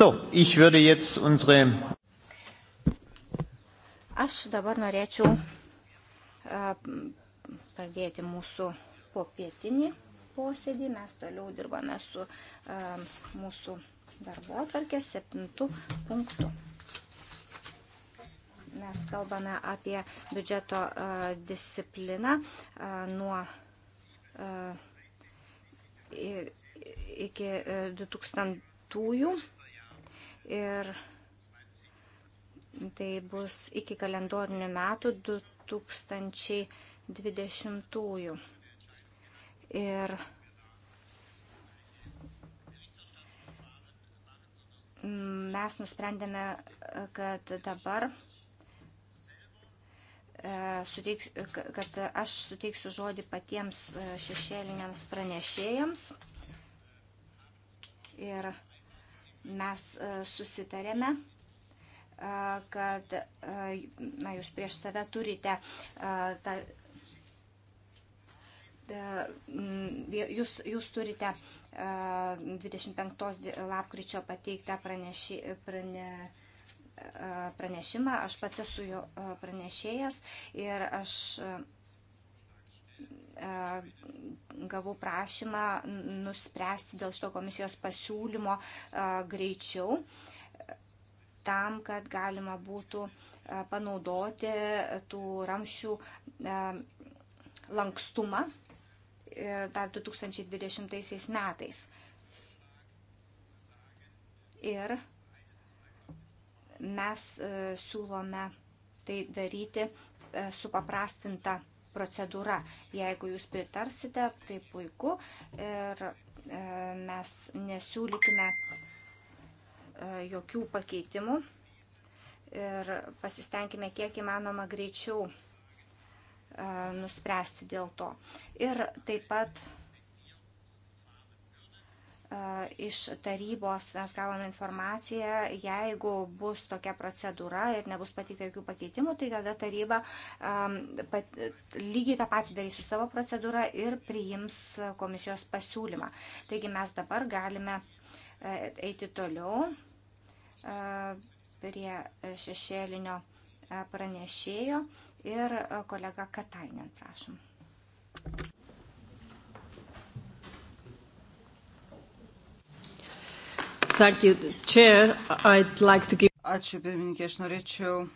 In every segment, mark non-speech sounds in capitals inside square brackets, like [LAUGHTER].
So, ich würde jetzt unsere. Aš dabar norėčiau e, pradėti mūsų popietinį posėdį. Mes toliau dirbame su e, mūsų darbo atvarkės septintų punktų mes kalbame apie biudžeto e, discipliną nuo iki 2000-ųjų ir tai bus iki kalendorinių metų 2020. Ir mes nusprendėme, kad dabar e, suteiks, kad aš suteiksiu žodį patiems e, šešėliniams pranešėjams. Ir mes e, susitarėme e, kad e, na, jūs prieš save turite tą, jūs, jūs turite 25 lapkričio pateiktą praneši, prane, pranešimą, aš pats esu jo pranešėjas ir aš E, gavau prašymą nuspręsti dėl šito komisijos pasiūlymo e, greičiau, tam, kad galima būtų e, panaudoti tų ramšių lankstumą ir dar 2020 metais. Ir mes siūlome tai daryti supaprastinta procedūra. Jeigu jūs pritarsite, tai puiku ir e, mes nesiūlykime e, jokių pakeitimų ir pasistengime kiek įmanoma greičiau e, nuspręsti dėl to. Ir taip pat Iš tarybos mes gavome informaciją, jeigu bus tokia procedūra ir nebus pateikta jokių pakeitimų, tai tada taryba pat, lygiai tą patį darys su savo procedūra ir priims komisijos pasiūlymą. Taigi mes dabar galime eiti toliau prie šešėlinio pranešėjo ir kolega Katainen, prašom. Thank you, Chair. I'd like to give... Ačiū pirmininkė, aš norėčiau e,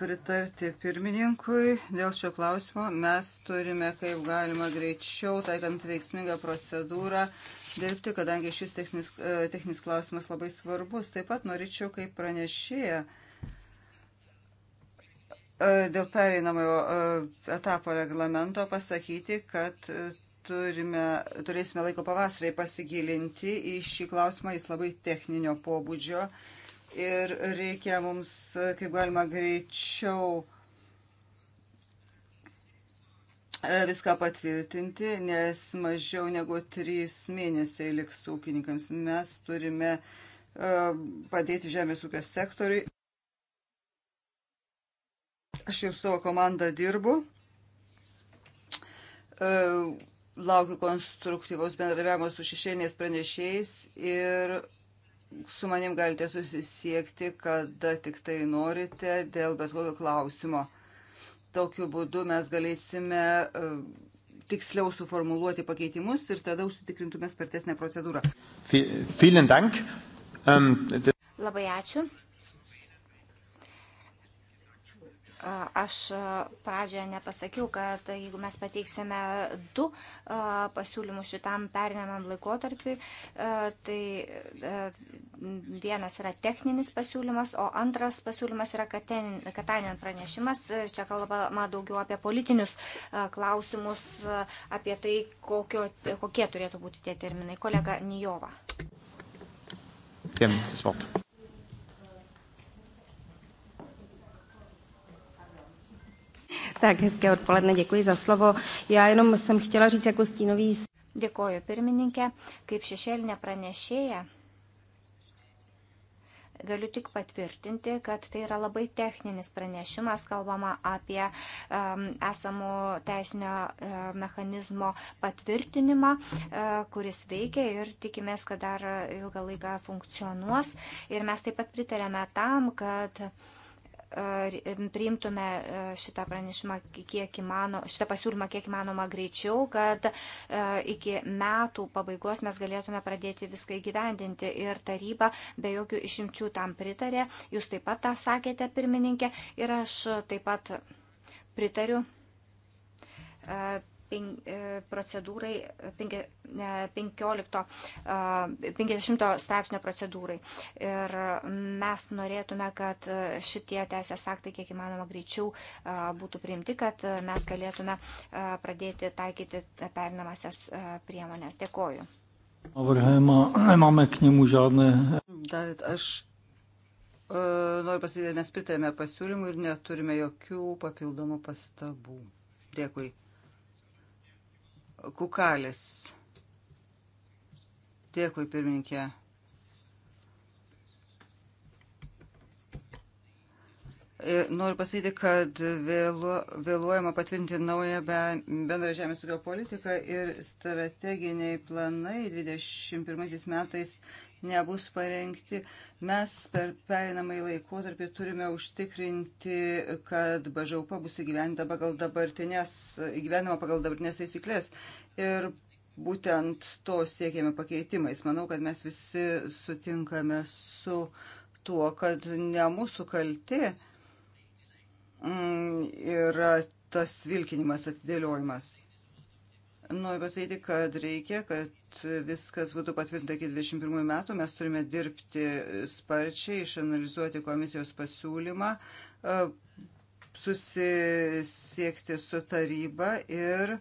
pritarti pirmininkui dėl šio klausimo. Mes turime kaip galima greičiau, taikant veiksmingą procedūrą, dirbti, kadangi šis techninis, e, techninis klausimas labai svarbus. Taip pat norėčiau kaip pranešėja e, dėl pereinamojo etapo reglamento pasakyti, kad turime, turėsime laiko pavasarai pasigilinti į šį klausimą, jis labai techninio pobūdžio ir reikia mums kaip galima greičiau e, viską patvirtinti, nes mažiau negu trys mėnesiai liks ūkininkams. Mes turime e, padėti žemės ūkio sektoriui. Aš jau savo komandą dirbu. Uh, laukiu konstruktyvaus bendradarbiavimo su šešėliniais pranešėjais ir su manim galite susisiekti, kada tik tai norite, dėl bet kokio klausimo. Tokiu būdu mes galėsime e, tiksliau suformuluoti pakeitimus ir tada užsitikrintume spartesnę procedūrą. Vielen Dank. Ähm, Labai ačiū. Aš pradžioje nepasakiau, kad jeigu mes pateiksime du pasiūlymus šitam perinamam laikotarpiui, tai vienas yra techninis pasiūlymas, o antras pasiūlymas yra Katanien pranešimas. Čia kalbama daugiau apie politinius klausimus, apie tai, kokio, kokie turėtų būti tie terminai. Kolega Nijova. Tiem svart. Tak, hezké odpoledne, děkuji za slovo. Já jenom jsem chtěla říct jako stínový... Dėkoju pirmininkė, kaip šešėlinė pranešėja. Galiu tik patvirtinti, kad tai yra labai techninis pranešimas, kalbama apie um, esamų teisinio uh, mechanizmo patvirtinimą, uh, kuris veikia ir tikimės, kad dar ilgą laiką funkcionuos. Ir mes taip pat pritarėme tam, kad uh, priimtume e, šitą pranešimą kiek įmanoma, šitą pasiūlymą kiek įmanoma greičiau, kad e, iki metų pabaigos mes galėtume pradėti viską įgyvendinti. Ir taryba be jokių išimčių tam pritarė. Jūs taip pat tą sakėte, pirmininkė. Ir aš taip pat pritariu e, pen, e, procedūrai, penki, 15, 50 straipsnio procedūrai. Ir mes norėtume, kad šitie teisės aktai kiek įmanoma greičiau e, būtų priimti, kad mes galėtume e, pradėti taikyti perinamasias priemonės. Dėkoju. David, aš noriu pasakyti, mes pritarėme pasiūlymui ir neturime jokių papildomų pastabų. Dėkui. Kukalis. Dėkui, pirmininkė. E, noriu pasakyti, kad vėlu, vėluojama patvirtinti naują bendrą žemės ūkio politiką ir strateginiai planai 21 metais nebus parengti. Mes per perinamąjį laikotarpį turime užtikrinti, kad bažaupa bus įgyvendama pagal dabartinės, įgyvendama pagal dabartinės taisyklės. Ir būtent to siekėme pakeitimais. Manau, kad mes visi sutinkame su tuo, kad ne mūsų kalti mm, yra tas vilkinimas, atidėliojimas. Noriu pasakyti, kad reikia, kad viskas būtų patvirtinta iki 21 metų. Mes turime dirbti sparčiai, išanalizuoti komisijos pasiūlymą, e, susisiekti su taryba ir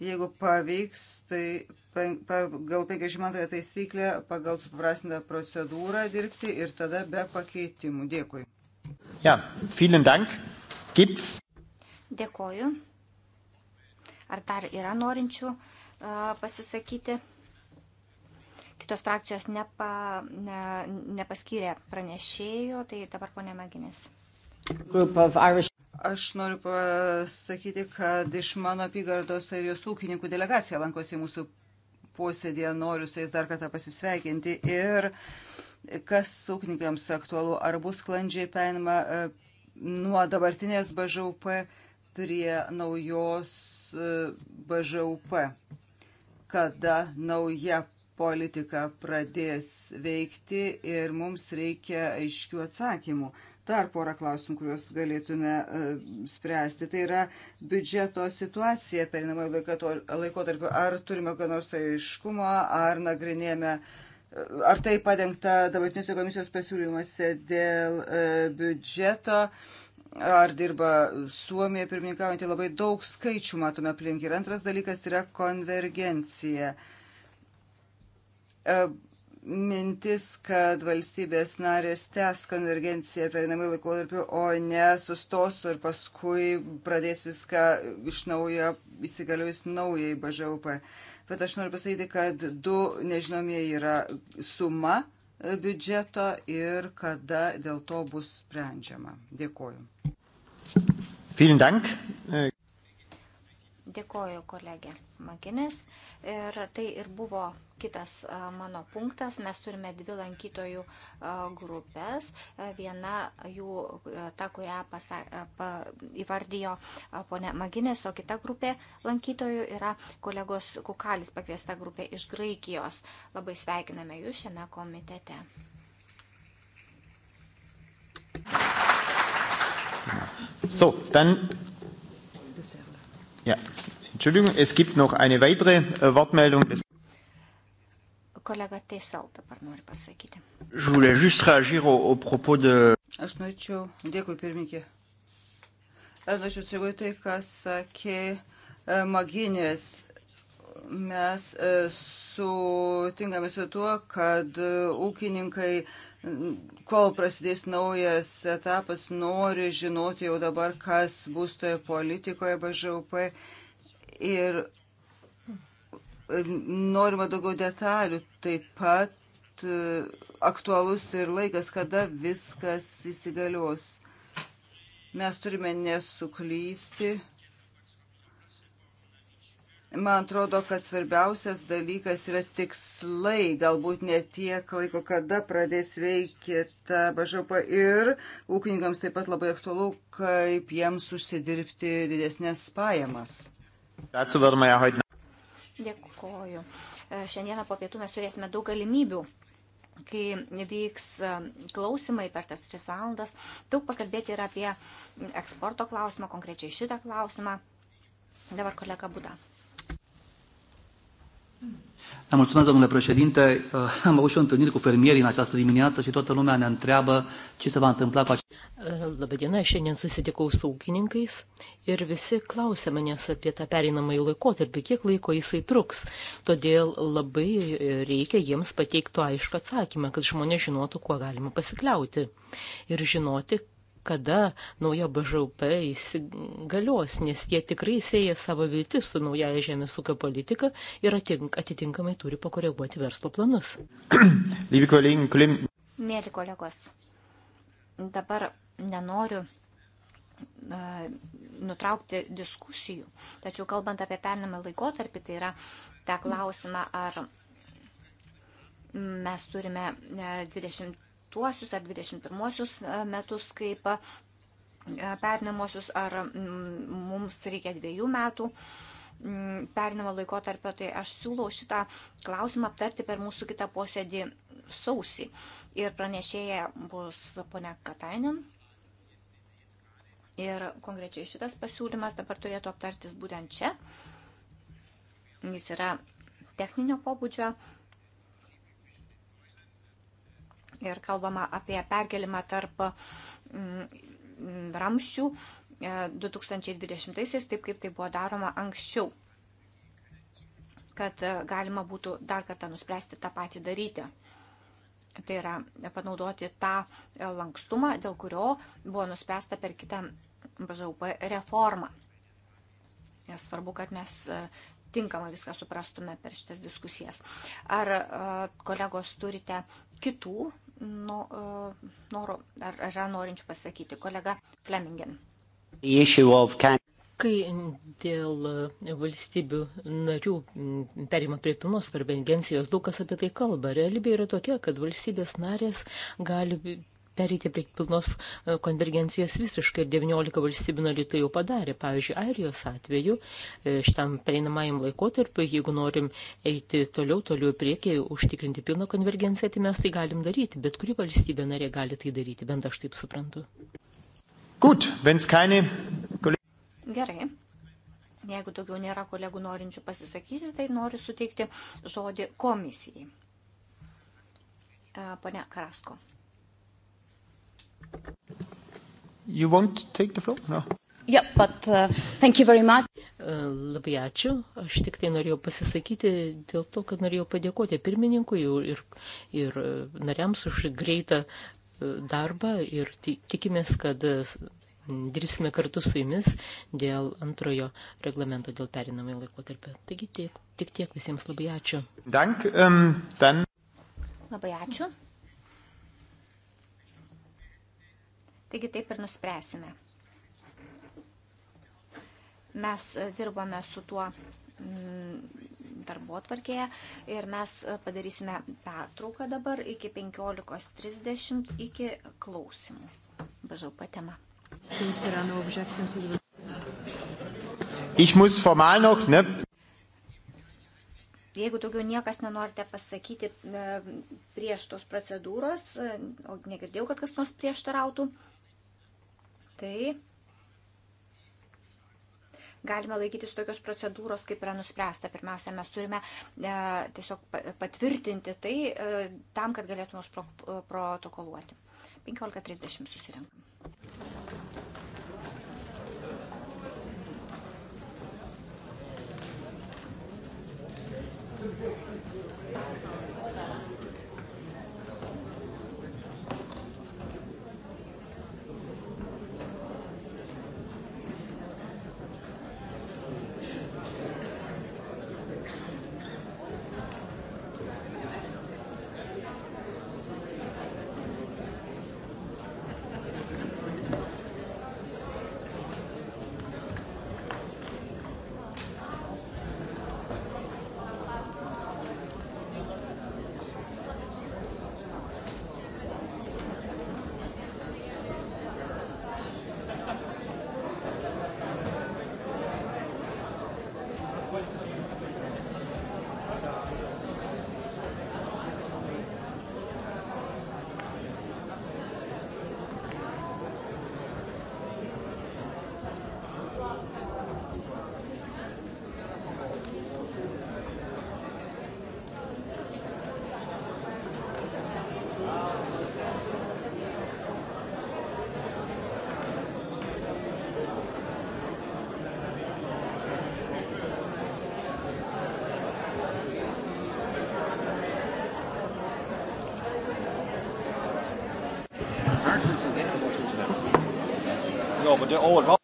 jeigu pavyks, tai pagal 52 taisyklę, pagal suprasintą procedūrą dirbti ir tada be pakeitimų. Dėkui. Ja, vielen Dank. Gibt's. Dėkoju. Ar dar yra norinčių pasisakyti? Kitos frakcijos nepa, ne, nepaskyrė pranešėjų, tai dabar ponė Maginis. Aš noriu pasakyti, kad iš mano apygardos airijos ūkininkų delegacija lankosi mūsų posėdėje, noriu su jais dar kartą pasisveikinti. Ir kas ūkininkams aktualu, ar bus sklandžiai penima e, nuo dabartinės BŽUP prie naujos BŽUP, kada nauja politika pradės veikti ir mums reikia aiškių atsakymų. Dar porą klausimų, kuriuos galėtume e, spręsti. Tai yra biudžeto situacija perinamojo laikotarpio. Ar turime kokią nors aiškumą, ar nagrinėjame e, ar tai padengta dabartinėse komisijos pasiūlymuose dėl e, biudžeto, ar dirba Suomija pirmininkaujantį, labai daug skaičių matome aplink. Ir antras dalykas yra konvergencija. E, mintis, kad valstybės narės tęs konvergenciją perinamai laikotarpiu, o ne sustos ir paskui pradės viską iš naujo įsigaliojus naujai BŽUP. Bet aš noriu pasakyti, kad du nežinomieji yra suma biudžeto ir kada dėl to bus sprendžiama. Dėkoju. Vielen Dank. Dėkoju kolegė Maginis. Ir tai ir buvo kitas mano punktas. Mes turime dvi lankytojų grupės. Viena jų, ta, kurią pasa, pa, įvardijo ponė Maginis, o kita grupė lankytojų yra kolegos Kukalis pakviesta grupė iš Graikijos. Labai sveikiname jūs šiame komitete. So, dann Ja. Entschuldigung, es gibt noch eine weitere äh, Wortmeldung des kolega Teisel dabar nori pasakyti. Žulė, juste réagir au, au propos de... Aš norėčiau, dėkui pirmininkė. Aš norėčiau sureaguoti tai, ką sakė e, Maginės mes e, sutinkame su tuo, kad e, ūkininkai, kol prasidės naujas etapas, nori žinoti jau dabar, kas bus toje politikoje BŽUP ir e, norima daugiau detalių. Taip pat aktualus ir laikas, kada viskas įsigalios. Mes turime nesuklysti Man atrodo, kad svarbiausias dalykas yra tikslai, galbūt ne tiek laiko, kada pradės veikti ta bažopa ir ūkininkams taip pat labai aktualu, kaip jiems užsidirbti didesnės pajamas. Dėkuoju. E, šiandieną po pietų mes turėsime daug galimybių kai vyks e, klausimai per tas tris valandas, daug pakalbėti ir apie eksporto klausimą, konkrečiai šitą klausimą. Dabar kolega Buda. Mulțumesc, domnule președinte. [LAUGHS] Am avut și o întâlnire cu fermierii în această dimineață și toată lumea ne întreabă ce se va întâmpla cu acest... Labadiena, šiandien susitikau su ūkininkais ir visi klausė manęs apie tą pereinamąjį laikotarpį, kiek laiko jisai truks. Todėl labai reikia jiems pateikti aišku atsakymą, kad žmonės žinotų, kuo galima pasikliauti ir žinoti, kada nauja BŽP įsigalios, nes jie tikrai sėja savo viltis su naujaja žemės ūkio politika ir atitinkamai turi pakoreguoti verslo planus. [COUGHS] Mėly kolegos, dabar nenoriu uh, nutraukti diskusijų, tačiau kalbant apie pernamą laikotarpį, tai yra tą klausimą, ar mes turime 20 20 ar 21 e, metus kaip e, perinamosius, ar mm, mums reikia dviejų metų mm, perinamo laikotarpio, tai aš siūlau šitą klausimą aptarti per mūsų kitą posėdį sausį. Ir pranešėja bus ponia Katainin. Ir konkrečiai šitas pasiūlymas dabar turėtų aptartis būtent čia. Jis yra techninio pobūdžio ir kalbama apie perkelimą tarp mm, ramščių 2020-aisiais, e, taip kaip tai buvo daroma anksčiau, kad e, galima būtų dar kartą nuspręsti tą patį daryti. Tai yra panaudoti tą e, lankstumą, dėl kurio buvo nuspręsta per kitą BŽUP reformą. Svarbu, kad mes tinkamai viską suprastume per šitas diskusijas. Ar kolegos turite kitų no, e, noro, ar yra norinčių pasakyti. Kolega Flemingen. Kai dėl e, valstybių narių perima prie pilnos konvencijos, daug kas apie tai kalba. Realybė yra tokia, kad valstybės narės gali perėti prie pilnos e, konvergencijos visiškai ir 19 valstybių narių tai jau padarė. Pavyzdžiui, Airijos atveju e, šitam prieinamajam laikotarpiu, jeigu norim eiti toliau, toliau priekį, užtikrinti pilną konvergenciją, tai mes tai galim daryti. Bet kuri valstybė narė gali tai daryti, bent aš taip suprantu. Gut, wenn's keine Gerai. Jeigu daugiau nėra kolegų norinčių pasisakyti, tai noriu suteikti žodį komisijai. Pane Karasko. You won't take the floor? No. Yeah, but uh, thank you very much. Uh, labai ačiū. Aš tik tai norėjau pasisakyti dėl to, kad norėjau padėkoti pirmininkui ir, ir uh, nariams už greitą uh, darbą ir tikimės, kad dirbsime kartu su jumis dėl antrojo reglamento, dėl perinamai laikotarpio. Taigi tiek, tik tiek visiems labai ačiū. Dank, um, ten. Labai ačiū. Taigi taip ir nuspręsime. Mes e, dirbame su tuo mm, darbo atvarkėje ir mes e, padarysime pertrauką dabar iki 15.30 iki klausimų. BŽP tema. Ich muss formal noch, ne? Jeigu daugiau niekas nenorite pasakyti e, prieš tos procedūros, o negirdėjau, kad kas nors prieštarautų, tai galime laikytis tokios procedūros, kaip yra nuspręsta. Pirmiausia, mes turime e, tiesiog patvirtinti tai e, tam, kad galėtume užpro, protokoluoti. 15.30 susirinkam. Thank you. både år.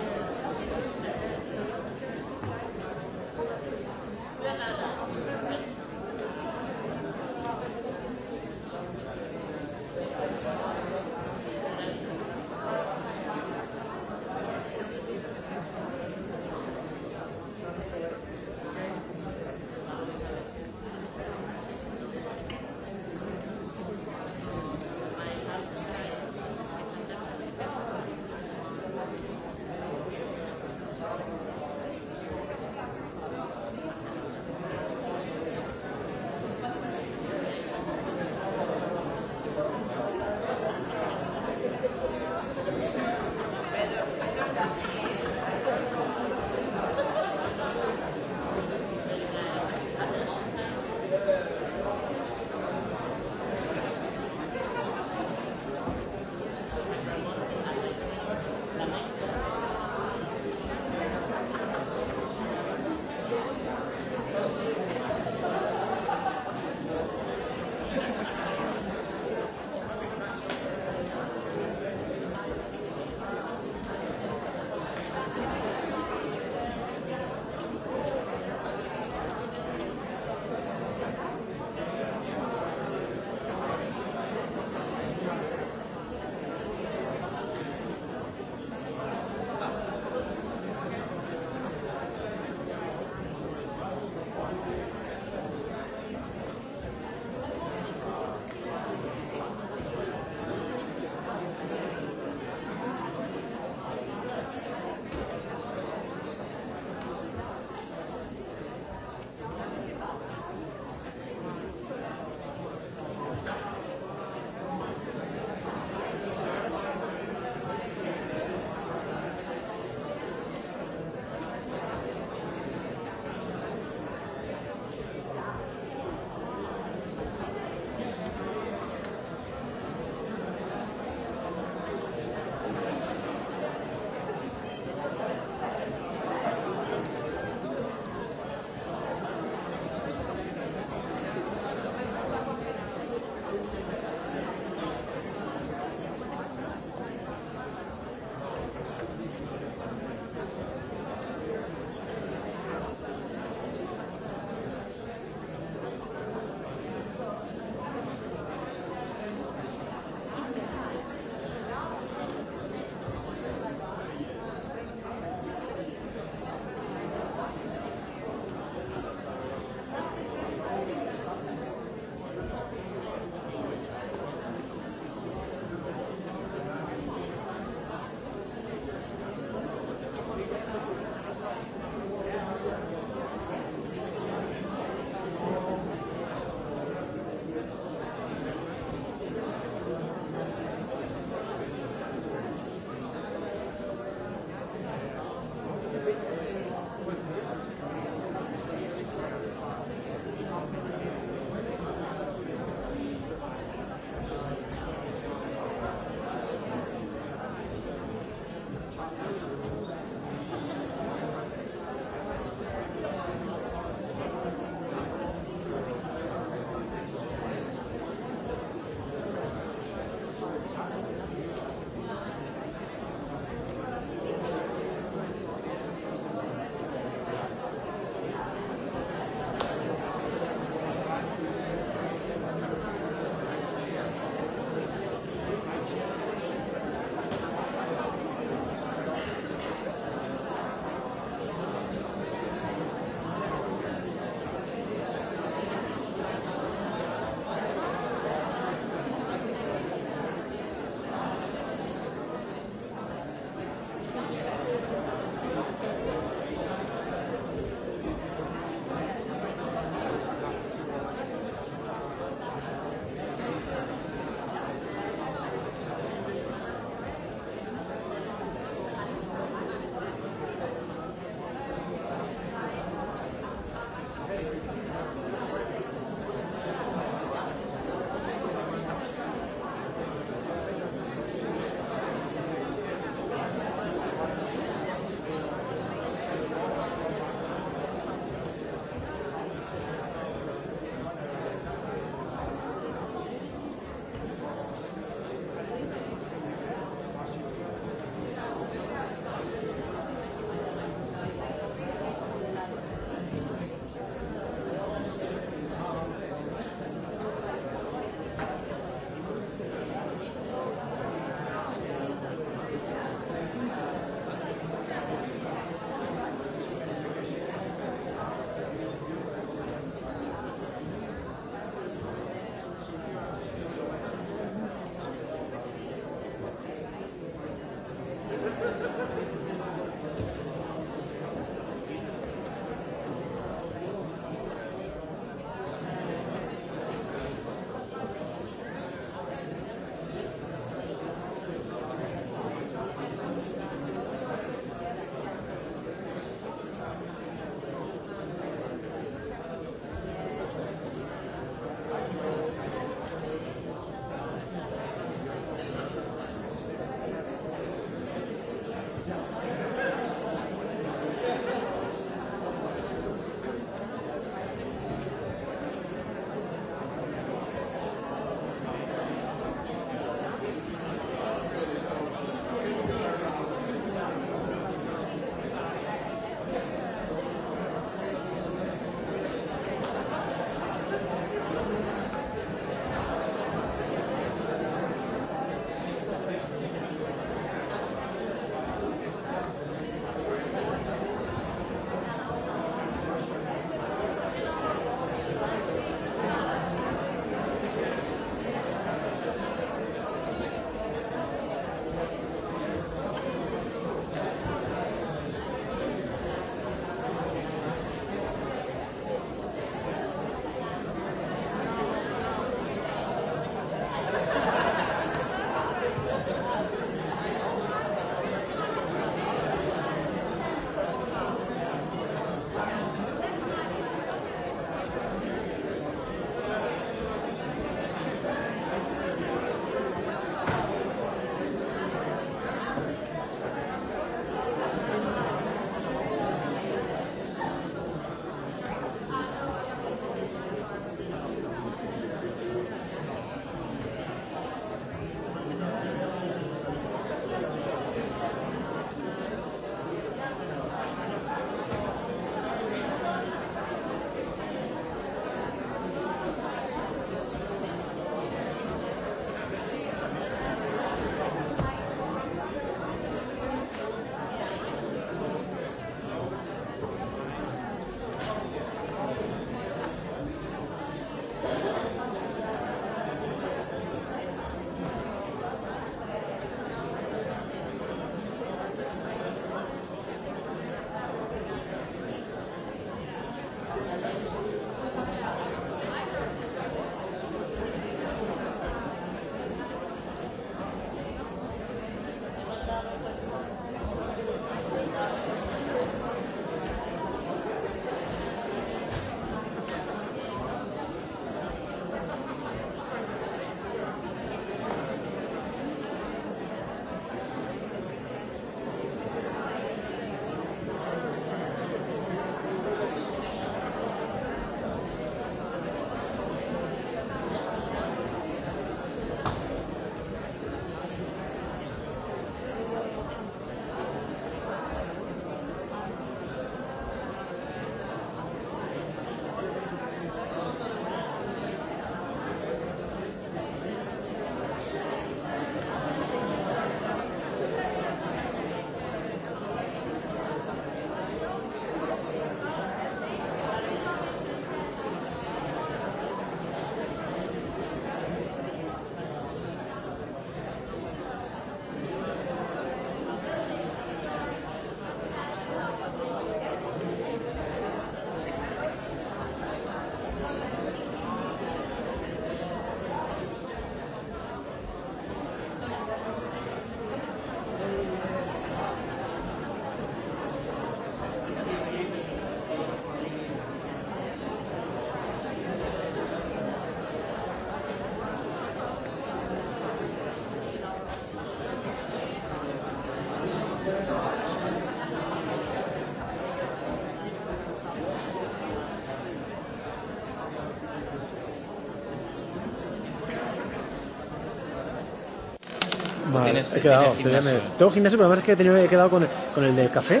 Vale, tienes, he quedado, tienes gimnasio. Tienes. Tengo gimnasio, pero además es que he, tenido, he quedado con, con, el de café.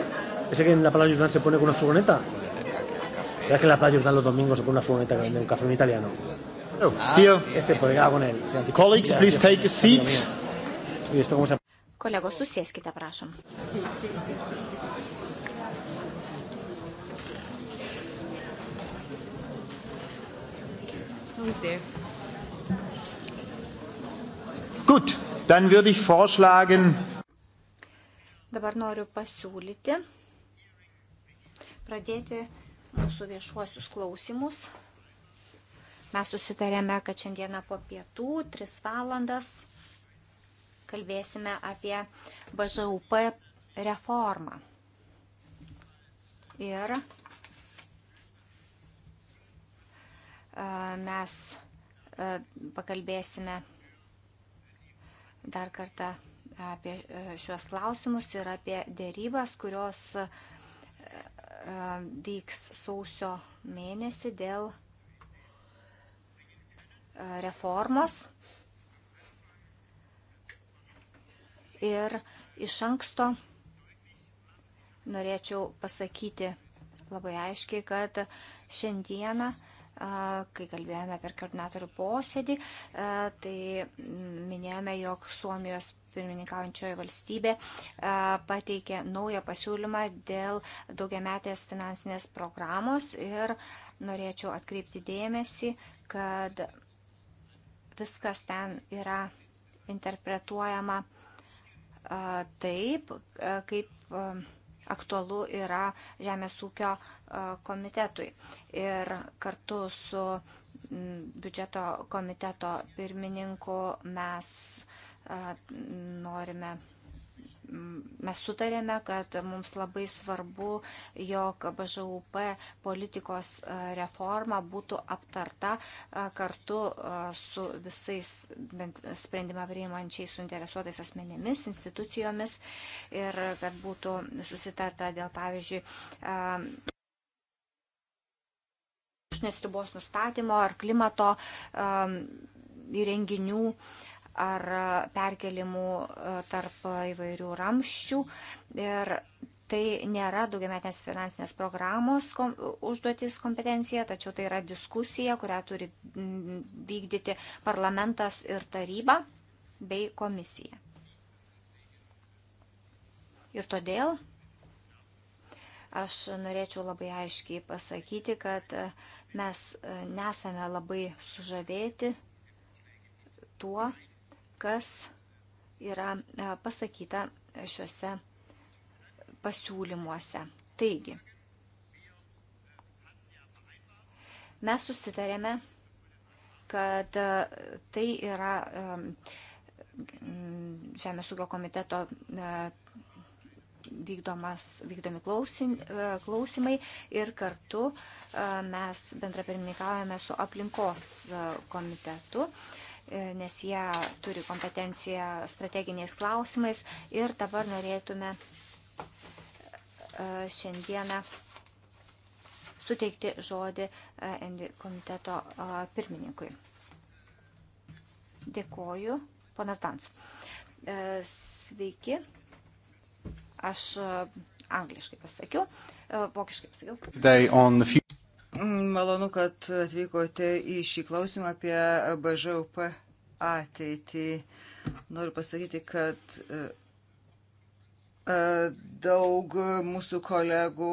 Ese que en la Playa Jordán se pone con una furgoneta. ¿Sabes que en la Playa Jordán los domingos se pone una furgoneta que vende un café en italiano? Oh, ah, tío. Este, pues he quedado con él. O sea, Colleagues, tío, please tío, take a seat. Y esto cómo se... Kolegos, susėskite, prašom. Who's there? Dann würde ich vorschlagen. Dabar noriu pasiūlyti pradėti mūsų viešuosius klausimus. Mes susitarėme, kad šiandieną po pietų 3 valandas kalbėsime apie BŽUP reformą. Ir e, mes e, pakalbėsime dar kartą apie e, šios klausimus ir apie dėrybas, kurios e, e, vyks sausio mėnesį dėl reformos. Ir iš anksto norėčiau pasakyti labai aiškiai, kad šiandieną kai kalbėjome per koordinatorių posėdį, tai minėjome, jog Suomijos pirmininkaujančioji valstybė pateikė naują pasiūlymą dėl daugiametės finansinės programos ir norėčiau atkreipti dėmesį, kad viskas ten yra interpretuojama taip, kaip aktualu yra Žemės ūkio e, komitetui. Ir kartu su biudžeto komiteto pirmininku mes e, norime mes sutarėme, kad mums labai svarbu, jog BŽUP politikos e, reforma būtų aptarta e, kartu e, su visais sprendimą priimančiais suinteresuotais asmenėmis, institucijomis ir kad būtų susitarta dėl, pavyzdžiui, užnės ribos nustatymo ar klimato įrenginių. Um, ar e, perkelimų e, tarp įvairių ramščių. Ir tai nėra daugiametės finansinės programos kom, užduotis kompetencija, tačiau tai yra diskusija, kurią turi vykdyti parlamentas ir taryba bei komisija. Ir todėl aš norėčiau labai aiškiai pasakyti, kad e, mes nesame labai sužavėti tuo, kas yra e, pasakyta šiuose pasiūlymuose. Taigi, mes susitarėme, kad e, tai yra e, Žemės ūkio komiteto vykdomas, vykdomi klausim, klausimai ir kartu mes bendrapirmininkavome su aplinkos komitetu. E, nes jie turi kompetenciją strateginiais klausimais. Ir dabar norėtume e, šiandieną suteikti žodį e, ENDI komiteto pirmininkui. Dėkoju, ponas Dans. Sveiki, aš angliškai pasakiau, vokiškai pasakiau. Mm, malonu, kad atvykote į šį klausimą apie BŽUP ateitį. Noriu pasakyti, kad e, e, daug mūsų kolegų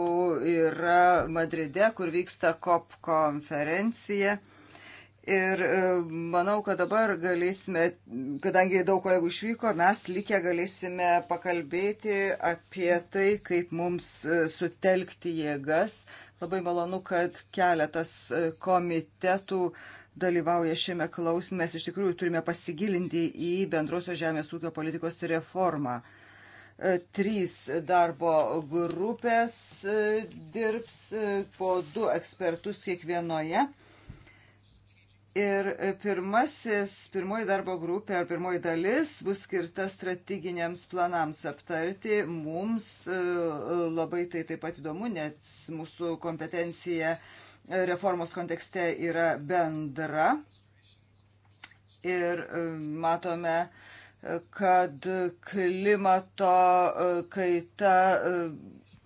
yra Madride, kur vyksta COP konferencija. Ir e, manau, kad dabar galėsime, kadangi daug kolegų išvyko, mes likę galėsime pakalbėti apie tai, kaip mums sutelkti jėgas, Labai malonu, kad keletas e, komitetų dalyvauja šiame klausime. Mes iš tikrųjų turime pasigilinti į bendrosios žemės ūkio politikos reformą e, trys darbo grupės e, dirbs po du ekspertus kiekvienoje. Ir pirmasis, pirmoji darbo grupė ar pirmoji dalis bus skirta strateginiams planams aptarti. Mums e, labai tai taip pat įdomu, nes mūsų kompetencija e, reformos kontekste yra bendra. Ir e, matome, kad klimato kaita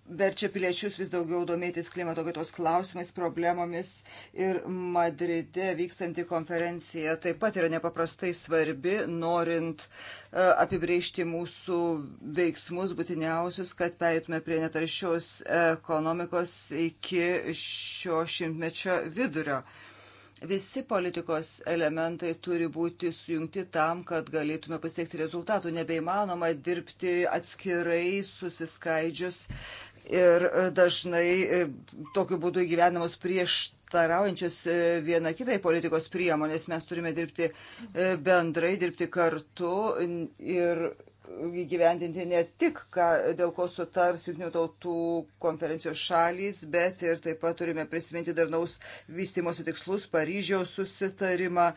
verčia piliečius vis daugiau domėtis klimato kaitos klausimais, problemomis ir Madride vykstanti konferencija taip pat yra nepaprastai svarbi, norint e, apibriežti mūsų veiksmus būtiniausius, kad pereitume prie netaršios ekonomikos iki šio šimtmečio vidurio. Visi politikos elementai turi būti sujungti tam, kad galėtume pasiekti rezultatų. Nebeįmanoma dirbti atskirai, susiskaidžius ir e, dažnai e, tokiu būdu gyvenamos prieštaraujančios e, viena kitai politikos priemonės. Mes turime dirbti bendrai, dirbti kartu ir įgyvendinti ne tik, ką, dėl ko sutars Junktinių tautų konferencijos šalys, bet ir taip pat turime prisiminti darnaus vystimosi tikslus, Paryžiaus susitarimą.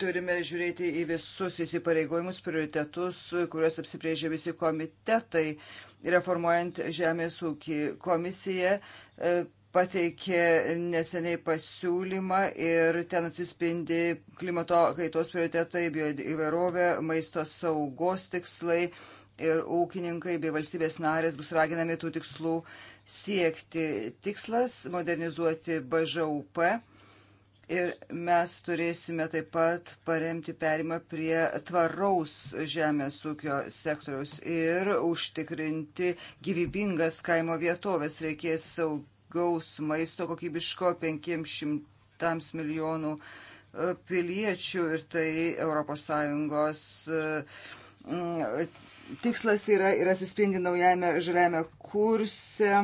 Turime žiūrėti į visus įsipareigojimus, prioritetus, kuriuos apsibrėžia visi komitetai. Uh, reformuojant Žemės ūkį. Komisija e, pateikė neseniai pasiūlymą ir ten atsispindi klimato kaitos prioritetai, bioįvairovė, maisto saugos tikslai ir ūkininkai bei valstybės narės bus raginami tų tikslų siekti. Tikslas - modernizuoti BŽUP Ir mes turėsime taip pat paremti perimą prie tvaraus žemės ūkio sektoriaus ir užtikrinti gyvybingas kaimo vietovės. Reikės saugaus maisto kokybiško 500 milijonų e, piliečių ir tai ES e, tikslas yra ir atsispindi naujame žaliame kurse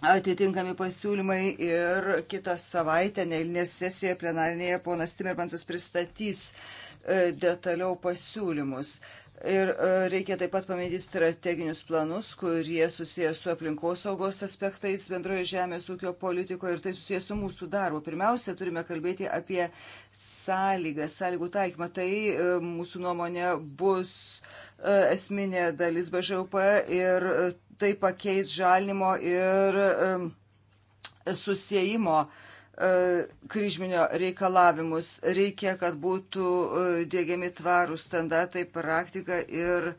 atitinkami pasiūlymai ir kitą savaitę, neįlinė sesija plenarinėje, ponas Timermansas pristatys e, detaliau pasiūlymus. Ir e, reikia taip pat paminėti strateginius planus, kurie susijęs su aplinkosaugos aspektais bendroje žemės ūkio politikoje ir tai susijęs su mūsų darbu. Pirmiausia, turime kalbėti apie sąlygas, sąlygų taikymą. Tai e, mūsų nuomonė bus esminė dalis BŽUP ir tai pakeis žalinimo ir susijimo e, kryžminio reikalavimus. Reikia, kad būtų e, dėgiami tvarų standartai, praktika ir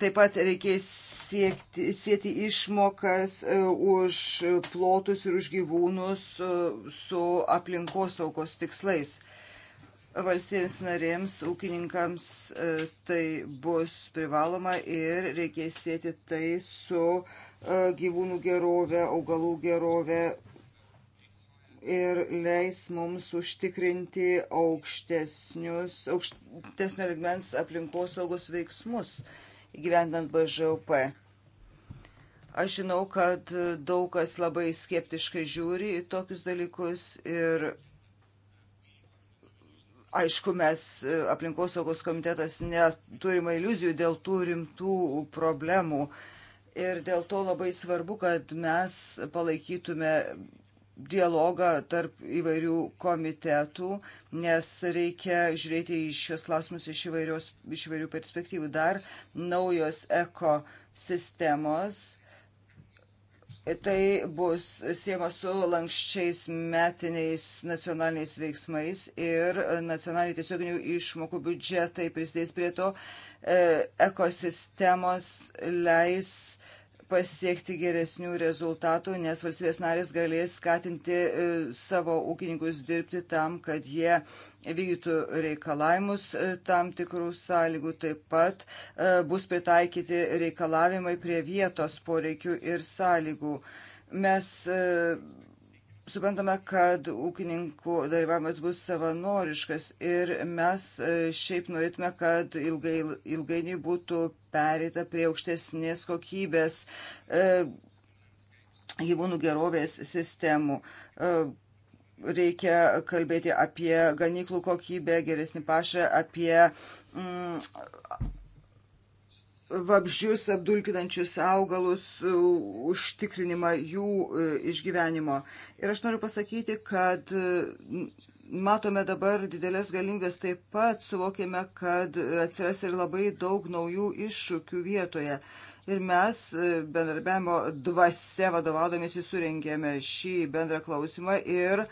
taip pat reikės siekti, sieti išmokas e, už plotus ir už gyvūnus su aplinkosaugos tikslais valstybėms narėms, ūkininkams e, tai bus privaloma ir reikės sėti tai su e, gyvūnų gerovė, augalų gerovė ir leis mums užtikrinti aukštesnius, aukštesnio ligmens aplinkosaugos veiksmus įgyvendant BŽUP. Aš žinau, kad daug kas labai skeptiškai žiūri į tokius dalykus ir Aišku, mes e, aplinkosaugos komitetas neturime iliuzijų dėl tų rimtų problemų ir dėl to labai svarbu, kad mes palaikytume dialogą tarp įvairių komitetų, nes reikia žiūrėti į šios klausimus iš, įvairios, iš įvairių perspektyvų. Dar naujos eko sistemos Tai bus siema su lankščiais metiniais nacionaliniais veiksmais ir nacionaliniai tiesioginių išmokų biudžetai prisidės prie to, e, ekosistemos leis pasiekti geresnių rezultatų, nes valstybės narės galės skatinti e, savo ūkininkus dirbti tam, kad jie vykdytų reikalavimus e, tam tikrų sąlygų. Taip pat e, bus pritaikyti reikalavimai prie vietos poreikių ir sąlygų. Mes suprantame, kad ūkininkų dalyvavimas bus savanoriškas ir mes e, šiaip norėtume, kad ilgai, ilgainiui būtų pereita prie aukštesnės kokybės e, gyvūnų gerovės sistemų. E, reikia kalbėti apie ganyklų kokybę, geresnį pašą, apie mm, vabžius apdulkinančius augalus, e, užtikrinimą jų e, išgyvenimo. Ir aš noriu pasakyti, kad e, matome dabar didelės galimybės, taip pat suvokėme, kad atsiras ir labai daug naujų iššūkių vietoje. Ir mes bendarbiavimo dvasia vadovaudomėsi surengėme šį bendrą klausimą ir uh,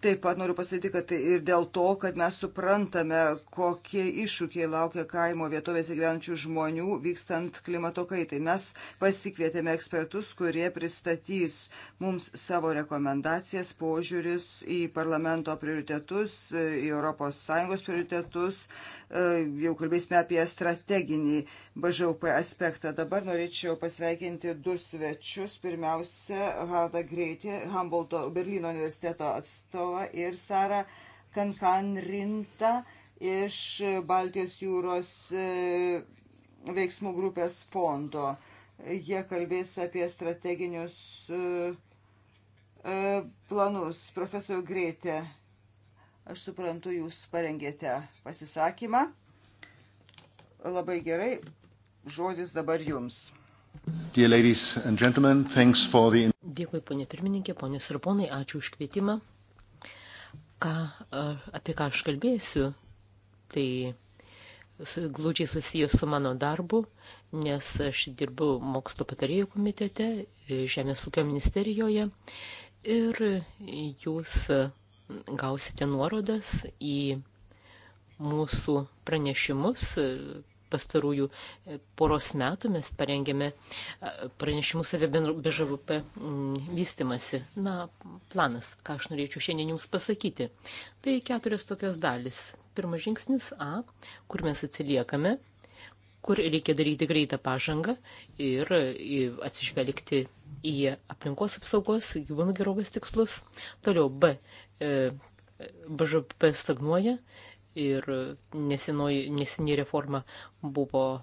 Taip pat noriu pasakyti, kad tai ir dėl to, kad mes suprantame, kokie iššūkiai laukia kaimo vietovėse gyvenančių žmonių vykstant klimato kaitai. Mes pasikvietėme ekspertus, kurie pristatys mums savo rekomendacijas, požiūris į parlamento prioritetus, į ES prioritetus. E, jau kalbėsime apie strateginį BŽUP aspektą. Dabar norėčiau pasveikinti du svečius. Pirmiausia, Hada Greitė, Humboldto Berlyno universiteto atstovas Kuznecova ir Sara Kankan Rinta iš Baltijos jūros e, veiksmų grupės fondo. Jie kalbės apie strateginius e, e, planus. Profesorių Greitė, aš suprantu, jūs parengėte pasisakymą. Labai gerai, žodis dabar jums. Dear ladies and gentlemen, thanks for the... Dėkui, ponė pirmininkė, ponės ir ponai, ačiū už kvietimą ką, apie ką aš kalbėsiu, tai glaudžiai susijęs su mano darbu, nes aš dirbu mokslo patarėjų komitete e, Žemės ūkio ministerijoje ir jūs gausite nuorodas į mūsų pranešimus, pastarųjų e, poros metų mes parengėme pranešimus apie BŽVP mm, vystimasi. Na, planas, ką aš norėčiau šiandien jums pasakyti. Tai keturios tokios dalis. Pirmas žingsnis A, kur mes atsiliekame, kur reikia daryti greitą pažangą ir e, atsižvelgti į aplinkos apsaugos, gyvūnų gerovės tikslus. Toliau B, BŽP e, stagnuoja ir e, neseniai reforma buvo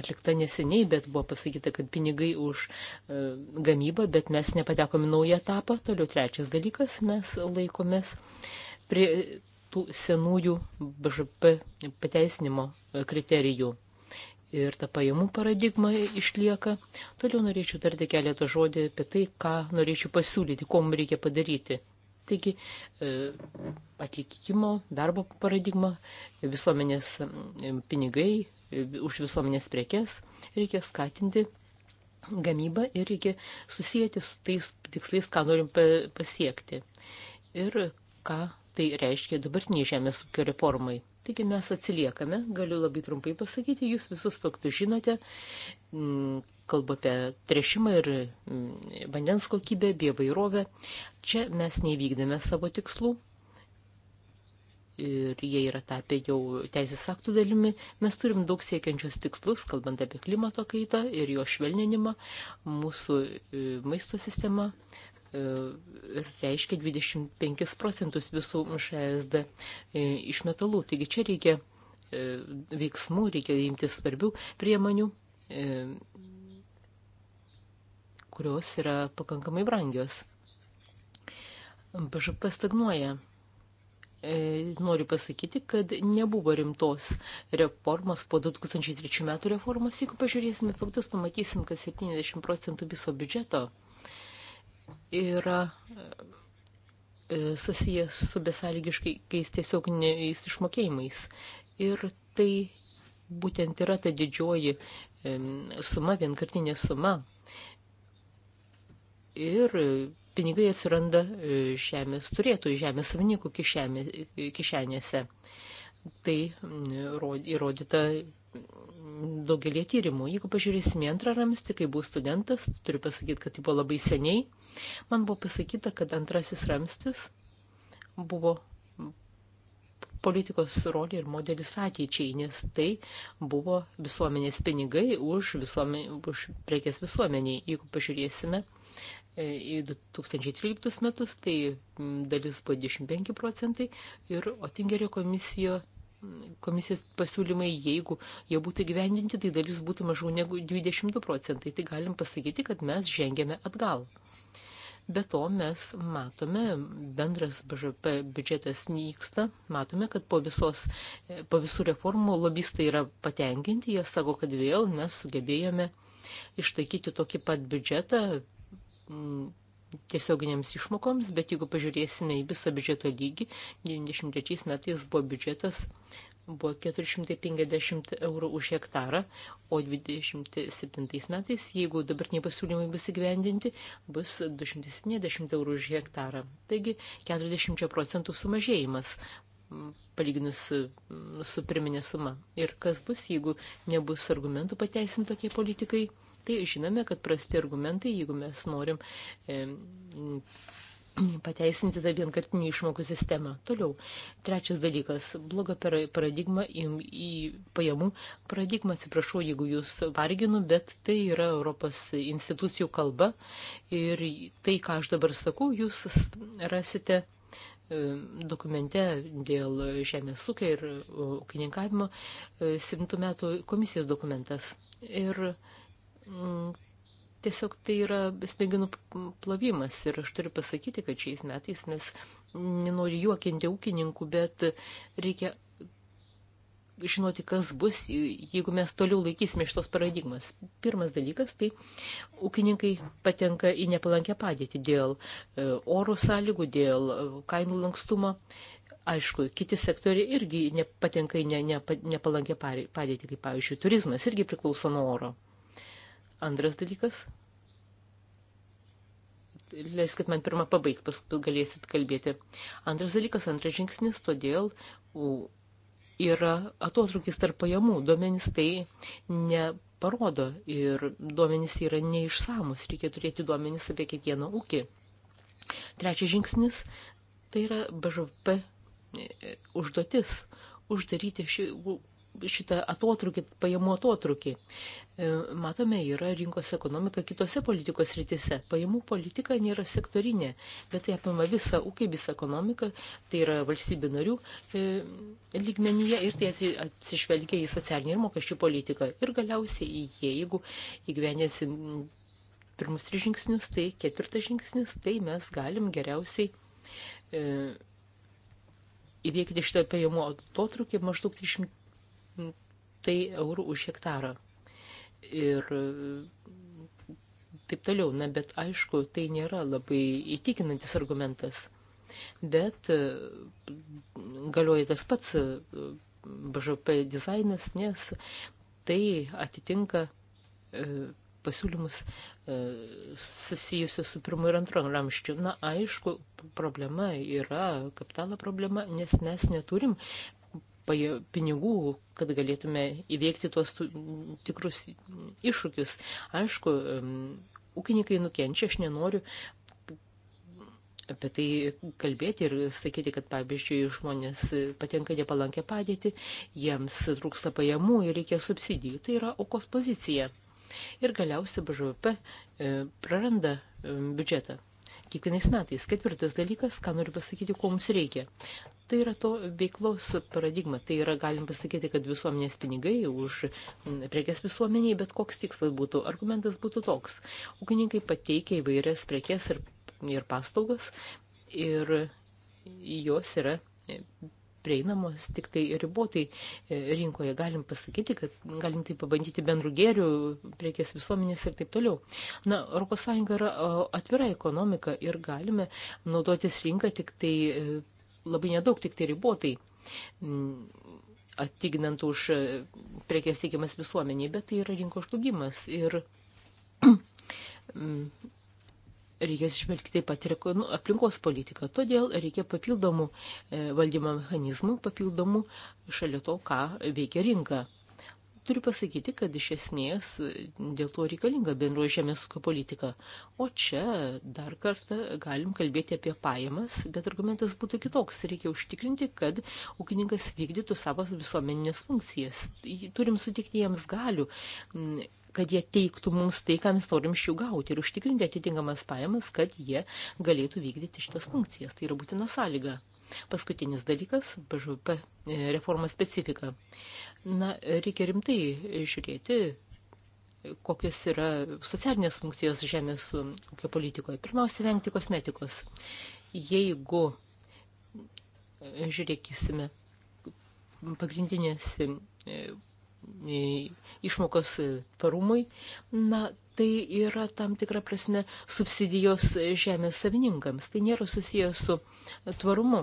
atlikta neseniai, bet buvo pasakyta, kad pinigai už e, gamybą, bet mes nepatekome naują etapą. Toliau trečias dalykas, mes laikomės prie tų senųjų BŽP pateisinimo e, kriterijų. Ir ta pajamų paradigma išlieka. Toliau norėčiau tarti keletą žodį apie tai, ką norėčiau pasiūlyti, ko mums reikia padaryti. Taigi e, atlikimo, darbo paradigma, visuomenės pinigai e, už visuomenės prekes reikia skatinti gamybą ir reikia susijęti su tais tikslais, ką norim pasiekti. Ir ką tai reiškia dabartiniai žemės ūkio reformai. Taigi mes atsiliekame, galiu labai trumpai pasakyti, jūs visus faktus žinote, Mm, kalba apie trešimą ir mm, vandens kokybę, biovairovę. Čia mes nevykdėme savo tikslų ir jie yra tapę jau teisės aktų dalimi. Mes turim daug siekiančius tikslus, kalbant apie klimato kaitą ir jo švelninimą. Mūsų e, maisto sistema e, reiškia 25 procentus visų ŠSD e, išmetalų. Taigi čia reikia veiksmų, reikia imtis svarbių priemonių E, kurios yra pakankamai brangios. BŽP stagnuoja. E, noriu pasakyti, kad nebuvo rimtos reformos po 2003 metų reformos. Jeigu pažiūrėsime faktus, pamatysim, kad 70 procentų viso biudžeto yra e, susijęs su besąlygiškais tiesioginiais išmokėjimais. Ir tai būtent yra ta didžioji suma, vienkartinė suma. Ir e, pinigai atsiranda e, žemės turėtojų, žemės savininkų kišenėse. Tai įrodyta daugelį tyrimų. Jeigu pažiūrėsime antrą ramstį, kai buvau studentas, turiu pasakyti, kad tai buvo labai seniai, man buvo pasakyta, kad antrasis ramstis buvo politikos rolė ir modelis ateičiai, nes tai buvo visuomenės pinigai už, visuomenė, už prekes visuomeniai. Jeigu pažiūrėsime e, į 2013 metus, tai dalis buvo 25 procentai ir Otingerio komisijo, komisijos pasiūlymai, jeigu jie būtų gyvendinti, tai dalis būtų mažiau negu 22 procentai. Tai galim pasakyti, kad mes žengėme atgal. Be to mes matome, bendras BŽP biudžetas nyksta, matome, kad po, visos, po visų reformų lobistai yra patenkinti, jie sako, kad vėl mes sugebėjome ištaikyti tokį pat biudžetą tiesioginėms išmokoms, bet jeigu pažiūrėsime į visą biudžeto lygį, 93 metais buvo biudžetas buvo 450 eurų už hektarą, o 27 metais, jeigu dabartiniai pasiūlymai bus įgyvendinti, bus 270 eurų už hektarą. Taigi 40 procentų sumažėjimas palyginus su pirminė suma. Ir kas bus, jeigu nebus argumentų pateisinti tokie politikai? Tai žinome, kad prasti argumentai, jeigu mes norim e, pateisinti tą vienkartinių išmokų sistemą. Toliau, trečias dalykas - bloga paradigma į, į pajamų paradigmą, atsiprašau, jeigu jūs varginu, bet tai yra Europos institucijų kalba ir tai, ką aš dabar sakau, jūs rasite e, dokumente dėl žemės ūkio ir ūkininkavimo 7 e, metų komisijos dokumentas. Ir mm, Tiesiog tai yra smegenų plovimas ir aš turiu pasakyti, kad šiais metais mes nenori juokinti ūkininkų, bet reikia žinoti, kas bus, jeigu mes toliau laikysime šitos paradigmas. Pirmas dalykas, tai ūkininkai patenka į nepalankę padėtį dėl e, oro sąlygų, dėl e, kainų lankstumo. Aišku, kiti sektoriai irgi nepatenka į ne, ne, nepalankę padėtį, kaip pavyzdžiui, turizmas irgi priklauso nuo oro. Antras dalykas. Leiskit man pirmą pabaigti, paskui galėsit kalbėti. Antras dalykas, antras žingsnis, todėl yra atotrukis tarp pajamų. Duomenys tai neparodo ir duomenys yra neišsamus. Reikia turėti duomenys apie kiekvieną ūkį. Trečias žingsnis tai yra BŽP e, e, užduotis uždaryti šį šitą atotrukį, pajamų atotrukį. E, matome, yra rinkos ekonomika kitose politikos rytise. Pajamų politika nėra sektorinė, bet tai apima visą ūkį, visą ekonomiką, tai yra valstybė narių e, lygmenyje ir tai atsižvelgia į socialinį ir mokesčių politiką. Ir galiausiai, jeigu įgyvenėsim pirmus tris žingsnius, tai ketvirtas žingsnis, tai mes galim geriausiai e, įveikti šitą pajamų atotrukį maždaug 300 tai eurų už hektarą. Ir taip toliau, na, bet aišku, tai nėra labai įtikinantis argumentas. Bet galioja tas pats BŽP dizainas, nes tai atitinka e, pasiūlymus e, susijusiu su pirmu ir antru ramščiu. Na, aišku, problema yra kapitalo problema, nes mes neturim pinigų, kad galėtume įveikti tuos tikrus iššūkius. Aišku, ūkininkai nukenčia, aš nenoriu apie tai kalbėti ir sakyti, kad pavyzdžiui žmonės patenka nepalankę padėtį, jiems trūksta pajamų ir reikia subsidijų. Tai yra aukos pozicija. Ir galiausiai BŽVP e, praranda biudžetą kiekvienais metais. Ketvirtas dalykas, ką noriu pasakyti, ko mums reikia. Tai yra to veiklos paradigma. Tai yra, galim pasakyti, kad visuomenės pinigai už mm, prekes visuomeniai, bet koks tikslas būtų. Argumentas būtų toks. Ūkininkai pateikia įvairias prekes ir, ir paslaugas ir jos yra prieinamos tik tai ribotai e, rinkoje. Galim pasakyti, kad galim tai pabandyti bendrų gėrių, priekės visuomenės ir taip toliau. Na, ES yra atvira ekonomika ir galime naudotis rinką tik tai e, labai nedaug, tik tai ribotai atignant už e, prekės teikiamas visuomeniai, bet tai yra rinkos žlugimas. Ir [CLEARS THROAT] reikės išvelgti taip pat ir nu, aplinkos politiką. Todėl reikia papildomų e, valdymo mechanizmų, papildomų šalia to, ką veikia rinka. Turiu pasakyti, kad iš esmės e, dėl to reikalinga bendro žemės ūkio politika. O čia dar kartą galim kalbėti apie pajamas, bet argumentas būtų kitoks. Reikia užtikrinti, kad ūkininkas vykdytų savo visuomeninės funkcijas. Turim sutikti jiems galių kad jie teiktų mums tai, ką mes norim iš jų gauti ir užtikrinti atitinkamas pajamas, kad jie galėtų vykdyti šitas funkcijas. Tai yra būtina sąlyga. Paskutinis dalykas - BŽP e, reforma specifika. Na, reikia rimtai žiūrėti, kokios yra socialinės funkcijos žemės ūkio politikoje. Pirmiausia, vengti kosmetikos. Jeigu e, žiūrėkisime pagrindinės e, išmokos tvarumui, na, tai yra tam tikra prasme subsidijos žemės savininkams. Tai nėra susijęs su tvarumu.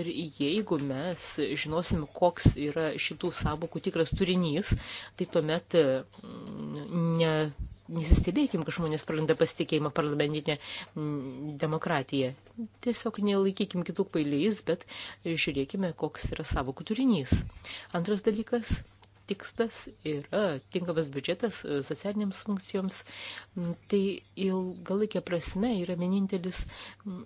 Ir jeigu mes žinosim, koks yra šitų savokų tikras turinys, tai tuomet mm, ne, nesistebėkim, kad žmonės praranda pasitikėjimą parlamentinę mm, demokratiją. Tiesiog nelaikykim kitų kvailiais, bet žiūrėkime, koks yra savokų turinys. Antras dalykas tikslas yra tinkamas biudžetas e, socialinėms funkcijoms, mm, tai ilgalaikė prasme yra vienintelis mm,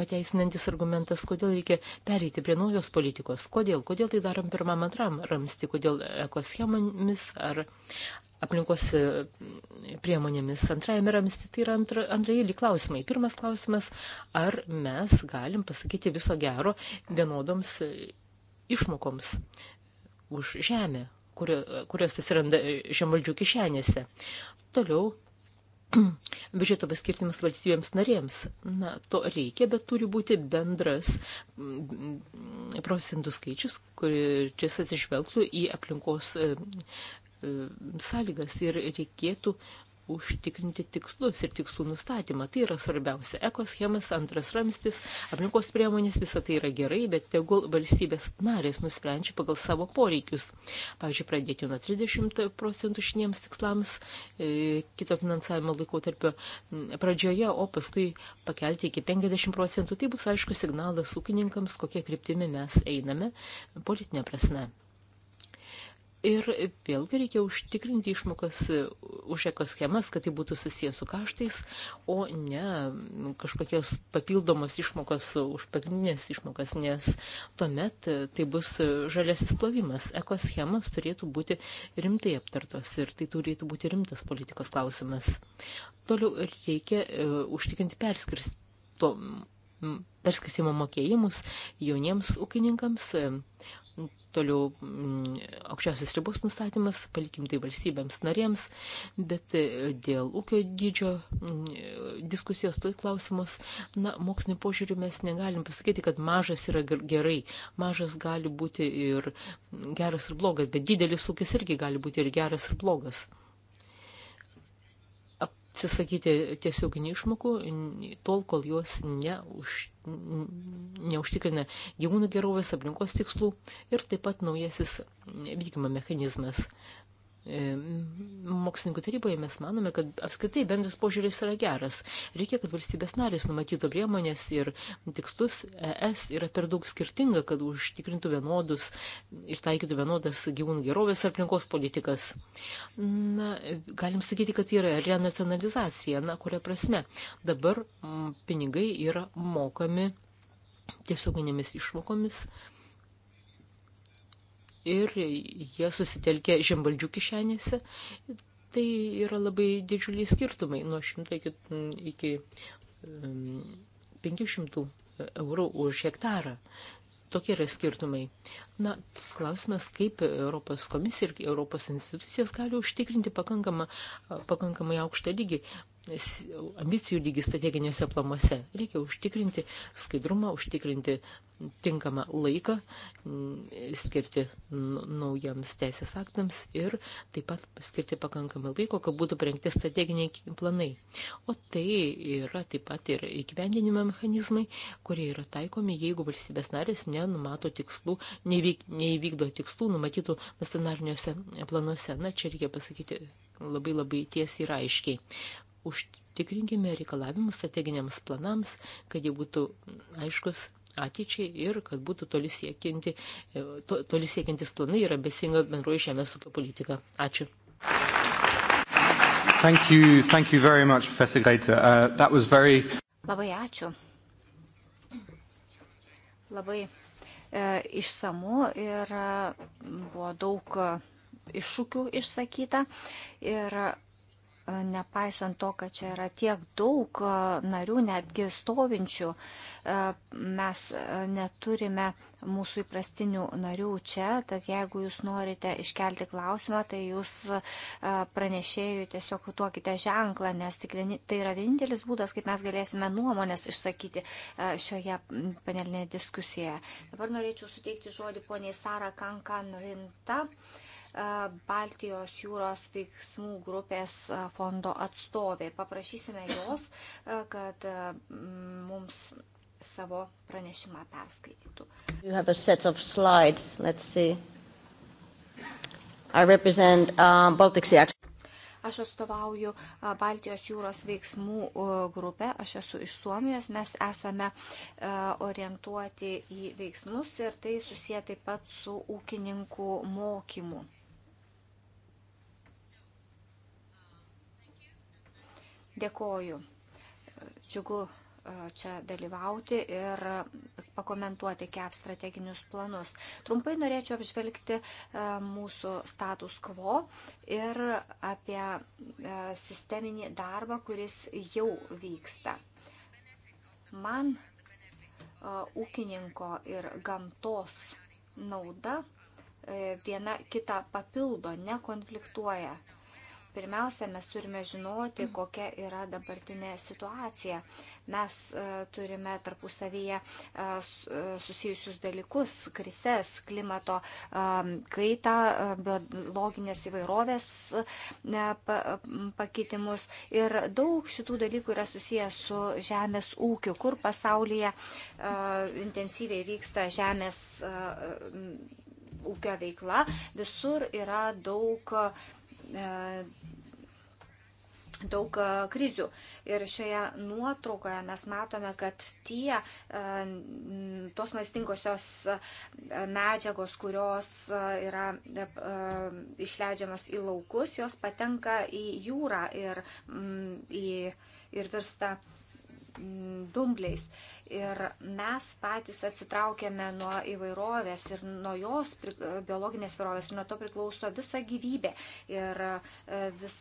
pateisinantis argumentas, kodėl reikia pereiti prie naujos politikos. Kodėl? Kodėl tai darom pirmam antram ramsti? Kodėl ekoschemomis ar aplinkos e, priemonėmis antrajame ramsti? Tai yra antra, antraeiliai klausimai. Pirmas klausimas, ar mes galim pasakyti viso gero vienodoms e, išmokoms už žemę, kurio, kurios atsiranda žemvaldžių kišenėse. Toliau [CLEARS THROAT] biudžeto paskirtimas valstybėms narėms. Na, to reikia, bet turi būti bendras mm, procentų skaičius, kuris atsižvelgtų į aplinkos e, e, sąlygas ir reikėtų uh, užtikrinti tikslus ir tikslų nustatymą. Tai yra svarbiausia. Ekoschemas, antras ramstis, aplinkos priemonės, visa tai yra gerai, bet tegul valstybės narės nusprendžia pagal savo poreikius. Pavyzdžiui, pradėti nuo 30 procentų šiniems tikslams e, kito finansavimo laikotarpio pradžioje, o paskui pakelti iki 50 procentų. Tai bus aišku signalas ūkininkams, kokie kryptimi mes einame politinė prasme. Ir vėlgi reikia užtikrinti išmokas už ekoschemas, kad tai būtų susijęs su kaštais, o ne kažkokios papildomos išmokos už pagrindinės išmokas, nes tuomet tai bus žaliasis plovimas. Ekoschemas turėtų būti rimtai aptartos ir tai turėtų būti rimtas politikos klausimas. Toliau reikia e, užtikrinti perskirsto perskirstimo mokėjimus jauniems ūkininkams, toliau mm, aukščiausias ribos nustatymas, palikim tai valstybėms narėms, bet e, dėl ūkio dydžio mm, diskusijos tai klausimus, na, mokslinio požiūriu mes negalim pasakyti, kad mažas yra gerai, mažas gali būti ir geras ir blogas, bet didelis ūkis irgi gali būti ir geras ir blogas atsisakyti tiesioginių išmokų tol, kol jos neuž, neužtikrina gyvūnų gerovės aplinkos tikslų ir taip pat naujasis vykimo mechanizmas. E, mokslininkų taryboje mes manome, kad apskritai bendras požiūris yra geras. Reikia, kad valstybės narės numatytų priemonės ir tikslus. ES yra per daug skirtinga, kad užtikrintų vienodus ir taikytų vienodas gyvūnų gerovės ir aplinkos politikas. Na, galim sakyti, kad tai yra renacionalizacija, na, kuria prasme. Dabar m, pinigai yra mokami tiesioginėmis išmokomis. M, ir jie susitelkė žemvaldžių kišenėse. Tai yra labai didžiuliai skirtumai nuo 100 iki, iki 500 eurų už hektarą. Tokie yra skirtumai. Na, klausimas, kaip Europos komisija ir Europos institucijos gali užtikrinti pakankamą, pakankamai aukštą lygį ambicijų lygį strateginiuose planuose. Reikia užtikrinti skaidrumą, užtikrinti tinkamą laiką, mm, skirti naujams teisės aktams ir taip pat skirti pakankamai laiko, kad būtų parengti strateginiai planai. O tai yra taip pat ir įgyvendinimo mechanizmai, kurie yra taikomi, jeigu valstybės narės nenumato tikslų, nevyk, neįvykdo tikslų numatytų nacionaliniuose planuose. Na, čia reikia pasakyti labai labai tiesiai ir aiškiai. Užtikrinkime reikalavimus strateginiams planams, kad jie būtų aiškus ateičiai ir kad būtų toli, siekinti, e, to, toli siekiantis planai ir ambisinga bendroji žemės ūkio politika. Ačiū. Thank you, thank you very much, Professor Gaita. Uh, that was very... Labai ačiū. Labai e, išsamu ir e, buvo daug e, iššūkių išsakyta. Ir E, nepaisant to, kad čia yra tiek daug e, narių, netgi stovinčių, e, mes neturime mūsų įprastinių narių čia, tad jeigu jūs norite iškelti klausimą, tai jūs pranešėjų tiesiog duokite ženklą, nes vieni, tai yra vienintelis būdas, kaip mes galėsime nuomonės išsakyti šioje panelinėje diskusijoje. Dabar norėčiau suteikti žodį poniai Sara Kankan Rinta. Uh, E, Baltijos jūros veiksmų grupės e, fondo atstovė. Paprašysime jos, e, kad mums savo pranešimą perskaitytų. Uh, aš atstovauju Baltijos jūros veiksmų grupę, aš esu iš Suomijos, mes esame orientuoti į veiksmus ir tai susiję taip pat su ūkininkų mokymu. Dėkoju. Džiugu e, čia dalyvauti ir pakomentuoti KEP strateginius planus. Trumpai norėčiau apžvelgti e, mūsų status quo ir apie e, sisteminį darbą, kuris jau vyksta. Man ūkininko ir gamtos nauda viena kitą papildo, nekonfliktuoja. Pirmiausia, mes turime žinoti, kokia yra dabartinė situacija. Mes e, turime tarpusavyje e, e, susijusius dalykus, krises, klimato kaitą, biologinės įvairovės pakitimus. Ir daug šitų dalykų yra susijęs su žemės ūkiu, kur pasaulyje intensyviai vyksta žemės ūkio veikla. Visur yra daug E, daug e, krizių. Ir šioje nuotraukoje mes matome, kad tie, e, tos maistingosios medžiagos, kurios yra išleidžiamas į laukus, jos patenka į jūrą ir, į, ir virsta dumbliais. Ir mes patys atsitraukėme nuo įvairovės ir nuo jos biologinės įvairovės ir nuo to priklauso visa gyvybė ir e, vis,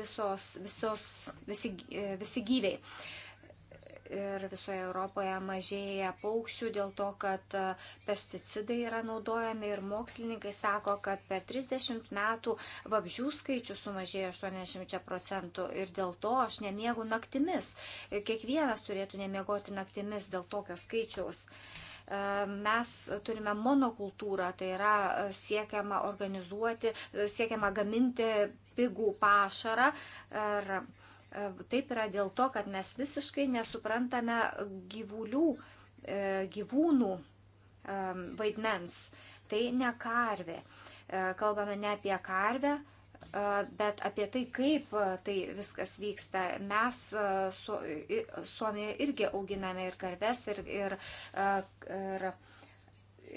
visos, visos, visi, e, visi gyviai ir visoje Europoje mažėja paukščių dėl to, kad e, pesticidai yra naudojami ir mokslininkai sako, kad per 30 metų vabžių skaičius sumažėjo 80 procentų ir dėl to aš nemiegu naktimis. E, kiekvienas turėtų nemiegoti naktimis dėl tokio skaičiaus. E, mes turime monokultūrą, tai yra siekiama organizuoti, siekiama gaminti pigų pašarą. Ir E, taip yra dėl to, kad mes visiškai nesuprantame gyvulių, e, gyvūnų e, vaidmens. Tai ne karvė. Kalbame ne apie karvę, bet apie tai, kaip tai viskas vyksta. Mes su, Suomijoje irgi auginame ir karves, ir, ir, ir,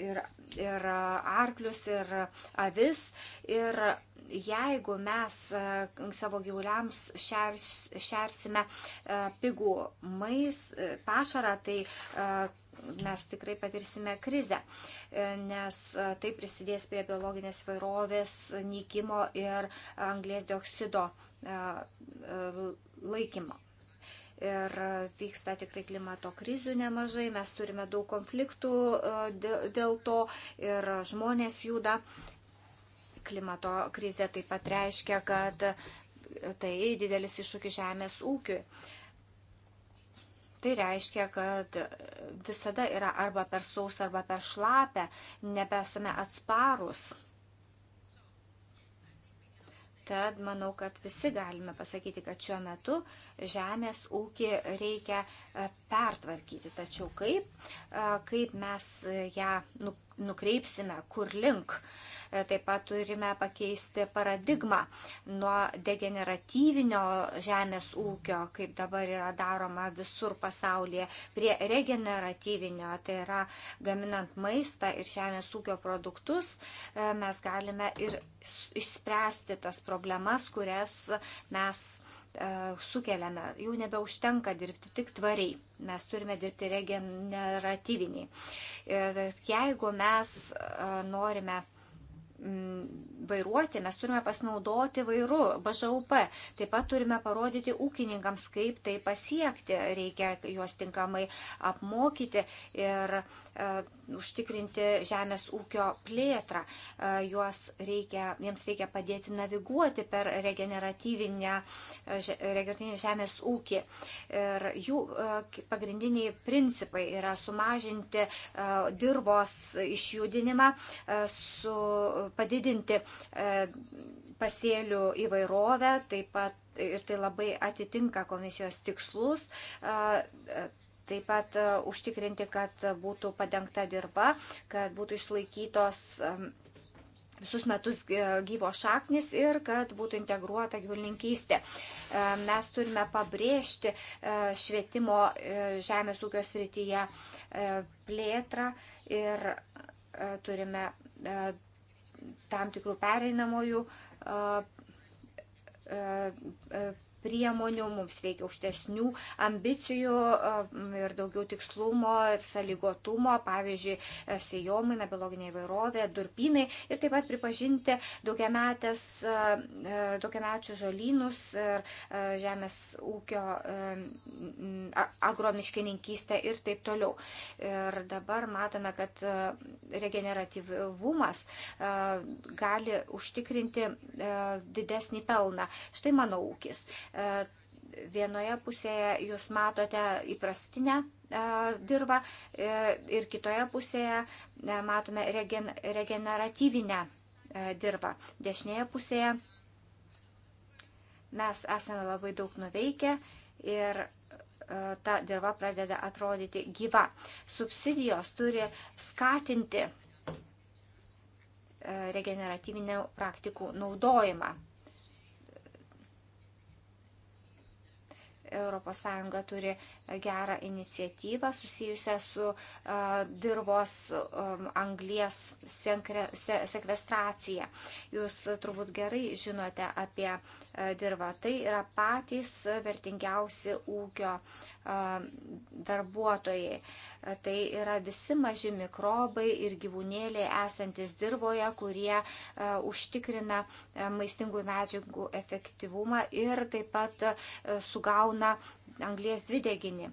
ir, ir arklius, ir avis. Ir jeigu mes e, savo gyvuliams šers, šersime e, pigų mais, e, pašarą, tai mes tikrai patirsime krizę, nes tai prisidės prie biologinės vairovės, nykimo ir anglės dioksido laikymo. Ir vyksta tikrai klimato krizių nemažai, mes turime daug konfliktų dėl to ir žmonės juda klimato krizė taip pat reiškia, kad tai didelis iššūkis žemės ūkiui. Tai reiškia, kad visada yra arba per saus, arba per šlapę, nebesame atsparus. Tad manau, kad visi galime pasakyti, kad šiuo metu žemės ūkį reikia pertvarkyti. Tačiau kaip, e, kaip mes ją nu, nukreipsime, kur link. E, taip pat turime pakeisti paradigmą nuo degeneratyvinio žemės ūkio, kaip dabar yra daroma visur pasaulyje, prie regeneratyvinio, tai yra gaminant maistą ir žemės ūkio produktus, e, mes galime ir išspręsti tas problemas, kurias mes E, sukeliame. Jų nebeužtenka dirbti tik tvariai. Mes turime dirbti regeneratyviniai. Ir jeigu mes e, norime Mm, vairuoti, mes turime pasinaudoti vairu, BŽUP. Taip pat turime parodyti ūkininkams, kaip tai pasiekti. Reikia juos tinkamai apmokyti ir e, užtikrinti žemės ūkio plėtrą. E, juos reikia, jiems reikia padėti naviguoti per regeneratyvinę e, žemės ūkį. Ir jų e, pagrindiniai principai yra sumažinti e, dirbos išjudinimą, e, su padidinti e, pasėlių įvairovę, taip pat ir tai labai atitinka komisijos tikslus e, e, taip pat užtikrinti, kad būtų padengta dirba, kad būtų išlaikytos visus metus gyvo šaknis ir kad būtų integruota gyvulininkystė. Mes turime pabrėžti švietimo žemės ūkio srityje plėtrą ir turime tam tikrų pereinamojų priemonių, mums reikia aukštesnių ambicijų ir daugiau tikslumo ir saligotumo, pavyzdžiui, e, sejomina, biologinė įvairovė, durpinai ir taip pat pripažinti e, daugiamečių žolynus ir e, žemės ūkio agromiškininkystę ir taip toliau. Ir dabar matome, kad regeneratyvumas gali užtikrinti didesnį pelną. Štai mano ūkis. E, vienoje pusėje jūs matote įprastinę e, dirbą e, ir kitoje pusėje matome regeneratyvinę dirbą. Dešinėje pusėje mes esame labai daug nuveikę ir ta dirba pradeda atrodyti gyva. Subsidijos turi skatinti regeneratyvinių praktikų naudojimą. ES turi gerą iniciatyvą susijusią su dirbos anglies sekvestracija. Jūs turbūt gerai žinote apie E, dirba. Tai yra patys vertingiausi ūkio e, darbuotojai. E, tai yra visi maži mikrobai ir gyvūnėliai esantis dirboje, kurie užtikrina maistingų medžiagų efektyvumą ir taip pat sugauna anglės dvideginį.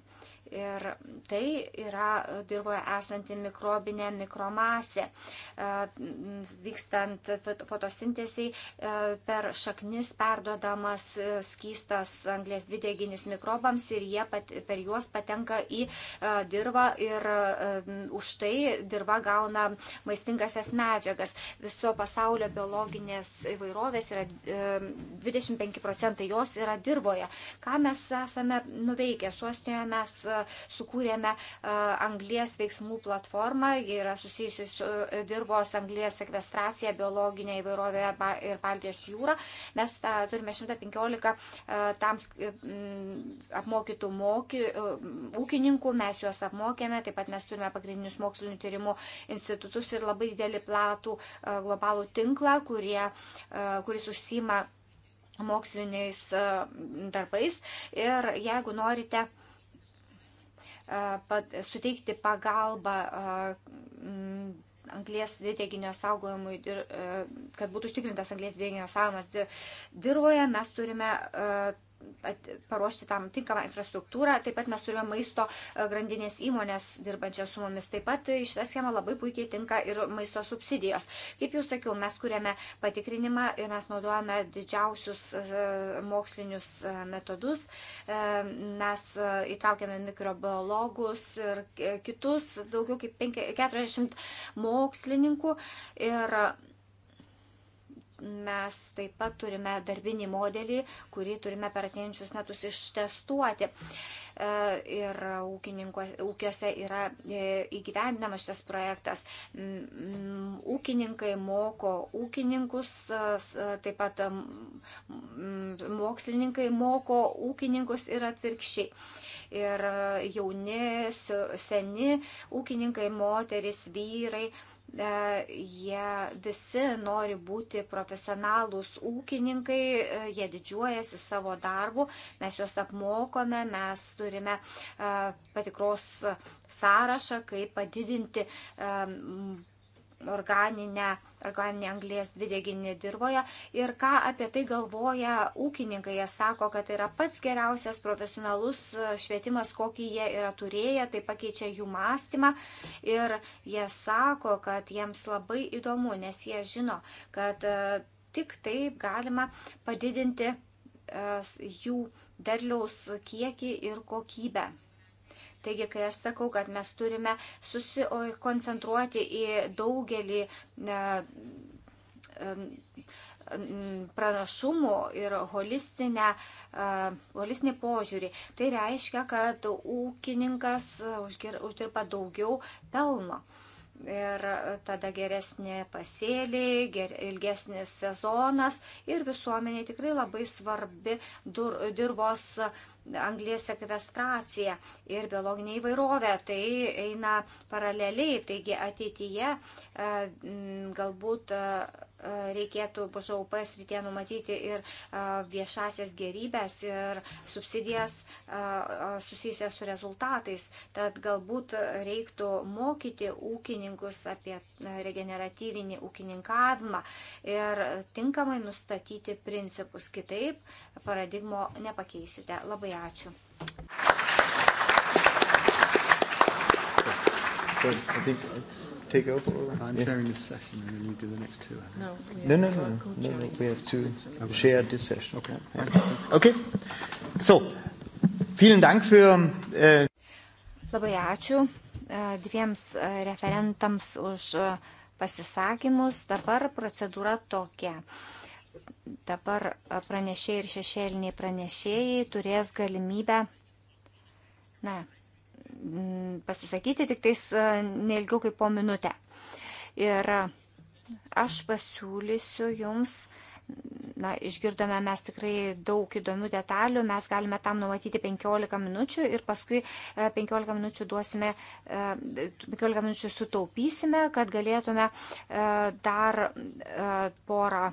Ir tai yra dirboje esanti mikrobinė mikromasė. E, vykstant fotosintesiai e, per šaknis perdodamas e, skystas anglės dvideginis mikrobams ir jie pat, per juos patenka į dirvą ir už tai dirba gauna maistingasias medžiagas. Viso pasaulio biologinės įvairovės yra 25 procentai jos yra dirboje. Ką mes esame nuveikę? Suostinijoje mes sukūrėme e, anglės veiksmų platformą, ji yra susijusi su e, dirbos anglės sekvestracija, biologinė įvairovė ir Baltijos jūra. Mes e, turime 115 tam apmokytų moky, ūkininkų, mes juos apmokėme, taip pat mes turime pagrindinius mokslinių tyrimų institutus ir labai didelį platų globalų tinklą, kurie, kuris užsima moksliniais darbais. Ir jeigu norite suteikti pagalbą anglės dvideginio saugojimui ir kad būtų užtikrintas anglės dvideginio saugojimas dirboje, mes turime paruošti tam tinkamą infrastruktūrą. Taip pat mes turime maisto e, grandinės įmonės dirbančią su mumis. Taip pat į e, šitą schemą labai puikiai tinka ir maisto subsidijos. Kaip jau sakiau, mes kuriame patikrinimą ir mes naudojame didžiausius e, mokslinius metodus. Mes įtraukiame mikrobiologus ir kitus, daugiau kaip 40 mokslininkų. Ir mes taip pat turime darbinį modelį, kurį turime per atėjančius metus ištestuoti. E, ir ūkiuose yra e, įgyvendinamas šitas projektas. Ūkininkai moko ūkininkus, e, taip pat mokslininkai moko ūkininkus ir atvirkščiai. Ir jauni, seni ūkininkai, moteris, vyrai E, jie visi nori būti profesionalūs ūkininkai, e, jie didžiuojasi savo darbu, mes juos apmokome, mes turime e, patikros sąrašą, kaip padidinti organinę organinį anglės dvideginį dirboje ir ką apie tai galvoja ūkininkai. Jie sako, kad tai yra pats geriausias profesionalus e, švietimas, kokį jie yra turėję, tai pakeičia jų mąstymą ir jie sako, kad jiems labai įdomu, nes jie žino, kad e, tik taip galima padidinti e, jų derliaus kiekį ir kokybę. Taigi, kai aš sakau, kad mes turime susikoncentruoti į daugelį pranašumų ir holistinę, e, holistinį požiūrį. Tai reiškia, kad ūkininkas uždirba daugiau pelno. Ir tada geresnė pasėliai, ger, ilgesnis sezonas ir visuomeniai tikrai labai svarbi dur, dirvos uh, anglės sekvestracija ir biologinė įvairovė. Tai eina paraleliai, taigi ateityje e, galbūt e, e, reikėtų BŽUP srityje numatyti ir viešasias gerybės ir subsidijas susijusias su rezultatais. Tad galbūt reiktų mokyti ūkininkus apie regeneratyvinį ūkininkavimą ir tinkamai nustatyti principus. Kitaip paradigmo nepakeisite. Labai ačiū. I think uh, take over? Or? I'm yeah. chairing this session and then you do the next two. No, no, no, no, no, no. We have to okay. share this session. Okay. Yeah. Okay. So, vielen Dank für. Uh, Labai ačiū e, dviems e, referentams už e, pasisakymus. Dabar procedūra tokia dabar pranešėjai ir šešėliniai pranešėjai turės galimybę na, pasisakyti tik tais e, neilgiau kaip po minutę. Ir aš pasiūlysiu jums, na, išgirdome mes tikrai daug įdomių detalių, mes galime tam numatyti 15 minučių ir paskui 15 e, minučių duosime, 15 e, minučių sutaupysime, kad galėtume dar porą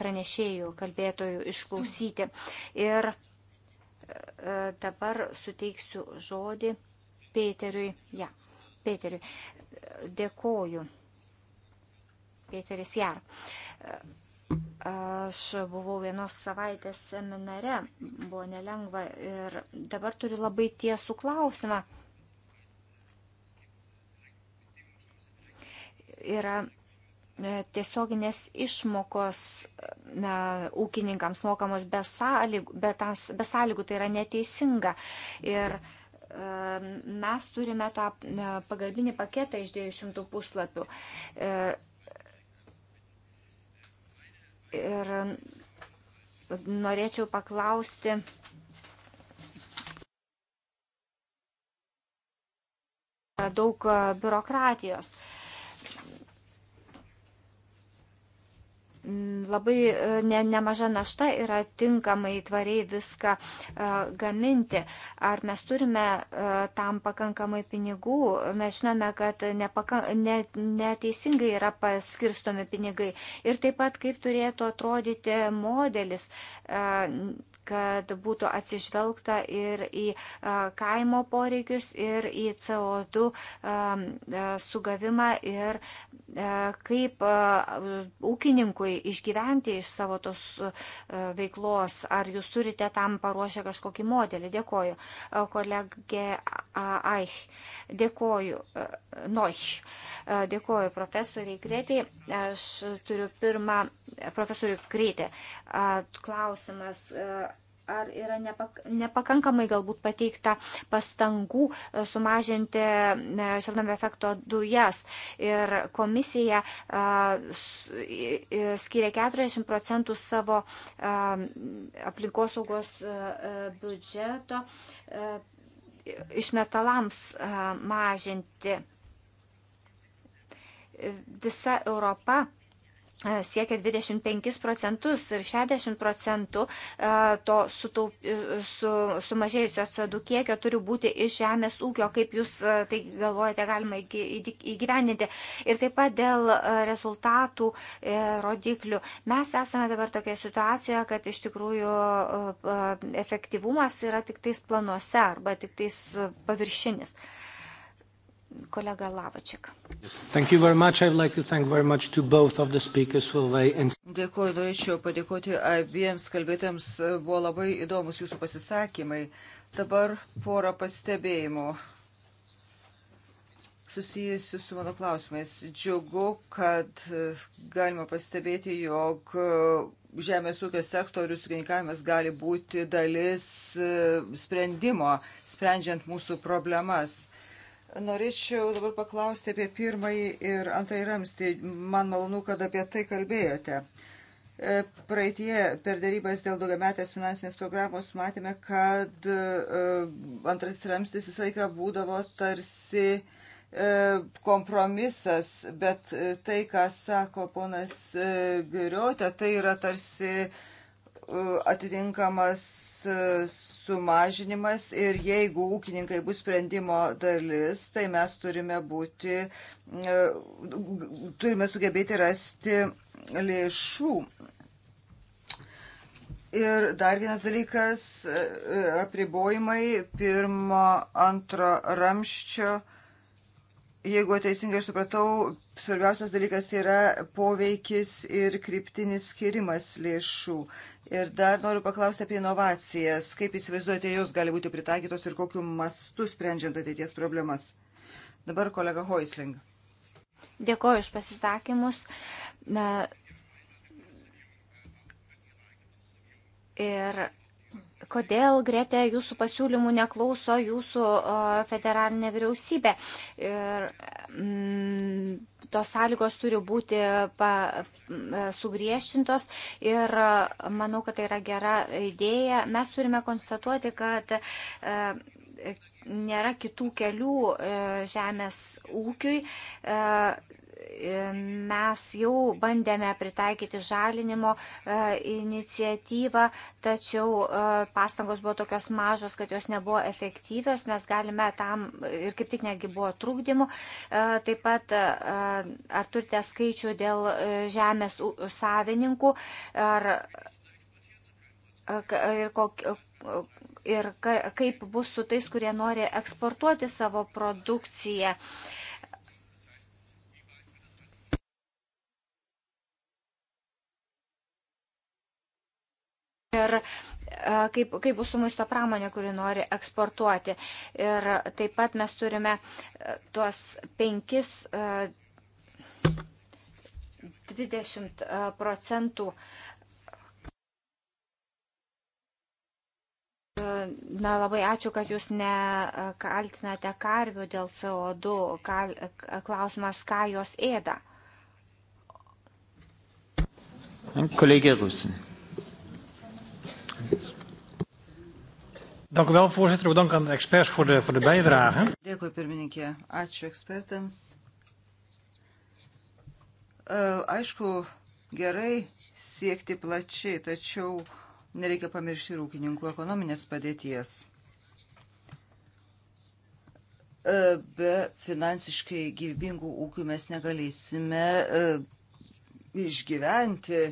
pranešėjų, kalbėtojų išklausyti. Ir e, dabar suteiksiu žodį Peteriui. Ja, Peteriui. Dėkoju. Peteris Jar. Aš buvau vienos savaitės seminare, buvo nelengva ir dabar turiu labai tiesų klausimą. Yra E, tiesioginės išmokos e, na, ūkininkams mokamos be sąlygų, be, tas, be sąlygų, tai yra neteisinga. Ir e, mes turime tą pagalbinį paketą iš 200 puslapių. Ir, ir norėčiau paklausti. daug biurokratijos. Uh, Mm, labai e, ne, nemaža našta yra tinkamai tvariai viską e, gaminti. Ar mes turime e, tam pakankamai pinigų? Mes žinome, kad nepaka, ne, neteisingai yra paskirstomi pinigai. Ir taip pat, kaip turėtų atrodyti modelis kad būtų atsižvelgta ir į kaimo poreikius, ir į CO2 sugavimą, ir kaip ūkininkui išgyventi iš savo tos veiklos. Ar jūs turite tam paruošę kažkokį modelį? Dėkoju. Kolegė Aich, dėkoju. Noich, dėkoju profesoriai Greitai. Aš turiu pirmą profesorių Greitį. Klausimas ar yra nepak nepakankamai galbūt pateikta pastangų e, sumažinti e, šiltnamio efekto dujas. Ir komisija e, skiria 40 procentų savo aplinkosaugos biudžeto išmetalams mažinti. Visa Europa E, siekia 25 procentus ir 60 procentų e, to sutaup, e, su, sumažėjusio CO2 kiekio turi būti iš žemės ūkio, kaip jūs tai galvojate galima įgyvendinti. Ir taip pat dėl rezultatų rodiklių. Mes esame dabar tokia situacijoje, kad iš tikrųjų efektyvumas yra tik tais planuose arba tik tais paviršinis. Uh, kolega Lavačik. Dėkuoju, norėčiau padėkoti abiems kalbėtėms, buvo labai įdomus jūsų pasisakymai. Dabar porą pastebėjimų susijusių su mano klausimais. Džiugu, kad galima pastebėti, jog žemės ūkio sektorius ūkininkavimas gali būti dalis sprendimo, sprendžiant mūsų problemas Norėčiau dabar paklausti apie pirmąjį ir antrąjį ramstį. Man malonu, kad apie tai kalbėjote. E, praeitie per darybas dėl daugiametės finansinės programos matėme, kad e, antrasis ramstis visą laiką būdavo tarsi e, kompromisas, bet tai, ką sako ponas Giriotė, tai yra tarsi atitinkamas sumažinimas ir jeigu ūkininkai bus sprendimo dalis, tai mes turime būti, e, turime sugebėti rasti lėšų. Ir dar vienas dalykas e, - apribojimai pirmo, antro ramščio. Jeigu teisingai aš supratau, svarbiausias dalykas yra poveikis ir kryptinis skirimas lėšų. Ir dar noriu paklausti apie inovacijas. Kaip įsivaizduojate, jos gali būti pritaikytos ir kokiu mastu sprendžiant ateities problemas? Dabar kolega Hoisling. Dėkoju iš pasisakymus. Na, ir kodėl Grete jūsų pasiūlymų neklauso jūsų federalinė vyriausybė. Ir mm, tos sąlygos turi būti pa, sugriešintos ir manau, kad tai yra gera idėja. Mes turime konstatuoti, kad e, nėra kitų kelių e, žemės ūkiui. E, E, mes jau bandėme pritaikyti žalinimo e, iniciatyvą, tačiau e, pastangos buvo tokios mažos, kad jos nebuvo efektyvios. Mes galime tam ir kaip tik netgi buvo trūkdymų. Taip pat, ar turite skaičių dėl žemės savininkų ar, ir kokio ir kaip bus su tais, kurie nori eksportuoti savo produkciją. Uh, ir e, kaip, kaip bus su maisto pramonė, kuri nori eksportuoti. Ir taip pat mes turime e, tuos penkis 20 e, procentų Na, labai ačiū, kad jūs nekaltinate karvių dėl CO2. Kal, klausimas, ką jos ėda. Kolegė Rusin. Dank u wel, voorzitter. Ook dank aan de experts voor de, voor de bijdrage. Dėkui, pirmininkė. Ačiū ekspertams. E, aišku, gerai siekti plačiai, tačiau nereikia pamiršti ir ūkininkų ekonominės padėties. E, be finansiškai gyvybingų ūkių mes negalėsime e, išgyventi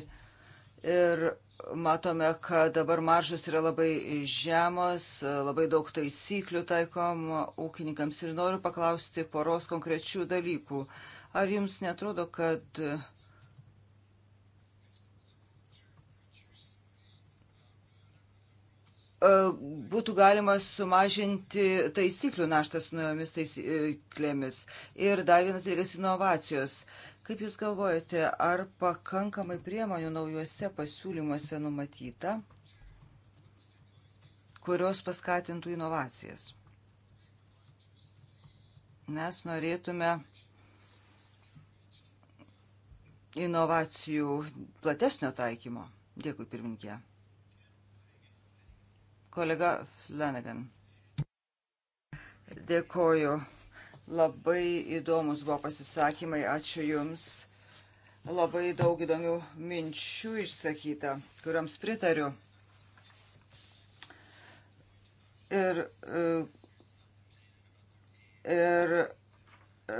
ir Matome, kad dabar maržas yra labai žemos, labai daug taisyklių taikom ūkininkams ir noriu paklausti poros konkrečių dalykų. Ar jums netrodo, kad e, būtų galima sumažinti taisyklių naštą su naujomis taisyklėmis. Ir dar vienas dalykas - inovacijos. Kaip Jūs galvojate, ar pakankamai priemonių naujuose pasiūlymuose numatyta, kurios paskatintų inovacijas? Mes norėtume inovacijų platesnio taikymo. Dėkui, pirmininkė. Kolega Flanagan. Dėkoju. Labai įdomus buvo pasisakymai, ačiū Jums. Labai daug įdomių minčių išsakyta, kuriams pritariu. Ir, e, ir e,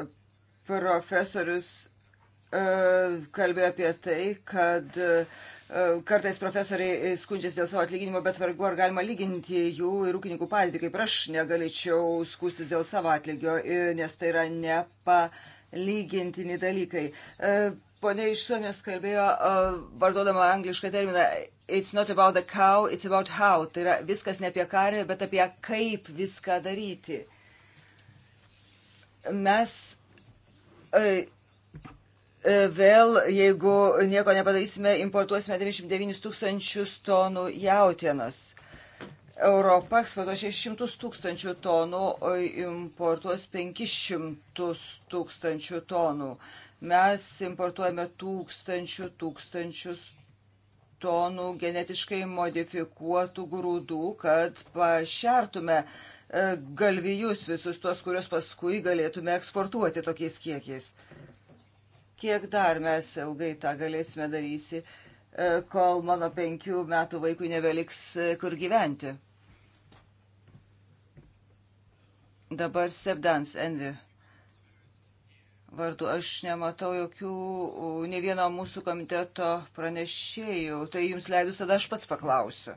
profesorius E, kalbėjo apie tai, kad e, kartais profesoriai skundžiasi dėl savo atlyginimo, bet vargu ar galima lyginti jų ir ūkininkų padėtį, kaip aš negalėčiau skūstis dėl savo atlygio, e, nes tai yra nepalygintini dalykai. Pone iš Suomijos kalbėjo, vardodama anglišką terminą, it's not about the cow, it's about how. Tai yra viskas ne apie karvę, bet apie kaip viską daryti. Mes E, vėl, jeigu nieko nepadarysime, importuosime 99 tūkstančius tonų jautienos. Europa eksportuoja 600 tūkstančių tonų, o importuos 500 tūkstančių tonų. Mes importuojame tūkstančių tūkstančius tonų genetiškai modifikuotų grūdų, kad pašertume e, galvijus visus tuos, kuriuos paskui galėtume eksportuoti tokiais kiekiais. Kiek dar mes ilgai tą galėsime darysi, e, kol mano penkių metų vaikui nebeliks e, kur gyventi. Dabar Sebdans Envi vardu. Aš nematau jokių, ne vieno mūsų komiteto pranešėjų. Tai jums leidus, tada aš pats paklausiu.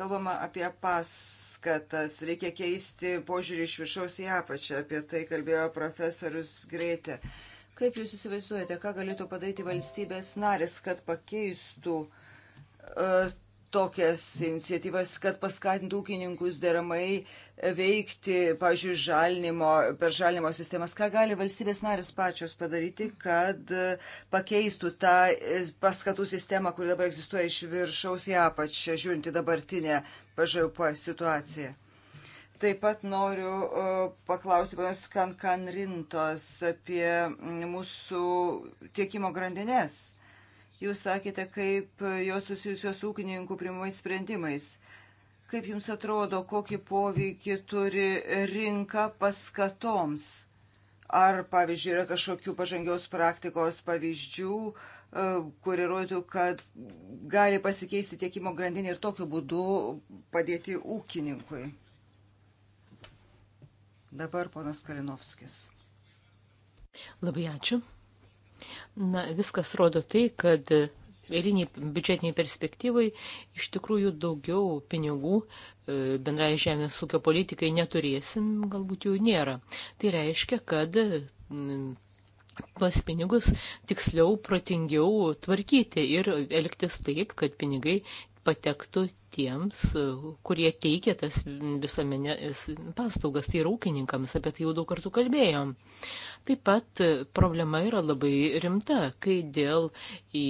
Kalbama apie pas paskatas, reikia keisti požiūrį iš viršaus į apačią, apie tai kalbėjo profesorius Greitė. Kaip Jūs įsivaizduojate, ką galėtų padaryti valstybės narės, kad pakeistų uh, tokias iniciatyvas, kad paskatintų ūkininkus deramai veikti, pavyzdžiui, žalinimo, per žalinimo sistemas. Ką gali valstybės narės pačios padaryti, kad pakeistų tą paskatų sistemą, kuri dabar egzistuoja iš viršaus į apačią, žiūrinti dabartinę pažaupą situaciją. Taip pat noriu paklausti ponios Kankanrintos apie mūsų tiekimo grandinės Jūs sakėte, kaip jos susijusios ūkininkų primais sprendimais. Kaip jums atrodo, kokį poveikį turi rinka paskatoms? Ar, pavyzdžiui, yra kažkokių pažangios praktikos pavyzdžių, e, kuri rodytų, kad gali pasikeisti tiekimo grandinė ir tokiu būdu padėti ūkininkui. Dabar ponas Kalinovskis. Labai ačiū. Na, viskas rodo tai, kad eiliniai biudžetiniai perspektyvai iš tikrųjų daugiau pinigų e, bendrai žemės ūkio politikai neturėsim, galbūt jų nėra. Tai reiškia, kad tuos pinigus tiksliau, protingiau tvarkyti ir elgtis taip, kad pinigai patektų tiems, e, kurie teikia tas visuomenės paslaugas, tai yra ūkininkams, apie tai jau daug kartų kalbėjom. Taip pat e, problema yra labai rimta, kai dėl į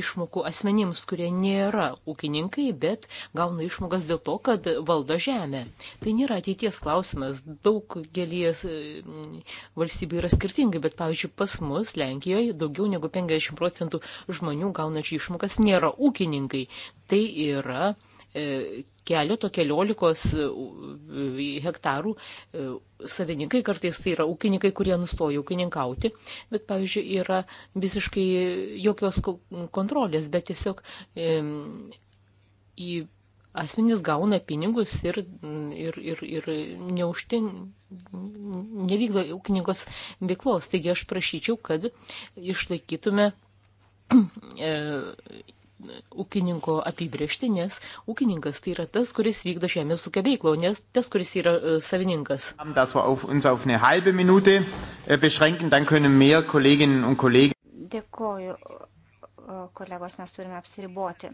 išmokų asmenims, kurie nėra ūkininkai, bet gauna išmokas dėl to, kad valdo žemę. Tai nėra ateities klausimas. Daug gėlės e, valstybių yra skirtingai, bet pavyzdžiui, pas mus Lenkijoje daugiau negu 50 procentų žmonių gaunačių išmokas nėra ūkininkai. Tai yra E, keleto keliolikos e, e, hektarų savininkai, kartais tai yra ūkininkai, kurie nustoja ūkininkauti, bet, pavyzdžiui, yra visiškai jokios kontrolės, bet tiesiog į asmenys gauna pinigus ir, ir, ir, ir neužtin, nevykdo ūkininkos veiklos. Taigi aš prašyčiau, kad išlaikytume [CLEARS THROAT] ūkininko apibriešti, nes ūkininkas tai yra tas, kuris vykdo žemės ūkio veiklą, o nes tas, kuris yra e, savininkas. Äh, dėkoju, kolegos, mes turime apsiriboti.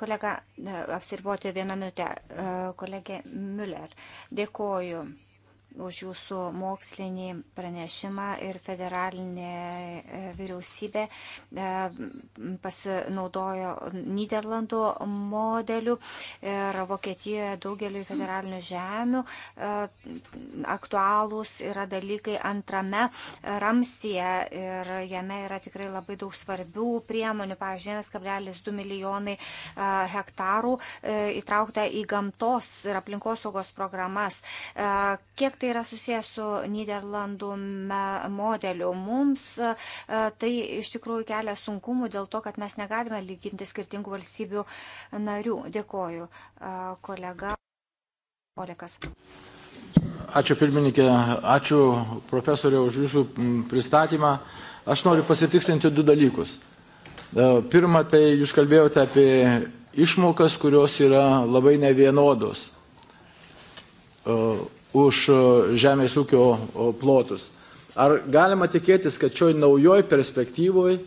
Kolega, e, apsiriboti vieną minutę, e, kolegė Müller. Dėkoju už jūsų mokslinį pranešimą ir federalinė e, vyriausybė e, pasinaudojo Niderlandų modeliu ir Vokietijoje daugeliu federalinių žemių e, aktualūs yra dalykai antrame ramstyje ir jame yra tikrai labai daug svarbių priemonių, pavyzdžiui, 1,2 milijonai hektarų įtraukta į gamtos ir aplinkosaugos programas. Kiek tai yra susijęs su Niderlandų modeliu. Mums e, tai iš tikrųjų kelia sunkumų dėl to, kad mes negalime lyginti skirtingų valstybių narių. Dėkoju, e, kolega Olekas. Ačiū pirmininkė, ačiū profesorė už jūsų pristatymą. Aš noriu pasitikslinti du dalykus. E, pirma, tai jūs kalbėjote apie išmokas, kurios yra labai nevienodos už e, žemės ūkio plotus. Ar galima tikėtis, kad šioj naujoj perspektyvoje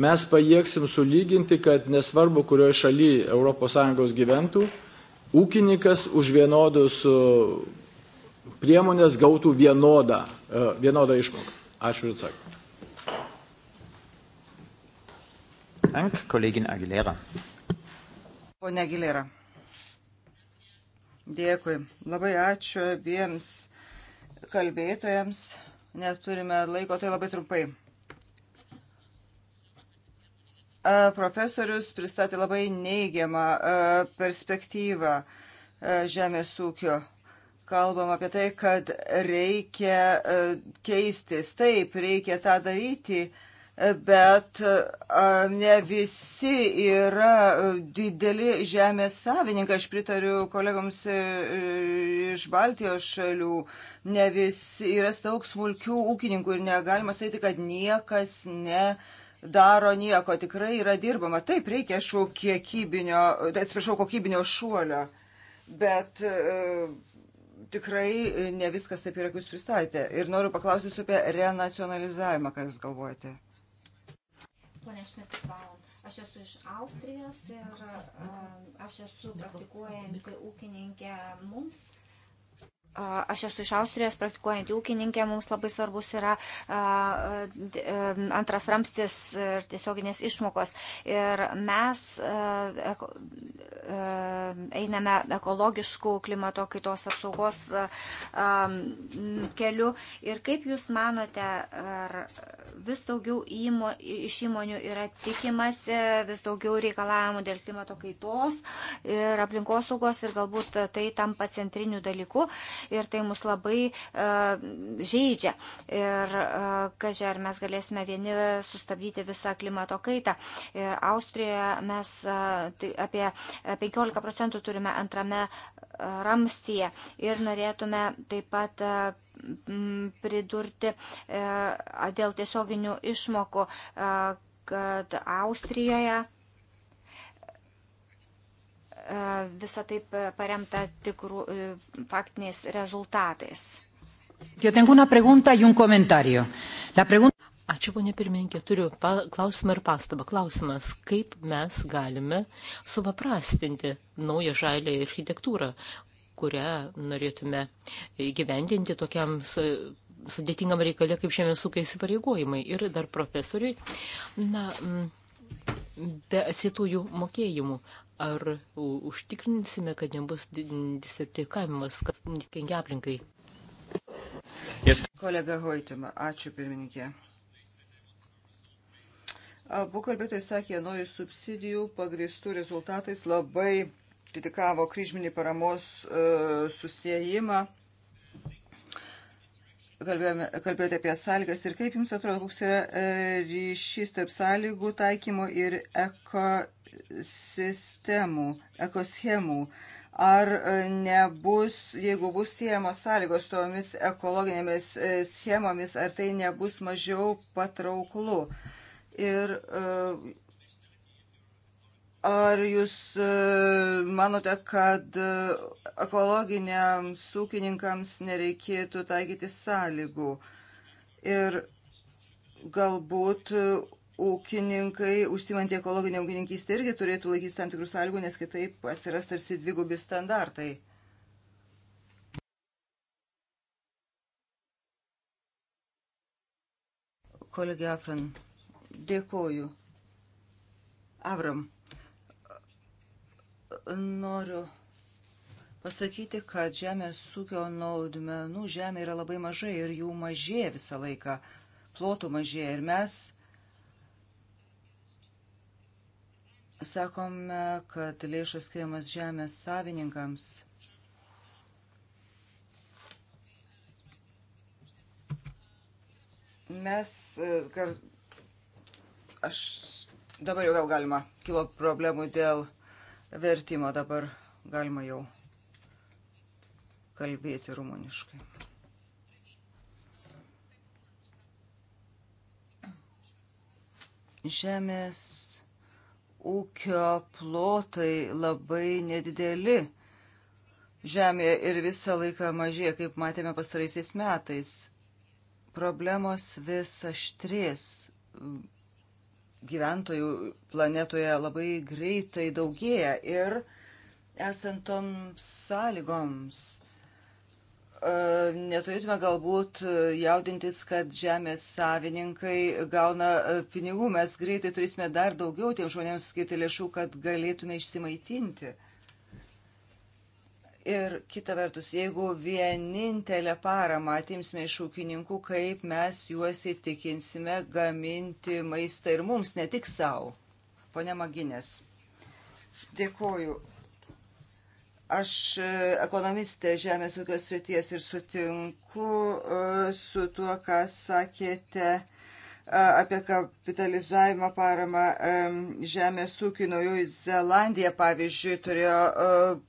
mes pajėgsim sulyginti, kad nesvarbu, kurioje šalyje ES gyventų, ūkininkas už vienodus e, priemonės gautų vienodą, e, vienodą išmoką. Ačiū ir atsakau. Dank, Kollegin Aguilera. Ponia Aguilera. Dėkui. Labai ačiū abiems kalbėtojams. Neturime laiko, tai labai trumpai. Profesorius pristatė labai neigiamą perspektyvą žemės ūkio kalbam apie tai, kad reikia keistis. Taip, reikia tą daryti, bet ne visi yra dideli žemės savininkai. Aš pritariu kolegoms e, iš Baltijos šalių. Ne visi yra daug smulkių ūkininkų ir negalima sakyti, kad niekas ne daro nieko. Tikrai yra dirbama. Taip, reikia, aišku, kiekybinio, atsiprašau, kokybinio šuolio. Bet e, tikrai ne viskas taip yra, kaip jūs pristatėte. Ir noriu paklausyti apie renacionalizavimą, ką jūs galvojate. Pone Šmitbaum, aš esu iš Austrijos ir e, aš esu praktikuojanti ūkininkė mums Aš esu iš Austrijos praktikuojantį ūkininkę, mums labai svarbus yra e, antras ramstis ir tiesioginės išmokos. Ir mes e, e, einame ekologiškų klimato kaitos apsaugos keliu. Ir kaip Jūs manote, ar vis daugiau įmo, iš įmonių yra tikimasi, vis daugiau reikalavimų dėl klimato kaitos ir aplinkosaugos ir galbūt tai tampa centriniu dalyku? ir tai mus labai e, žaidžia. Ir e, kažkai ar mes galėsime vieni sustabdyti visą klimato kaitą. Ir Austrijoje mes e, tai apie 15 procentų turime antrame ramstyje ir norėtume taip pat pridurti dėl tiesioginių išmokų, kad Austrijoje E, visą taip paremta tikrų e, faktiniais rezultatais. Ačiū, ponė pirmininkė, turiu pa, klausimą ir pastabą. Klausimas, kaip mes galime supaprastinti naują žalę architektūrą, kurią norėtume įgyvendinti tokiam sudėtingam reikalė kaip žemės ūkio įsipareigojimai. Ir dar profesoriui, na, be atsitųjų mokėjimų, ar užtikrinsime, kad nebus disertikavimas, kas kenkia aplinkai? Yes. Kolega Hoitima, ačiū pirmininkė. Abu kalbėtojai sakė, nori subsidijų pagristų rezultatais, labai kritikavo kryžminį paramos uh, e, susijimą. Kalbėjome, kalbėjote apie sąlygas ir kaip jums atrodo, koks yra e, ryšys tarp sąlygų taikymo ir eko sistemų, ekoschemų. Ar e, nebus, jeigu bus siejamos sąlygos tomis ekologinėmis e, schemomis, ar tai nebus mažiau patrauklu? Ir e, Ar jūs manote, kad ekologiniams ūkininkams nereikėtų taikyti sąlygų ir galbūt ūkininkai, užsimantį ekologinę ūkininkystę, irgi turėtų laikytis tam tikrų sąlygų, nes kitaip atsiras tarsi dvigubi standartai. Kolegė Afran, dėkoju. Avram, noriu pasakyti, kad žemės ūkio naudmenų žemė yra labai mažai ir jų mažėja visą laiką, plotų mažėja ir mes Sakome, kad lėšos skiriamas žemės savininkams. Mes, e, kar, aš dabar jau vėl galima, kilo problemų dėl vertimo, dabar galima jau kalbėti rumuniškai. Žemės ūkio plotai labai nedideli žemėje ir visą laiką mažėja, kaip matėme pastaraisiais metais. Problemos vis aštrės. Gyventojų planetoje labai greitai daugėja ir esant toms sąlygoms E, neturėtume galbūt e, jaudintis, kad žemės savininkai gauna e, pinigų. Mes greitai turėsime dar daugiau tiem žmonėms skirti lėšų, kad galėtume išsimaitinti. Ir kita vertus, jeigu vienintelę paramą atimsime iš ūkininkų, kaip mes juos įtikinsime gaminti maistą ir mums, ne tik savo. Pone Maginės. Dėkoju. Aš e, ekonomistė žemės ūkio srities ir sutinku e, su tuo, ką sakėte e, apie kapitalizavimo paramą žemės ūkiui Naujoji Zelandija, pavyzdžiui, turėjo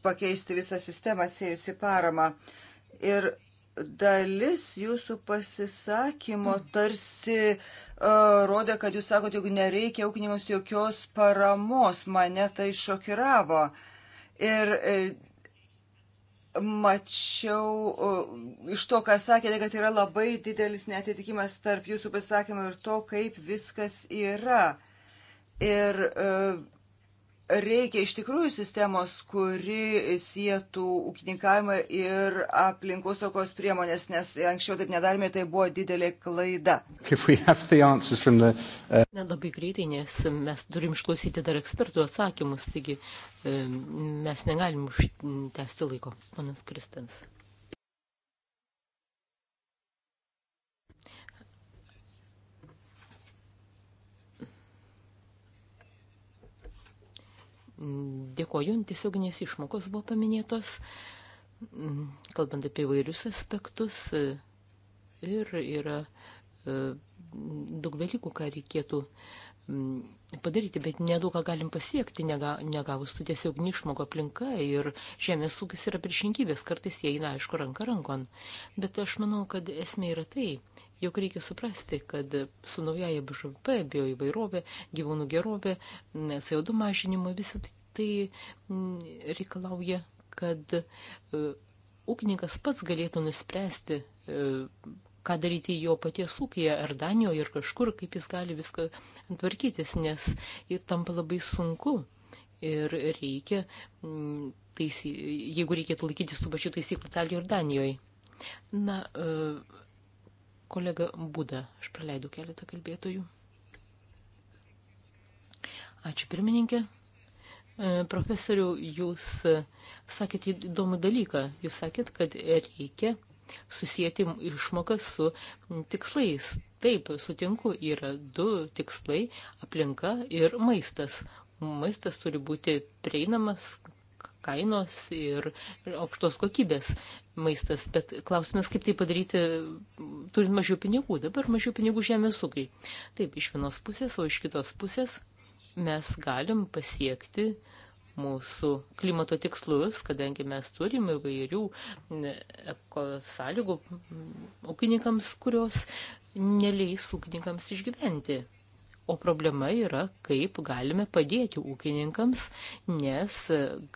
pakeisti visą sistemą sėjusi paramą. Ir dalis jūsų pasisakymo tarsi rodė, kad jūs sakote, jog nereikia ūkininkams jokios paramos. Mane tai šokiravo. Ir mačiau iš to, ką sakėte, kad yra labai didelis netitikimas tarp jūsų pasisakymų ir to, kaip viskas yra. Ir uh, Reikia iš tikrųjų sistemos, kuri sėtų ūkininkavimą ir aplinkosaugos priemonės, nes anksčiau taip nedarėme ir tai buvo didelė klaida. The, uh... Nelabai greitai, nes mes turim išklausyti dar ekspertų atsakymus, taigi mes negalim užtęsti laiko, panas Kristens. Dėkoju, tiesioginės išmokos buvo paminėtos, kalbant apie vairius aspektus e, ir yra e, daug dalykų, ką reikėtų padaryti, bet nedaug ką galim pasiekti, negavus tų tiesiog nišmoko aplinka ir žemės ūkis yra priešingybės, kartais jie eina, aišku, ranka rankon. Bet aš manau, kad esmė yra tai, Juk reikia suprasti, kad su naujaja BŽP, bioįvairovė, gyvūnų gerovė, CO2 mažinimo, visą tai mm, reikalauja, kad e, ūkininkas pats galėtų nuspręsti, e, ką daryti jo paties ūkija ar Danijoje, ar kažkur, kaip jis gali viską tvarkytis, nes ir tampa labai sunku. Ir reikia, mm, taisy, jeigu reikėtų laikytis tų pačių taisyklų Italijoje ir Danijoje. Na, e, kolega Būda. Aš praleidau keletą kalbėtojų. Ačiū pirmininkė. E, Profesoriu, jūs e, sakėt įdomų dalyką. Jūs sakėt, kad reikia susijęti išmoką su tikslais. Taip, sutinku, yra du tikslai - aplinka ir maistas. Maistas turi būti prieinamas, kainos ir aukštos kokybės maistas, bet klausimas, kaip tai padaryti, turint mažiau pinigų, dabar mažiau pinigų žemės ūkiai. Taip, iš vienos pusės, o iš kitos pusės mes galim pasiekti mūsų klimato tikslus, kadangi mes turim įvairių sąlygų ūkininkams, kurios neleis ūkininkams išgyventi. O problema yra, kaip galime padėti ūkininkams, nes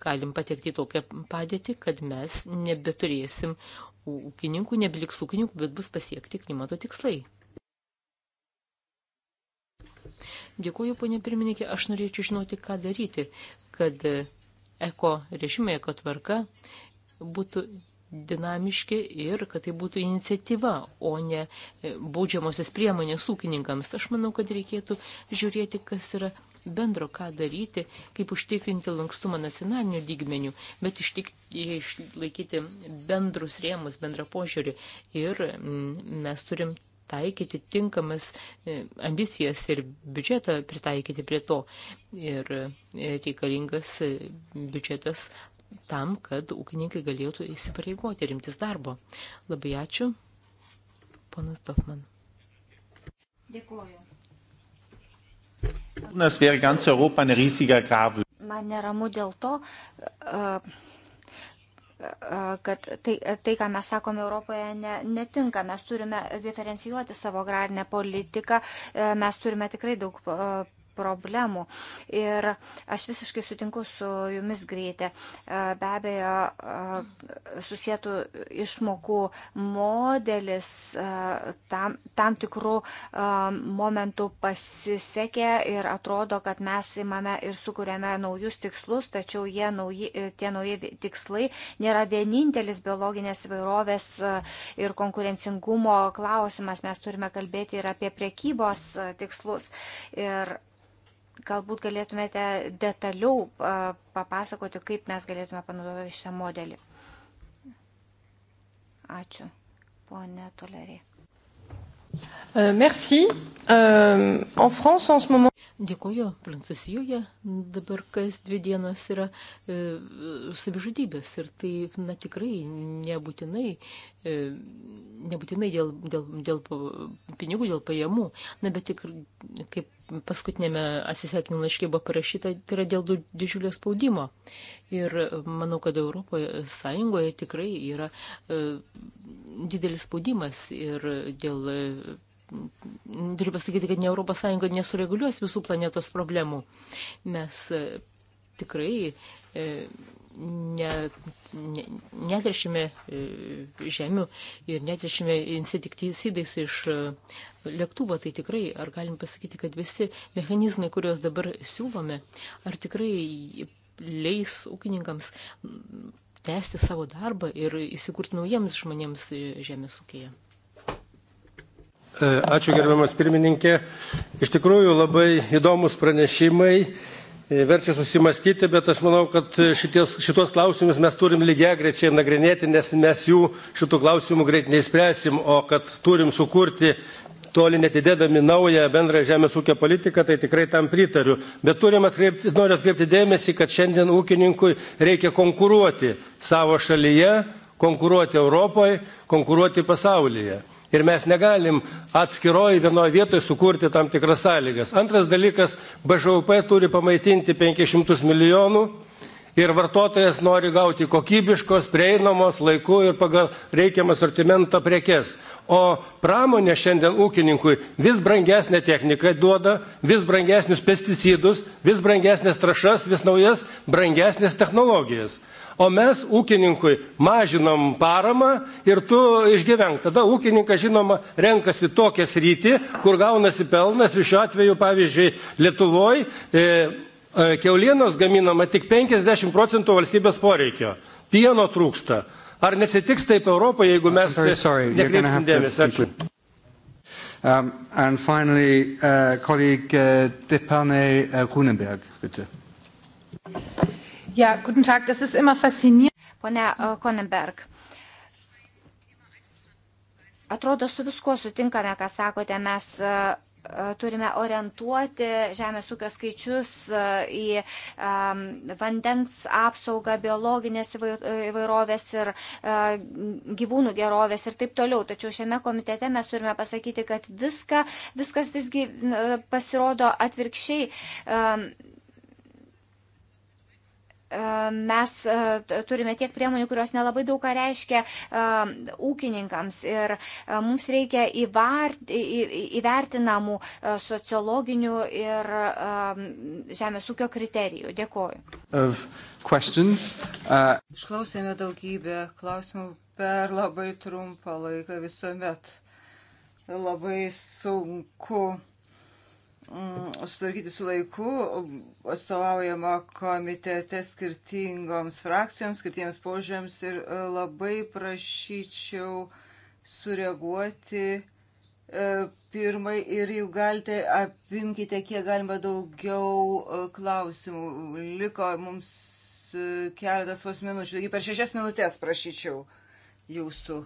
galim patekti į tokią padėtį, kad mes nebeturėsim ūkininkų, nebeliks ūkininkų, bet bus pasiekti klimato tikslai. Dėkuoju, ponė pirmininkė, aš norėčiau žinoti, ką daryti, kad eko režimai, eko tvarka būtų dinamiški ir kad tai būtų iniciatyva, o ne e, baudžiamosios priemonės ūkininkams. Aš manau, kad reikėtų žiūrėti, kas yra bendro, ką daryti, kaip užtikrinti lankstumą nacionaliniu lygmeniu, bet ištik, išlaikyti bendrus rėmus, bendrą požiūrį. Ir mm, mes turim taikyti tinkamas e, ambicijas ir biudžetą pritaikyti prie to. Ir e, reikalingas biudžetas tam, kad ūkininkai galėtų įsipareigoti rimtis darbo. Labai ačiū, ponas Dofman. Dėkuoju. Das wäre ganz Europa eine riesige Agrarwüste. Man neramu dėl to, e, e, kad tai, tai, ką mes sakome Europoje, ne, netinka. Mes turime diferencijuoti savo agrarinę politiką, e, mes turime tikrai daug problemų. Ir aš visiškai sutinku su jumis greitė. E, be abejo, e, susijėtų išmokų modelis e, tam, tam tikrų momentų pasisekė ir atrodo, kad mes įmame ir sukūrėme naujus tikslus, tačiau jie nauji, tie nauji tikslai nėra vienintelis biologinės įvairovės ir konkurencingumo klausimas. Mes turime kalbėti ir apie priekybos tikslus. Ir Galbūt galėtumėte detaliau papasakoti, kaip mes galėtume panaudoti šitą modelį. Ačiū, ponė Toleriai. E, merci. Euh, en France, en ce moment. Dėkuoju, Prancūzijoje dabar kas dvi dienos yra e, savižudybės ir tai na, tikrai nebūtinai E, nebūtinai dėl, dėl, dėl pinigų, dėl pajamų, na, bet tik kaip paskutinėme atsisveikinimo laiške buvo parašyta, tai yra dėl didžiulio spaudimo. Ir manau, kad Europoje Sąjungoje tikrai yra e, didelis spaudimas ir dėl, e, turiu pasakyti, kad ne Europos Sąjunga nesureguliuos visų planetos problemų. Mes e, tikrai e, ne, ne, netrešime e, žemių ir netrešime insetikticidais iš e, lėktuvo, tai tikrai ar galim pasakyti, kad visi mechanizmai, kuriuos dabar siūlome, ar tikrai leis ūkininkams tęsti savo darbą ir įsikurti naujiems žmonėms e, žemės ūkėje. Ačiū gerbiamas pirmininkė. Iš tikrųjų labai įdomus pranešimai E, verčia susimąstyti bet aš manau kad šities, šitos klausimus mes turim lygiagrečiai nagrinėti nes mes jų šitų klausimų greit neišspręsim o kad turim sukurti toli netidėdami naują bendrą žemės ūkio politiką, tai tikrai tam pritariu. Bet turim atkreipti, noriu atkreipti dėmesį, kad šiandien ūkininkui reikia konkuruoti savo šalyje, konkuruoti Europoje, konkuruoti pasaulyje. Ir mes negalim atskiroji vienoje vietoje sukurti tam tikras sąlygas. Antras dalykas, BŽUP turi pamaitinti 500 milijonų ir vartotojas nori gauti kokybiškos, prieinamos laiku ir pagal reikiamą sortimentą prekes. O pramonė šiandien ūkininkui vis brangesnę techniką duoda, vis brangesnius pesticidus, vis brangesnės trašas, vis naujas brangesnės technologijas o mes ūkininkui mažinam paramą ir tu išgyvenk tada ūkininkas žinoma renkasi tokią sritį kur gaunasi pelnas ir šiuo atveju pavyzdžiui lietuvoj e, e kiaulienos gaminama tik penkiasdešimt procentų valstybės poreikio pieno trūksta ar neatsitiks taip europoje jeigu mes nekreipsim dėmesio ačiū Um, and finally, uh, colleague uh, Depane uh, Grunenberg, bitte. Ja, guten Tag, das ist immer faszinierend. Pone e, Konenberg. Atrodo, su viskuo sutinkame, ką sakote, mes e, e, turime orientuoti žemės ūkio skaičius į vandens apsaugą, biologinės įvairovės ir gyvūnų gerovės ir taip toliau. Tačiau šiame komitete mes turime pasakyti, kad viską, viskas visgi pasirodo atvirkščiai E, mes e, turime tiek priemonių, kurios nelabai daug ką reiškia e, ūkininkams ir mums reikia įvart, įvertinamų sociologinių ir žemės ūkio kriterijų. Dėkoju. Uh, Išklausėme daugybę klausimų per labai trumpą laiką visuomet. Labai sunku Mm, sutvarkyti su laiku atstovaujama komitete skirtingoms frakcijoms, skirtiems požiūrėms ir e, labai prašyčiau sureaguoti e, pirmai ir jau galite apimkite kiek galima daugiau e, klausimų. Liko mums keletas vos minučių, taigi per šešias minutės prašyčiau jūsų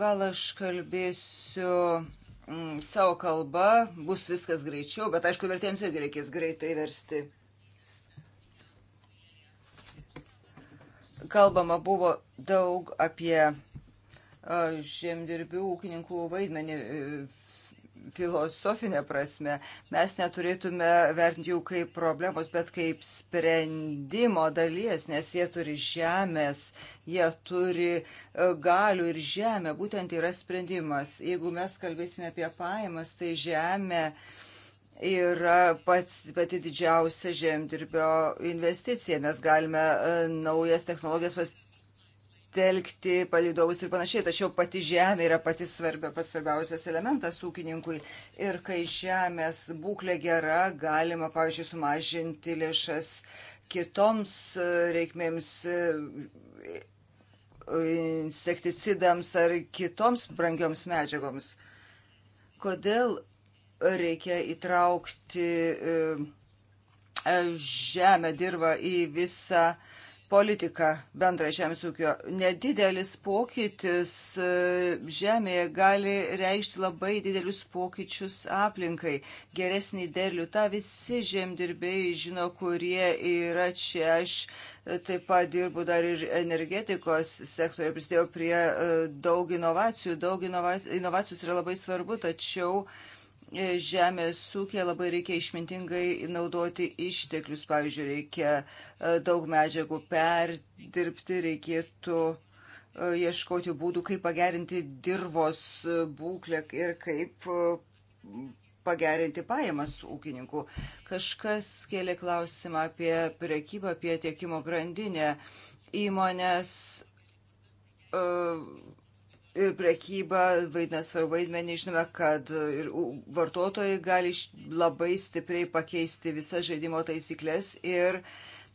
gal aš kalbėsiu mm, savo kalbą, bus viskas greičiau, bet aišku, vertėjams irgi reikės greitai versti. Kalbama buvo daug apie žemdirbių ūkininkų vaidmenį filosofinė prasme. Mes neturėtume vertinti jų kaip problemos, bet kaip sprendimo dalies, nes jie turi žemės, jie turi e, galių ir žemė būtent yra sprendimas. Jeigu mes kalbėsime apie pajamas, tai žemė yra pats, pati didžiausia žemdirbio investicija. Mes galime e, naujas technologijas pasitelkti palidovus ir panašiai, tačiau pati žemė yra pati svarbia, pats svarbiausias elementas ūkininkui. Ir kai žemės būklė gera, galima, pavyzdžiui, sumažinti lėšas kitoms e, reikmėms e, insekticidams ar kitoms brangioms medžiagoms. Kodėl reikia įtraukti e, žemę, dirbą į visą politiką bendrą žemės ūkio. Nedidelis pokytis e, žemėje gali reikšti labai didelius pokyčius aplinkai, geresnį derlių. Ta visi žemdirbėjai žino, kurie yra čia. Aš e, taip pat dirbu dar ir energetikos sektoriuje, prisidėjau prie e, daug inovacijų. Daug inovacijos yra labai svarbu, tačiau uh, žemės ūkė labai reikia išmintingai naudoti išteklius. Pavyzdžiui, reikia e, daug medžiagų perdirbti, reikėtų e, ieškoti būdų, kaip pagerinti dirbos e, būklę ir kaip pagerinti pajamas ūkininkų. Kažkas kėlė klausimą apie prekybą, apie tiekimo grandinę. Įmonės prekyba vaidina svarbu vaidmenį. Žinome, kad ir vartotojai gali labai stipriai pakeisti visas žaidimo taisyklės ir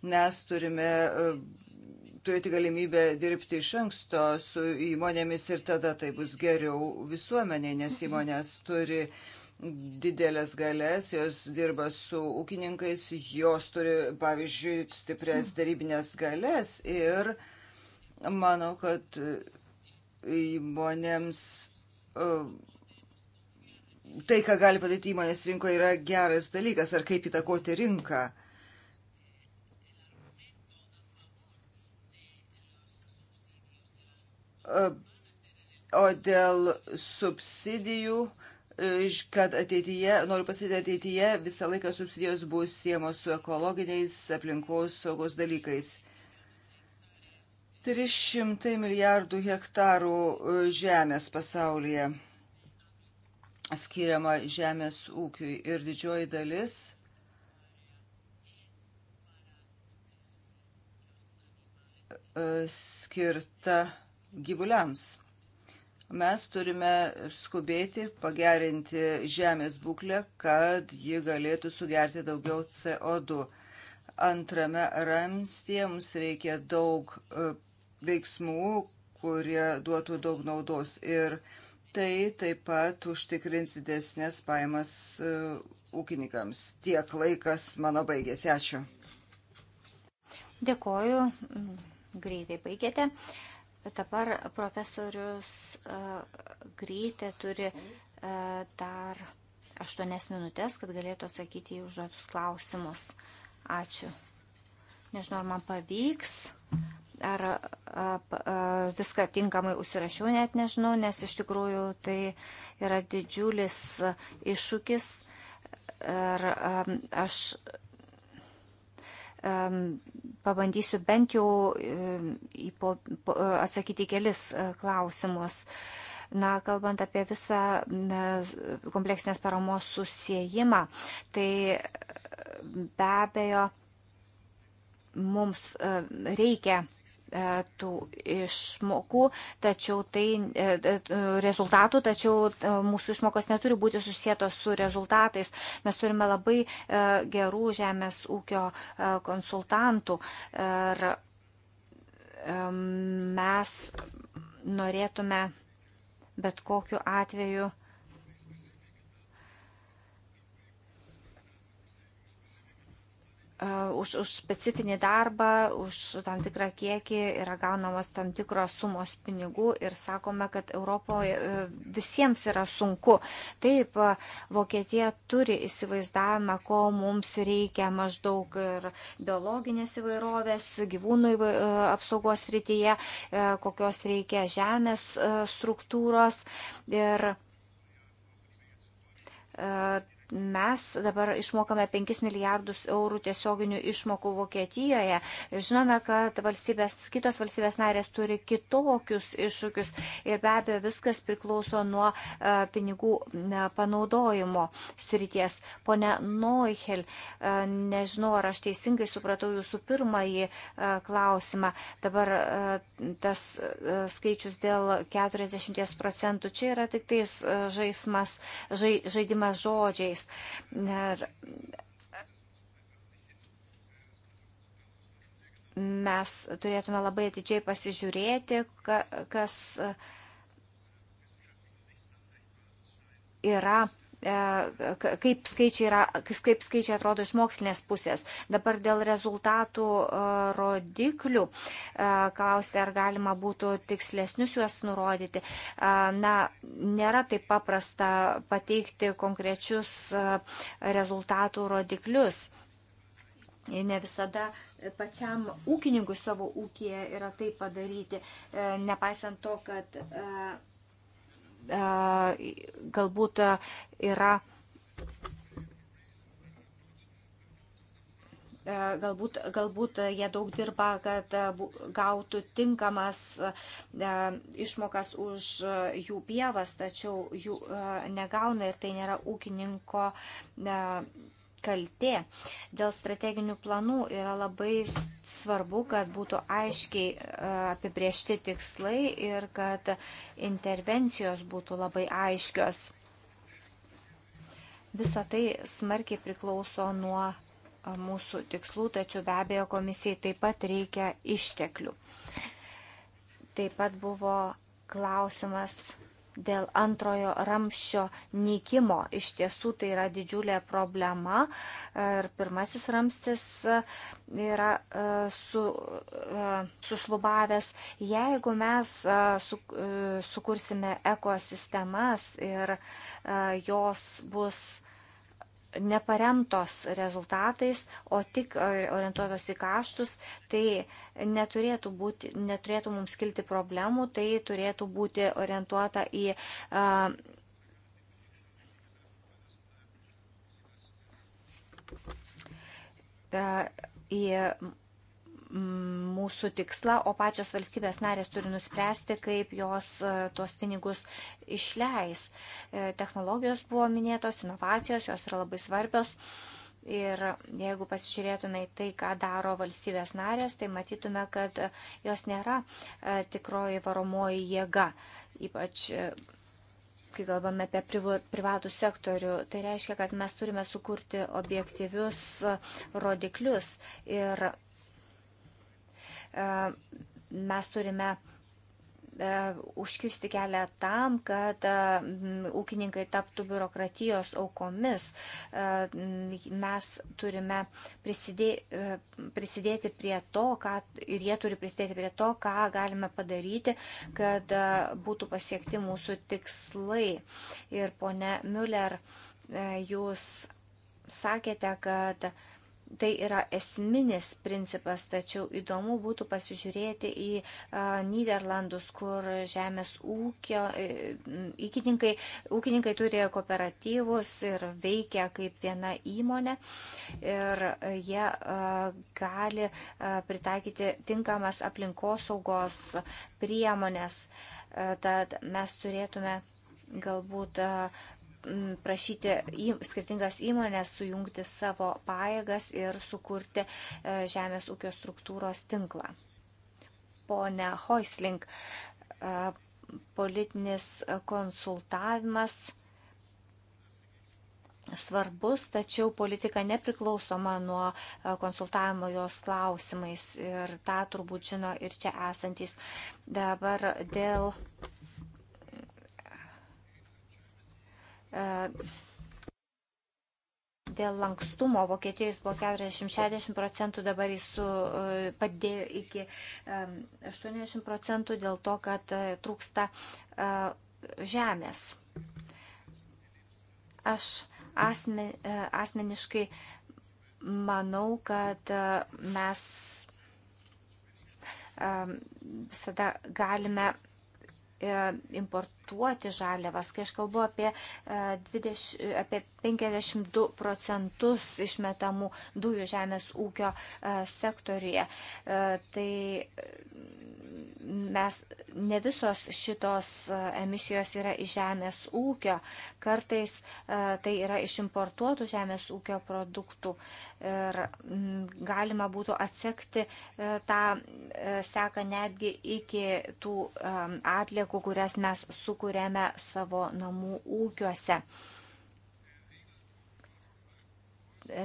mes turime e, turėti galimybę dirbti iš anksto su įmonėmis ir tada tai bus geriau visuomeniai, nes įmonės turi didelės galės, jos dirba su ūkininkais, jos turi, pavyzdžiui, stiprias darybinės galės ir manau, kad įmonėms e, tai, ką gali padaryti įmonės rinkoje, yra geras dalykas, ar kaip įtakoti rinką. E, o dėl subsidijų, e, kad ateityje, noriu pasakyti, ateityje visą laiką subsidijos bus siemos su ekologiniais aplinkos saugos dalykais. 300 milijardų hektarų e, žemės pasaulyje skiriama žemės ūkiui ir didžioji dalis e, skirta gyvuliams. Mes turime skubėti, pagerinti žemės būklę, kad ji galėtų sugerti daugiau CO2. Antrame ramstie mums reikia daug e, veiksmų, kurie duotų daug naudos. Ir tai taip pat užtikrins didesnės paimas e, ūkininkams. Tiek laikas mano baigėsi. Ačiū. Dėkoju. Mm, greitai baigėte. Dabar profesorius uh, Grytė turi uh, dar aštuonias minutės, kad galėtų atsakyti į užduotus klausimus. Ačiū. Nežinau, ar man pavyks ar a, a, viską tinkamai užsirašiau, net nežinau, nes iš tikrųjų tai yra didžiulis iššūkis ir a, aš pabandysiu bent jau e, į po, po, atsakyti kelis klausimus. Na, kalbant apie visą kompleksinės paramos susijimą, tai e, be abejo, mums e, reikia E, tų išmokų, tačiau tai e, e, rezultatų, tačiau mūsų išmokos neturi būti susijėtos su rezultatais. Mes turime labai gerų žemės ūkio konsultantų ir mes norėtume bet kokiu atveju E, už, už specifinį darbą, už tam tikrą kiekį yra gaunamos tam tikros sumos pinigų ir sakome, kad Europoje e, visiems yra sunku. Taip, e, Vokietija turi įsivaizdavimą, ko mums reikia maždaug ir biologinės įvairovės, gyvūnų apsaugos rytyje, kokios reikia žemės struktūros. Ir Mes dabar išmokame 5 milijardus eurų tiesioginių išmokų Vokietijoje. Žinome, kad valstybės, kitos valstybės narės turi kitokius iššūkius ir be abejo viskas priklauso nuo e, pinigų e, panaudojimo srities. Pone Noichel, e, nežinau, ar aš teisingai supratau jūsų pirmąjį e, klausimą. Dabar e, tas e, skaičius dėl 40 procentų čia yra tik tais e, žaismas, žai, žaidimas žodžiais metais. Ir mes turėtume labai atidžiai pasižiūrėti, kas yra E, kaip skaičiai, yra, kaip skaičiai atrodo iš mokslinės pusės. Dabar dėl rezultatų e, rodiklių e, klausė, ar galima būtų tikslesnius juos nurodyti. Na, nėra taip paprasta pateikti konkrečius rezultatų rodiklius. Ne visada pačiam ūkininkui savo ūkėje yra tai padaryti, nepaisant to, kad galbūt yra galbūt, galbūt jie daug dirba, kad gautų tinkamas išmokas už jų pievas, tačiau jų negauna ir tai nėra ūkininko kaltė. Dėl strateginių planų yra labai svarbu, kad būtų aiškiai e, apibriešti tikslai ir kad intervencijos būtų labai aiškios. Visa tai smarkiai priklauso nuo e, mūsų tikslų, tačiau be abejo komisijai taip pat reikia išteklių. Taip pat buvo klausimas dėl antrojo ramščio nykimo. Iš tiesų tai yra didžiulė problema. Ir pirmasis ramstis yra e, su, e, sušlubavęs. Jeigu mes e, su, sukursime ekosistemas ir jos bus neparemtos rezultatais, o tik e, orientuotos į kaštus, tai neturėtų, būti, neturėtų mums kilti problemų, tai turėtų būti orientuota į. Uh, į mūsų tikslą, o pačios valstybės narės turi nuspręsti, kaip jos e, tuos pinigus išleis. E, technologijos buvo minėtos, inovacijos, jos yra labai svarbios. Ir jeigu pasižiūrėtume į tai, ką daro valstybės narės, tai matytume, kad jos nėra e, tikroji varomoji jėga, ypač kai kalbame apie privatų sektorių, tai reiškia, kad mes turime sukurti objektyvius rodiklius ir E, mes turime e, užkirsti kelią tam, kad e, ūkininkai taptų biurokratijos aukomis. Mes turime prisidėti prie to, ką, ir jie turi prisidėti prie to, ką galime padaryti, kad būtų pasiekti mūsų tikslai. Ir ponė Müller, jūs sakėte, kad uh, Tai yra esminis principas, tačiau įdomu būtų pasižiūrėti į a, Niderlandus, kur žemės ūkio, e, ūkininkai, ūkininkai turi kooperatyvus ir veikia kaip viena įmonė ir jie a, gali a, pritaikyti tinkamas aplinkosaugos priemonės. A, tad mes turėtume galbūt a, prašyti į, skirtingas įmonės sujungti savo pajėgas ir sukurti e, žemės ūkio struktūros tinklą. Pone Hoisling, e, politinis konsultavimas svarbus, tačiau politika nepriklausoma nuo e, konsultavimo jos klausimais ir tą turbūt žino ir čia esantis. Dabar dėl E, dėl lankstumo Vokietijoje jis buvo 40-60 procentų, dabar jis su, e, padėjo iki 80 e, procentų dėl to, kad trūksta žemės. Aš asmen, asmeniškai manau, kad mes visada galime import, importuoti žaliavas. Kai aš kalbu apie, 20, e, apie 52 procentus išmetamų dujų žemės ūkio e, sektoriuje, e, tai mes ne visos šitos emisijos yra iš žemės ūkio. Kartais tai yra iš importuotų žemės ūkio produktų ir galima būtų atsekti tą seką netgi iki tų atliekų, kurias mes su sukūrėme savo namų ūkiuose.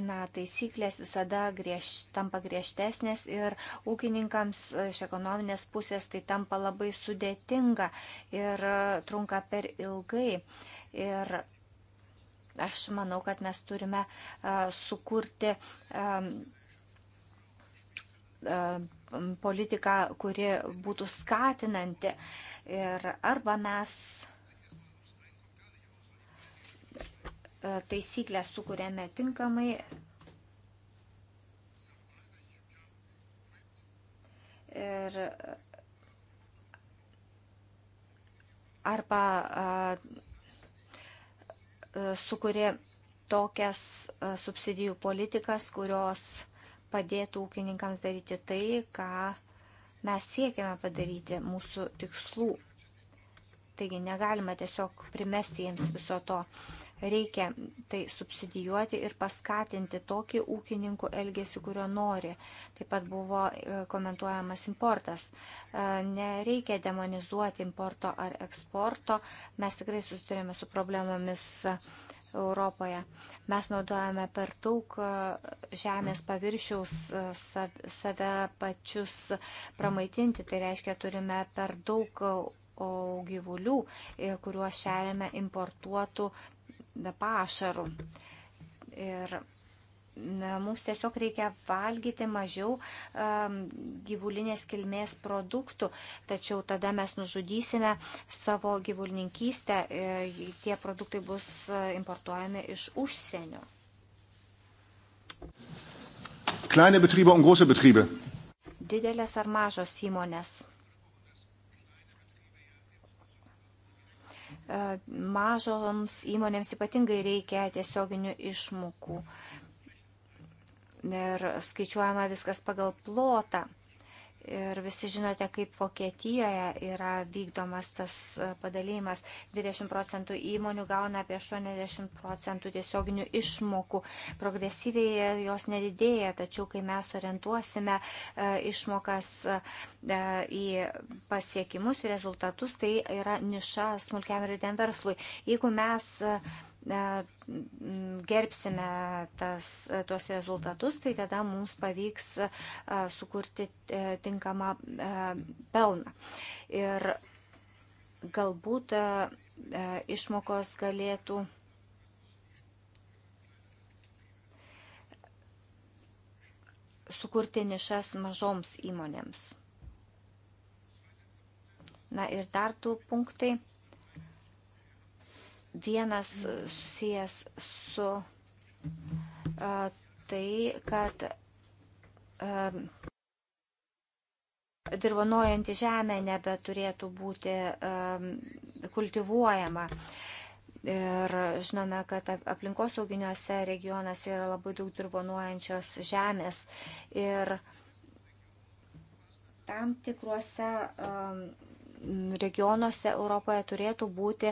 Na, taisyklės visada griež, tampa griežtesnės ir ūkininkams iš ekonominės pusės tai tampa labai sudėtinga ir e, trunka per ilgai. Ir aš manau, kad mes turime uh, sukurti um, uh, politiką, kuri būtų skatinanti. Ir arba mes e, taisyklę sukūrėme tinkamai. Ir arba e, sukūrė tokias e, subsidijų politikas, kurios padėtų ūkininkams daryti tai, ką mes siekiame padaryti mūsų tikslų. Taigi negalima tiesiog primesti jiems viso to. Reikia tai subsidijuoti ir paskatinti tokį ūkininkų elgesį, kurio nori. Taip pat buvo e, komentuojamas importas. E, nereikia demonizuoti importo ar eksporto. Mes tikrai susidurėme su problemomis Europoje. Mes naudojame per daug e, žemės paviršiaus e, save pačius pramaitinti, tai reiškia turime per daug e, gyvulių, kuriuos šeriame importuotų pašarų. Ir na, mums tiesiog reikia valgyti mažiau um, gyvulinės kilmės produktų, tačiau tada mes nužudysime savo gyvulininkystę, e, tie produktai bus e, importuojami iš užsienio. Kleine Betriebe und große Betriebe. Didelės ar mažos įmonės. E, mažoms įmonėms ypatingai reikia tiesioginių išmokų. Uh, ir skaičiuojama viskas pagal plotą. Ir visi žinote, kaip Vokietijoje yra vykdomas tas e, padalymas. 20 procentų įmonių gauna apie 80 procentų tiesioginių išmokų. Progresyviai jos nedidėja, tačiau kai mes orientuosime e, išmokas e, į pasiekimus, rezultatus, tai yra niša smulkiam ir didem verslui. Jeigu mes E, gerbsime tas, tuos rezultatus, tai tada mums pavyks e, sukurti e, tinkamą pelną. Ir galbūt išmokos galėtų sukurti nišas mažoms įmonėms. Na ir dar du punktai. Vienas susijęs su tai, kad dirbonuojanti žemė nebeturėtų būti kultivuojama. Ir žinome, kad aplinkosauginiuose regionuose yra labai daug dirbonuojančios žemės. Ir tam tikruose regionuose Europoje turėtų būti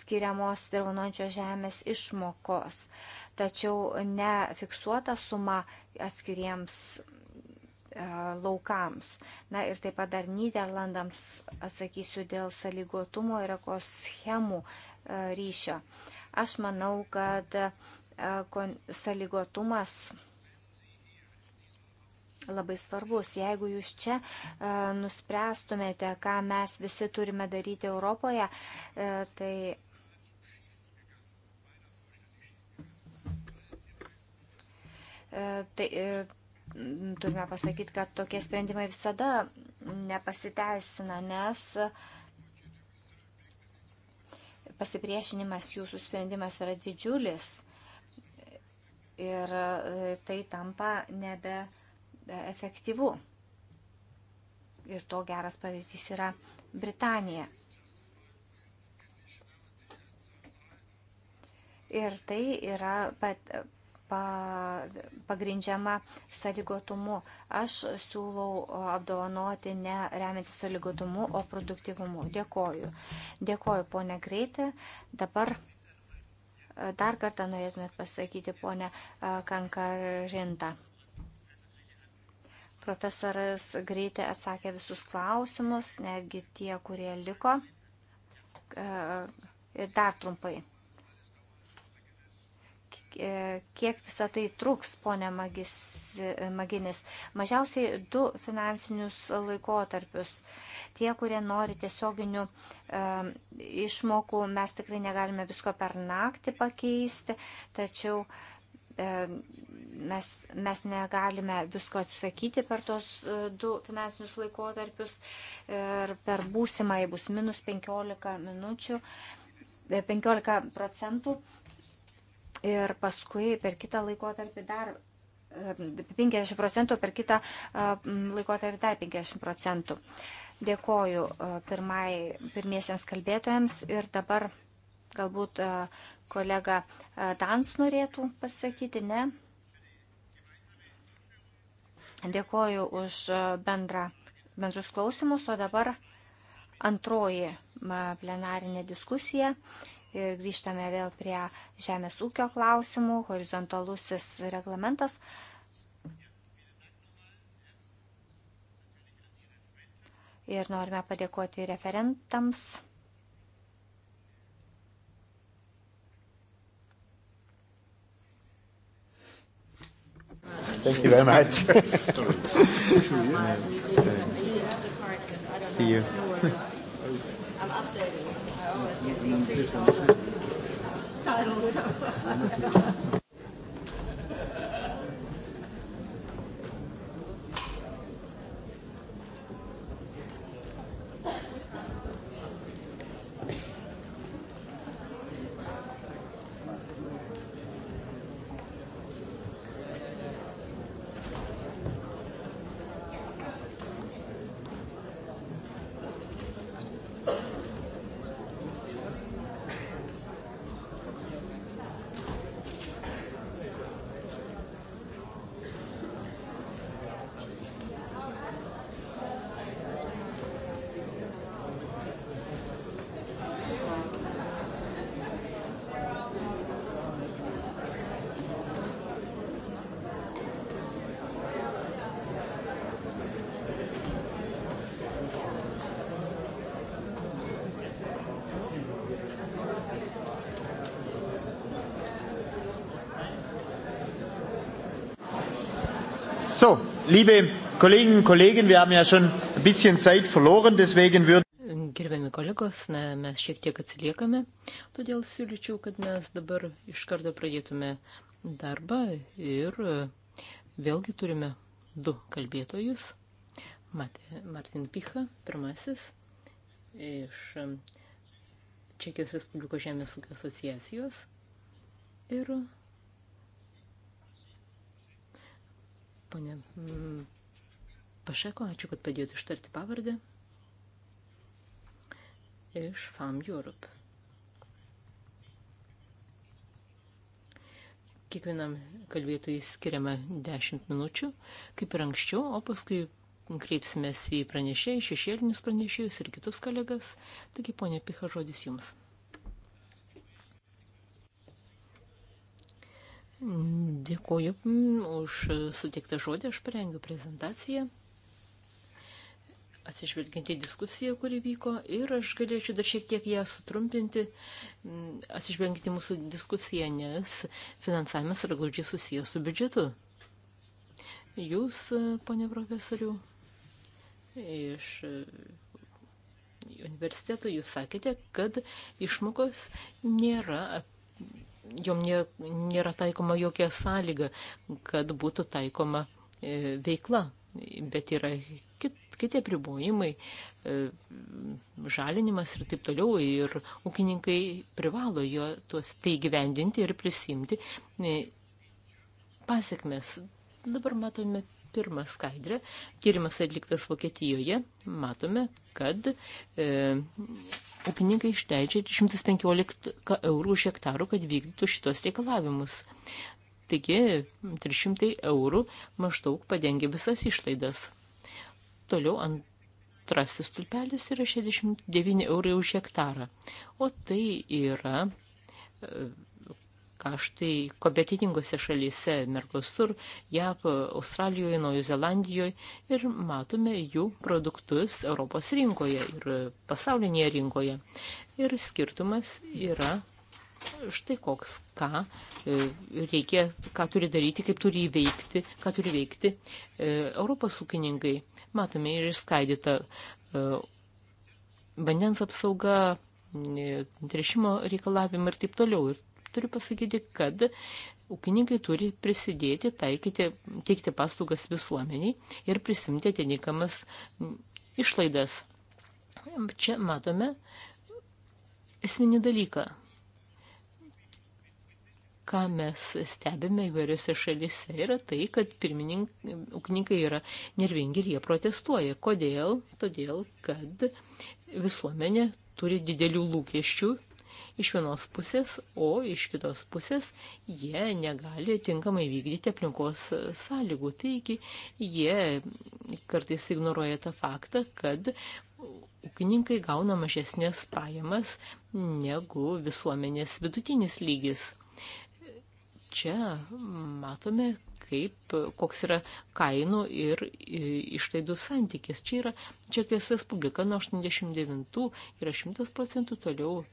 skiriamos dirbančios žemės išmokos. Tačiau ne fiksuota suma atskiriems e, laukams. Na ir taip pat dar Niderlandams atsakysiu dėl saligotumo ir ekoschemų e, ryšio. Aš manau, kad e, saligotumas labai svarbus. Jeigu jūs čia e, nuspręstumėte, ką mes visi turime daryti Europoje, e, tai. E, tai e, turime pasakyti, kad tokie sprendimai visada nepasiteisina, nes pasipriešinimas jūsų sprendimas yra didžiulis ir e, tai tampa nebe E, efektyvu. Ir to geras pavyzdys yra Britanija. Ir tai yra pat, pa, pagrindžiama sąlygotumu. Aš siūlau apdovanoti ne remiantis sąlygotumu, o produktivumu. Dėkoju. Dėkoju, ponia Greitė. Dabar e, dar kartą norėtumėt pasakyti, ponia e, Kankarinta. Profesoras greitai atsakė visus klausimus, netgi tie, kurie liko. E, ir dar trumpai. E, kiek visą tai truks, ponė magis, e, Maginis? Mažiausiai du finansinius laikotarpius. Tie, kurie nori tiesioginių išmokų, mes tikrai negalime visko per naktį pakeisti, tačiau uh, E, mes, mes negalime visko atsisakyti per tos e, du finansinius laikotarpius ir per būsimą, jei bus minus 15 minučių, 15 e, procentų ir paskui per kitą laikotarpį dar 50 procentų, per kitą laikotarpį dar 50 procentų. Dėkoju pirmai, pirmiesiems kalbėtojams ir dabar galbūt Kolega Dans e, norėtų pasakyti, ne? Dėkoju už e, bendrą, bendrus klausimus, o dabar antroji e, plenarinė diskusija. Ir grįžtame vėl prie žemės ūkio klausimų, horizontalusis reglamentas. Ir norime padėkoti referentams. Thank you very much. [LAUGHS] See you. I'm updating. I always get the titles. [LAUGHS] Liebe Kolleginnen und Kollegen, wir haben ja schon ein bisschen Zeit verloren, deswegen würden. Gerbiami kolegos, na, mes šiek tiek atsiliekame, todėl siūlyčiau, kad mes dabar iš karto pradėtume darbą ir e, vėlgi turime du kalbėtojus. Matė Martin Picha, pirmasis iš e, Čekijos Respublikos Žemės ūkio asociacijos ir ponė mm, Pašeko, ačiū, kad padėjote ištarti pavardę iš FAM Europe. Kiekvienam kalbėtojai skiriama 10 minučių, kaip ir anksčiau, o paskui kreipsimės į pranešėjus, šešėlinius pranešėjus ir kitus kolegas. Taigi, ponė Picha, žodis jums. Dėkuoju už suteiktą žodį, aš parengiu prezentaciją atsižvelgiant į diskusiją, kuri vyko, ir aš galėčiau dar šiek tiek ją sutrumpinti, atsižvelgiant į mūsų diskusiją, nes finansavimas yra glaudžiai susijęs su biudžetu. Jūs, ponė profesoriu, iš universitetų jūs sakėte, kad išmokos nėra jom nėra taikoma jokia sąlyga, kad būtų taikoma e, veikla, bet yra kit, kiti pribojimai, e, žalinimas ir taip toliau, ir ūkininkai privalo jo tuos tai gyvendinti ir prisimti e, pasiekmes. Dabar matome pirmą skaidrę. Tyrimas atliktas Vokietijoje. Matome, kad e, ūkininkai išleidžia 115 eurų už hektarų, kad vykdytų šitos reikalavimus. Taigi 300 eurų maždaug padengia visas išlaidas. Toliau ant antrasis stulpelis yra 69 eurai už hektarą. O tai yra e, kaštai kompetitingose šalyse - Mercosur, JAV, Australijoje, Naujojo Zelandijoje ir matome jų produktus Europos rinkoje ir pasaulinėje rinkoje. Ir skirtumas yra štai koks, ką e, reikia, ką turi daryti, kaip turi įveikti, ką turi veikti e, Europos ūkininkai. Matome ir išskaidyta e, vandens apsauga, trešimo reikalavimai ir taip toliau. Ir turiu pasakyti, kad ūkininkai turi prisidėti, taikyti, teikti paslaugas visuomeniai ir prisimti atitinkamas išlaidas. Čia matome esminį dalyką, ką mes stebime įvairiose šalise, yra tai, kad ūkininkai yra nervingi ir jie protestuoja. Kodėl? Todėl, kad visuomenė turi didelių lūkesčių iš vienos pusės, o iš kitos pusės jie negali tinkamai vykdyti aplinkos sąlygų. Taigi jie kartais ignoruoja tą faktą, kad ūkininkai gauna mažesnės pajamas negu visuomenės vidutinis lygis. Čia matome, kaip, koks yra kainų ir e, išlaidų santykis. Čia yra Čekijos Respublika nuo 89 yra 100 procentų, toliau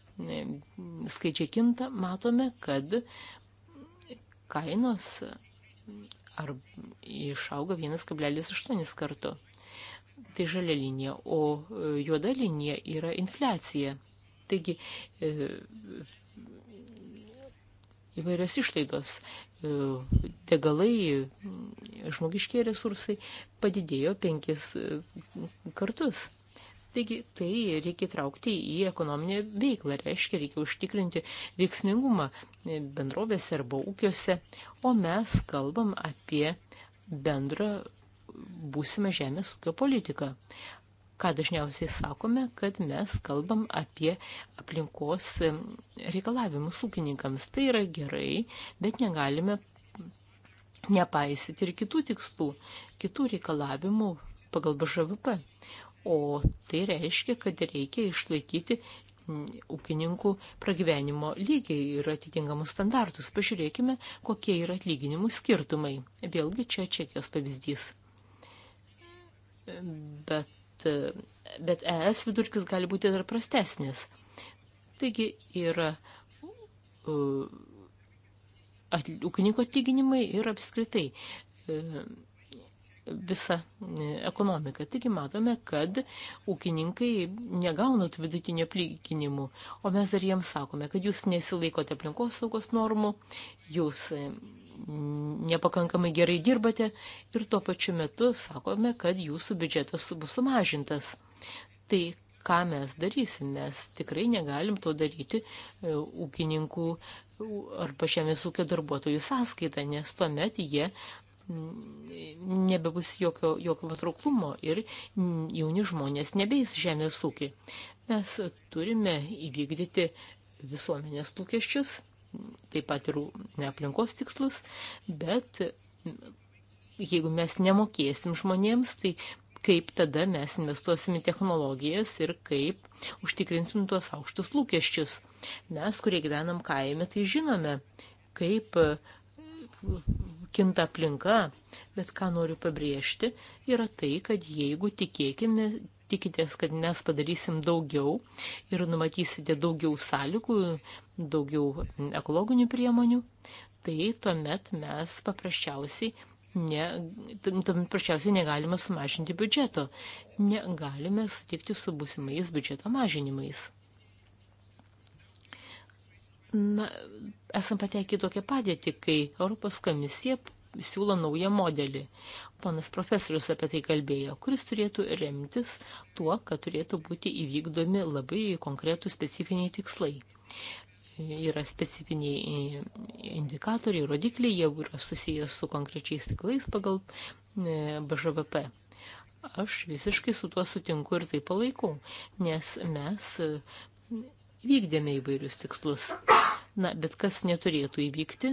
skaičiai kinta, matome, kad kainos ar išauga 1,8 kartų. Tai žalia linija, o e, juoda linija yra infliacija. Taigi e, įvairios išlaidos, e, degalai, žmogiškiai resursai padidėjo penkis kartus. Taigi tai reikia traukti į ekonominę veiklą, tai reiškia, reikia užtikrinti veiksmingumą bendrovėse arba ūkiuose, o mes kalbam apie bendrą būsimą žemės ūkio politiką. Ką dažniausiai sakome, kad mes kalbam apie aplinkos reikalavimus ūkininkams. Tai yra gerai, bet negalime nepaisyti ir kitų tikslų, kitų reikalavimų pagal BŽVP o tai reiškia, kad reikia išlaikyti mm, ūkininkų pragyvenimo lygiai ir atitinkamus standartus. Pažiūrėkime, kokie yra atlyginimų skirtumai. Vėlgi čia Čekijos pavyzdys. Bet, bet ES vidurkis gali būti dar prastesnis. Taigi yra uh, at, ūkininko atlyginimai ir apskritai uh, visą e, ekonomiką. Taigi matome, kad ūkininkai negauna tų vidutinio atlyginimų, o mes dar jiems sakome, kad jūs nesilaikote aplinkos saugos normų, jūs e, nepakankamai gerai dirbate ir tuo pačiu metu sakome, kad jūsų biudžetas bus sumažintas. Tai ką mes darysim, mes tikrai negalim to daryti e, ūkininkų arba žemės ūkio darbuotojų sąskaitą, nes tuomet jie nebebus jokio, jokio patrauklumo ir jauni žmonės nebeis žemės ūkį. Mes turime įvykdyti visuomenės lūkesčius, taip pat ir aplinkos tikslus, bet jeigu mes nemokėsim žmonėms, tai kaip tada mes investuosim į technologijas ir kaip užtikrinsim tuos aukštus lūkesčius. Mes, kurie gyvenam kaime, tai žinome, kaip kinta aplinka, bet ką noriu pabrėžti, yra tai, kad jeigu tikėkime, tikitės, kad mes padarysim daugiau ir numatysite daugiau sąlygų, daugiau ekologinių priemonių, tai tuomet mes paprasčiausiai ne, tam paprasčiausiai negalime sumažinti biudžeto, negalime sutikti su būsimais biudžeto mažinimais. Na, esam patekę tokią padėtį, kai Europos komisija siūlo naują modelį. Ponas profesorius apie tai kalbėjo, kuris turėtų remtis tuo, kad turėtų būti įvykdomi labai konkretų specifiniai tikslai. Yra specifiniai e, indikatoriai, rodikliai, jie yra susijęs su konkrečiais tiklais pagal e, BŽVP. Aš visiškai su tuo sutinku ir tai palaikau, nes mes vykdėme įvairius tikslus. Na, bet kas neturėtų įvykti,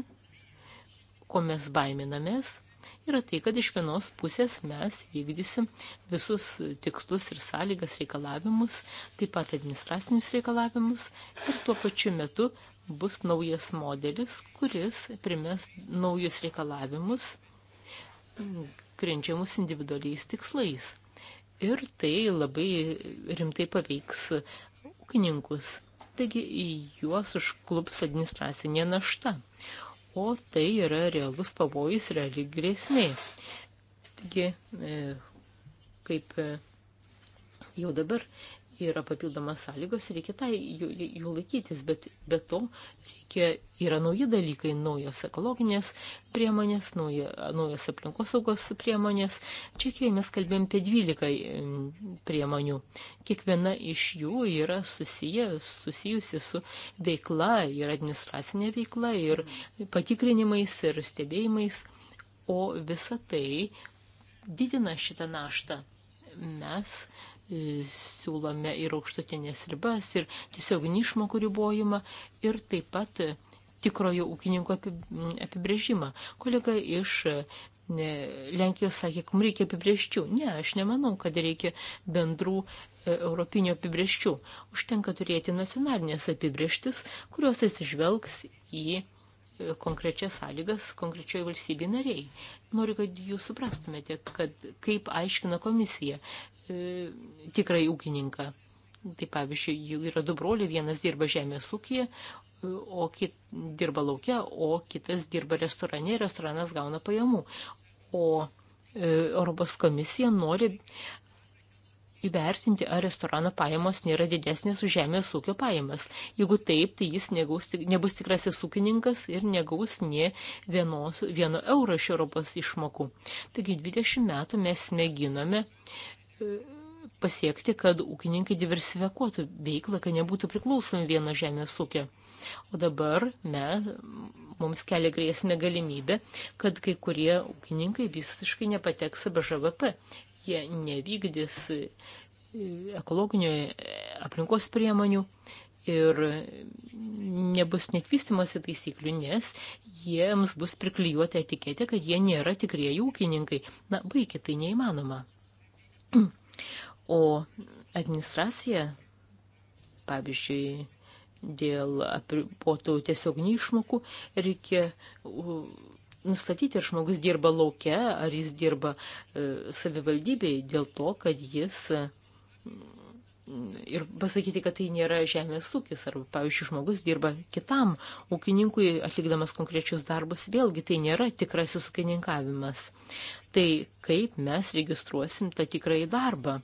ko mes baiminamės, yra tai, kad iš vienos pusės mes vykdysim visus tikslus ir sąlygas reikalavimus, taip pat administracinius reikalavimus ir tuo pačiu metu bus naujas modelis, kuris primes naujus reikalavimus, grindžiamus individualiais tikslais. Ir tai labai rimtai paveiks ūkininkus taigi juos užklups administracinė našta. O tai yra realus pavojus, reali grėsmė. Taigi, e, kaip e, jau dabar yra papildomas sąlygos, reikia tai jų, jų laikytis, bet be to reikia, yra nauji dalykai, naujos ekologinės priemonės, nauja, naujos aplinkosaugos priemonės. Čekijoje mes kalbėjom apie 12 priemonių. Kiekviena iš jų yra susiję, susijusi su veikla ir administracinė veikla ir patikrinimais ir stebėjimais, o visa tai didina šitą naštą. Mes uh, E, siūlome ir aukštutinės ribas, ir tiesioginį išmokų ribojimą, ir taip pat e, tikrojo ūkininko apibrėžimą. Kolega iš e, Lenkijos sakė, kad mums reikia apibrėžčių. Ne, aš nemanau, kad reikia bendrų europinio apibrėžčių. Užtenka turėti nacionalinės apibrėžtis, kurios atsižvelgs į konkrečias sąlygas konkrečioje valstybėje nariai. Noriu, kad jūs suprastumėte, kad kaip aiškina komisija, E, tikrai ūkininką. Tai pavyzdžiui, yra du broliai, vienas dirba žemės ūkija, o kit, dirba laukia, o kitas dirba restorane ir restoranas gauna pajamų. O e, Europos komisija nori įvertinti, ar restorano pajamos nėra didesnės už žemės ūkio pajamas. Jeigu taip, tai jis negaus, nebus tikrasis ūkininkas ir negaus nie vienos, vieno euro iš Europos išmokų. Taigi 20 metų mes mėginome pasiekti, kad ūkininkai diversifikuotų veiklą, kad nebūtų priklausomi vieno žemės ūkio. O dabar me, mums kelia grėsmė galimybė, kad kai kurie ūkininkai visiškai nepateks be ŽVP. Jie nevykdys e, ekologinio e, aplinkos priemonių ir nebus net vystimasi taisyklių, nes jiems bus priklijuota etiketė, kad jie nėra tikrieji ūkininkai. Na, baigi, tai neįmanoma. O administracija, pavyzdžiui, dėl apribotų tiesioginių išmokų reikia nustatyti, ar žmogus dirba laukia, ar jis dirba e, savivaldybei dėl to, kad jis ir pasakyti, kad tai nėra žemės ūkis, arba, pavyzdžiui, žmogus dirba kitam ūkininkui, atlikdamas konkrečius darbus, vėlgi tai nėra tikrasis ūkininkavimas tai kaip mes registruosim tą tikrąjį darbą.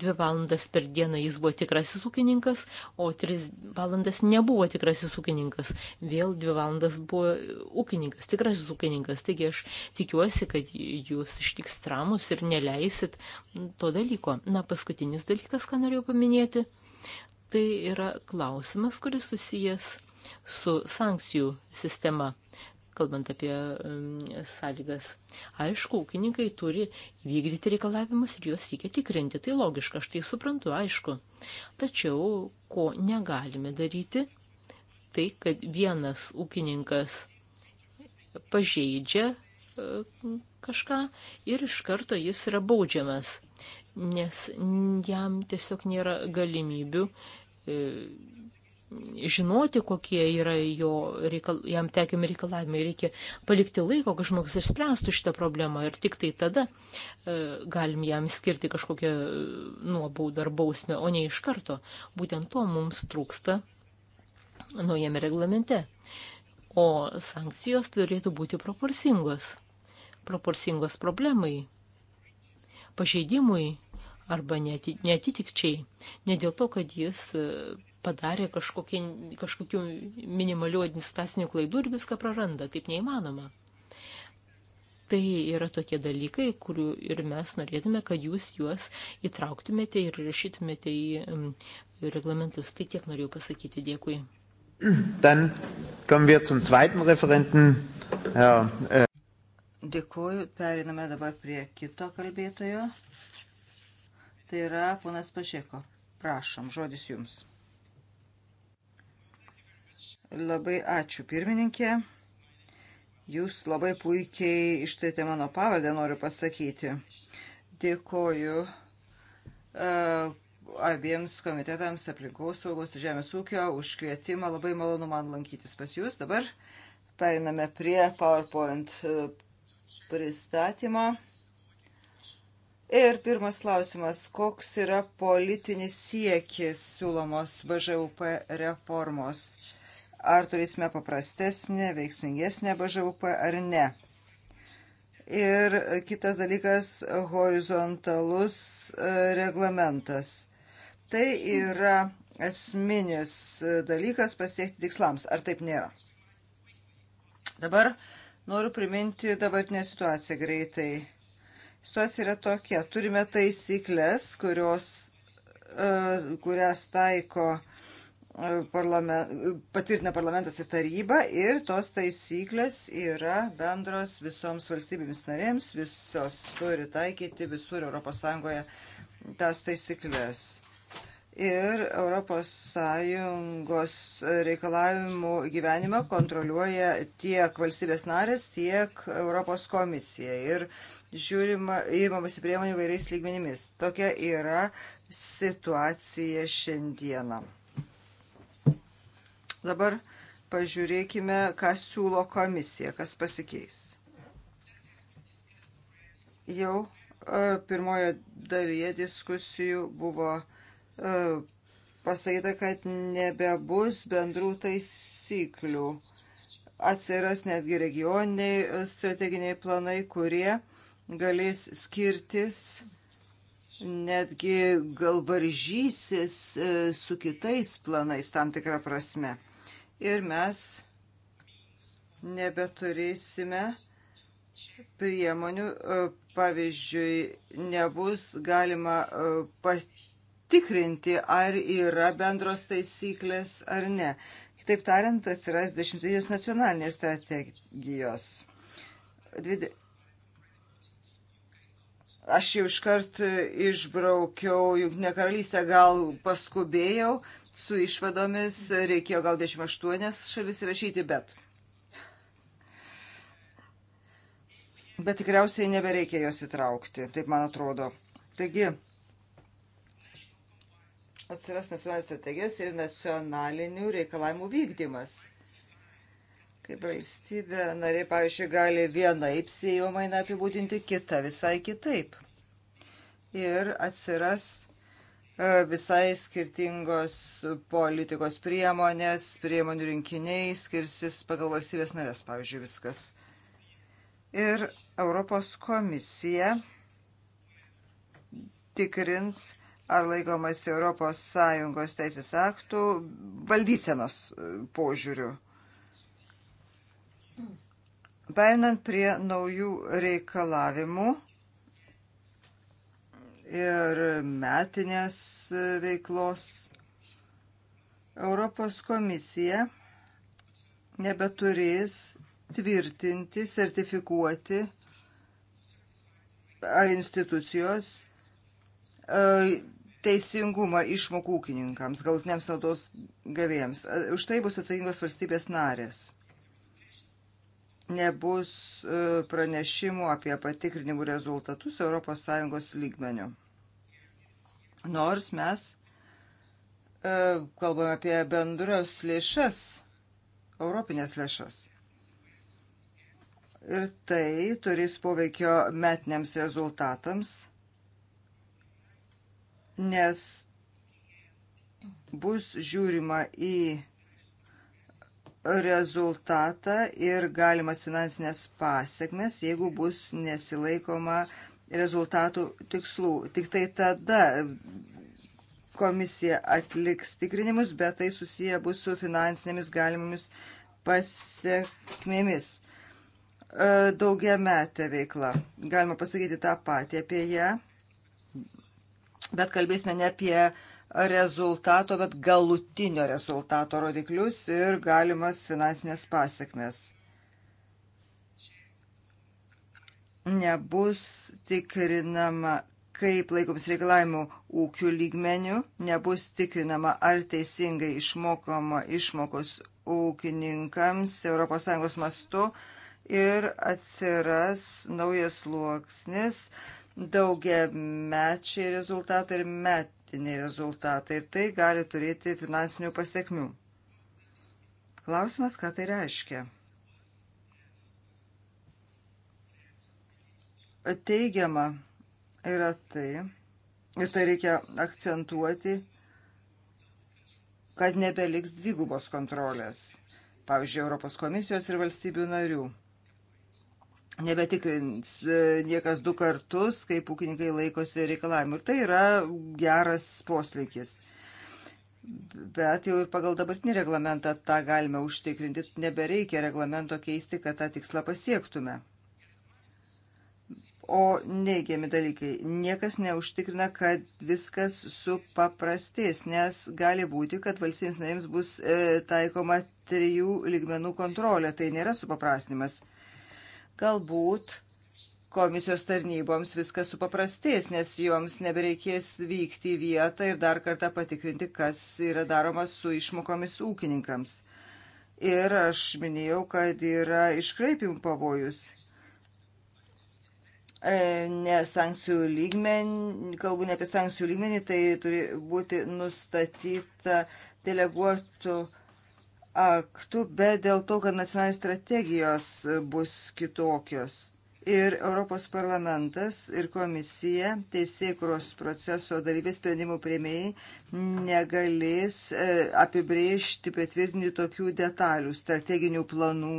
Dvi valandas per dieną jis buvo tikrasis ūkininkas, o tris valandas nebuvo tikrasis ūkininkas. Vėl dvi valandas buvo ūkininkas, tikrasis ūkininkas. Taigi aš tikiuosi, kad jūs ištiks ramus ir neleisit to dalyko. Na, paskutinis dalykas, ką norėjau paminėti, tai yra klausimas, kuris susijęs su sankcijų sistema kalbant apie sąlygas. Aišku, ūkininkai turi vykdyti reikalavimus ir juos reikia tikrinti. Tai logiška, aš tai suprantu, aišku. Tačiau, ko negalime daryti, tai kad vienas ūkininkas pažeidžia e, kažką ir iš karto jis yra baudžiamas, nes jam tiesiog nėra galimybių e, žinoti, kokie yra jo reikal, jam tekiami reikalavimai. Reikia palikti laiko, kad žmogus išspręstų šitą problemą ir tik tai tada e, galim jam skirti kažkokią e, nuobaudą ar bausmę, o ne iš karto. Būtent to mums trūksta naujame reglamente. O sankcijos turėtų būti proporcingos. Proporcingos problemai, pažeidimui arba netitikčiai. Ne dėl to, kad jis e, padarė kažkokie, kažkokių minimalių administracinių klaidų ir viską praranda. Taip neįmanoma. Tai yra tokie dalykai, kurių ir mes norėtume, kad jūs juos įtrauktumėte ir rašytumėte į reglamentus. Tai tiek norėjau pasakyti. Dėkui. Dann kommen wir zum zweiten Referenten. Ja, äh. Dėkuoju. Periname dabar prie kito kalbėtojo. Tai yra ponas Pašeko. Prašom, žodis jums. Labai ačiū pirmininkė. Jūs labai puikiai ištaitė mano pavardę, noriu pasakyti. Dėkoju uh, abiems komitetams aplinkos saugos ir žemės ūkio už kvietimą. Labai malonu man lankytis pas jūs. Dabar periname prie PowerPoint e, pristatymo. Ir pirmas klausimas, koks yra politinis siekis siūlomos BŽUP reformos? Uh, ar turėsime paprastesnę, veiksmingesnę BŽUP ar ne. Ir kitas dalykas - horizontalus e, reglamentas. Tai yra esminis e, dalykas pasiekti tikslams. Ar taip nėra? Dabar noriu priminti dabartinę situaciją greitai. Situacija yra tokia. Turime taisyklės, kurios, e, kurias taiko parlament, patvirtina parlamentas ir taryba ir tos taisyklės yra bendros visoms valstybėms narėms, visos turi taikyti visur ES tas taisyklės. Ir ES reikalavimų gyvenimą kontroliuoja tiek valstybės narės, tiek Europos komisija. Ir žiūrima, įmamasi priemonių vairiais lygmenimis. Tokia yra situacija šiandieną. Dabar pažiūrėkime, ką siūlo komisija, kas pasikeis. Jau e, pirmojo dalyje diskusijų buvo e, pasakyta, kad nebebus bendrų taisyklių. Atsiras netgi regioniniai e, strateginiai planai, kurie galės skirtis, netgi gal varžysis su kitais planais tam tikrą prasme ir mes nebeturėsime priemonių, e, pavyzdžiui, nebus galima e, patikrinti, ar yra bendros taisyklės ar ne. Kitaip tariant, atsiras dešimtadienės nacionalinės strategijos. Dvide... Aš jau iškart išbraukiau Junktinę karalystę, gal paskubėjau, su išvadomis, reikėjo gal 28 šalis rašyti, bet. Bet tikriausiai nebereikia jos įtraukti, taip man atrodo. Taigi, atsiras nacionalinės strategijos ir nacionalinių reikalavimų vykdymas. Kaip valstybė nariai, pavyzdžiui, gali vienaip sėjomainą apibūdinti, kitą visai kitaip. Ir atsiras E, visai skirtingos politikos priemonės, priemonių rinkiniai skirsis pagal valstybės narės, pavyzdžiui, viskas. Ir Europos komisija tikrins, ar laikomas ES teisės aktų valdysenos e, požiūrių. Perinant prie naujų reikalavimų, ir metinės veiklos. Europos komisija nebeturės tvirtinti, sertifikuoti ar institucijos e, teisingumą išmokų ūkininkams, galutiniams naudos gavėjams. E, už tai bus atsakingos valstybės narės nebus e, pranešimų apie patikrinimų rezultatus ES lygmenių. Nors mes e, kalbame apie bendras lėšas, europinės lėšas. Ir tai turės poveikio metiniams rezultatams, nes bus žiūrima į rezultatą ir galimas finansinės pasiekmes, jeigu bus nesilaikoma rezultatų tikslų. Tik tai tada komisija atliks tikrinimus, bet tai susiję bus su finansinėmis galimomis pasiekmėmis. E, Daugia metė veikla. Galima pasakyti tą patį apie ją, bet kalbėsime ne apie rezultato, bet galutinio rezultato rodiklius ir galimas finansinės pasiekmes. Nebus tikrinama, kaip laikomis reikalavimų ūkių lygmenių, nebus tikrinama, ar teisingai išmokama išmokos ūkininkams ES mastu ir atsiras naujas sluoksnis daugia mečiai rezultatai ir met metiniai rezultatai ir tai gali turėti finansinių pasiekmių. Klausimas, ką tai reiškia? Teigiama yra tai, ir tai reikia akcentuoti, kad nebeliks dvigubos kontrolės, pavyzdžiui, Europos komisijos ir valstybių narių nebetikrins e, niekas du kartus, kaip ūkininkai laikosi reikalavimų. Ir tai yra geras poslinkis. Bet jau ir pagal dabartinį reglamentą tą galime užtikrinti. Nebereikia reglamento keisti, kad tą tikslą pasiektume. O neigiami dalykai. Niekas neužtikrina, kad viskas supaprastės, nes gali būti, kad valstybėms narėms bus e, taikoma trijų lygmenų kontrolė. Tai nėra supaprastinimas. Galbūt komisijos tarnyboms viskas supaprastės, nes joms nebereikės vykti į vietą ir dar kartą patikrinti, kas yra daroma su išmokomis ūkininkams. Ir aš minėjau, kad yra iškraipimų pavojus e, ne sankcijų lygmenį, kalbu ne apie sankcijų lygmenį, tai turi būti nustatyta deleguotų aktų, bet dėl to, kad nacionalinės strategijos bus kitokios. Ir Europos parlamentas ir komisija, teisėkuros proceso dalyvės sprendimų prieimėjai negalės e, apibriežti, patvirtinti tokių detalių, strateginių planų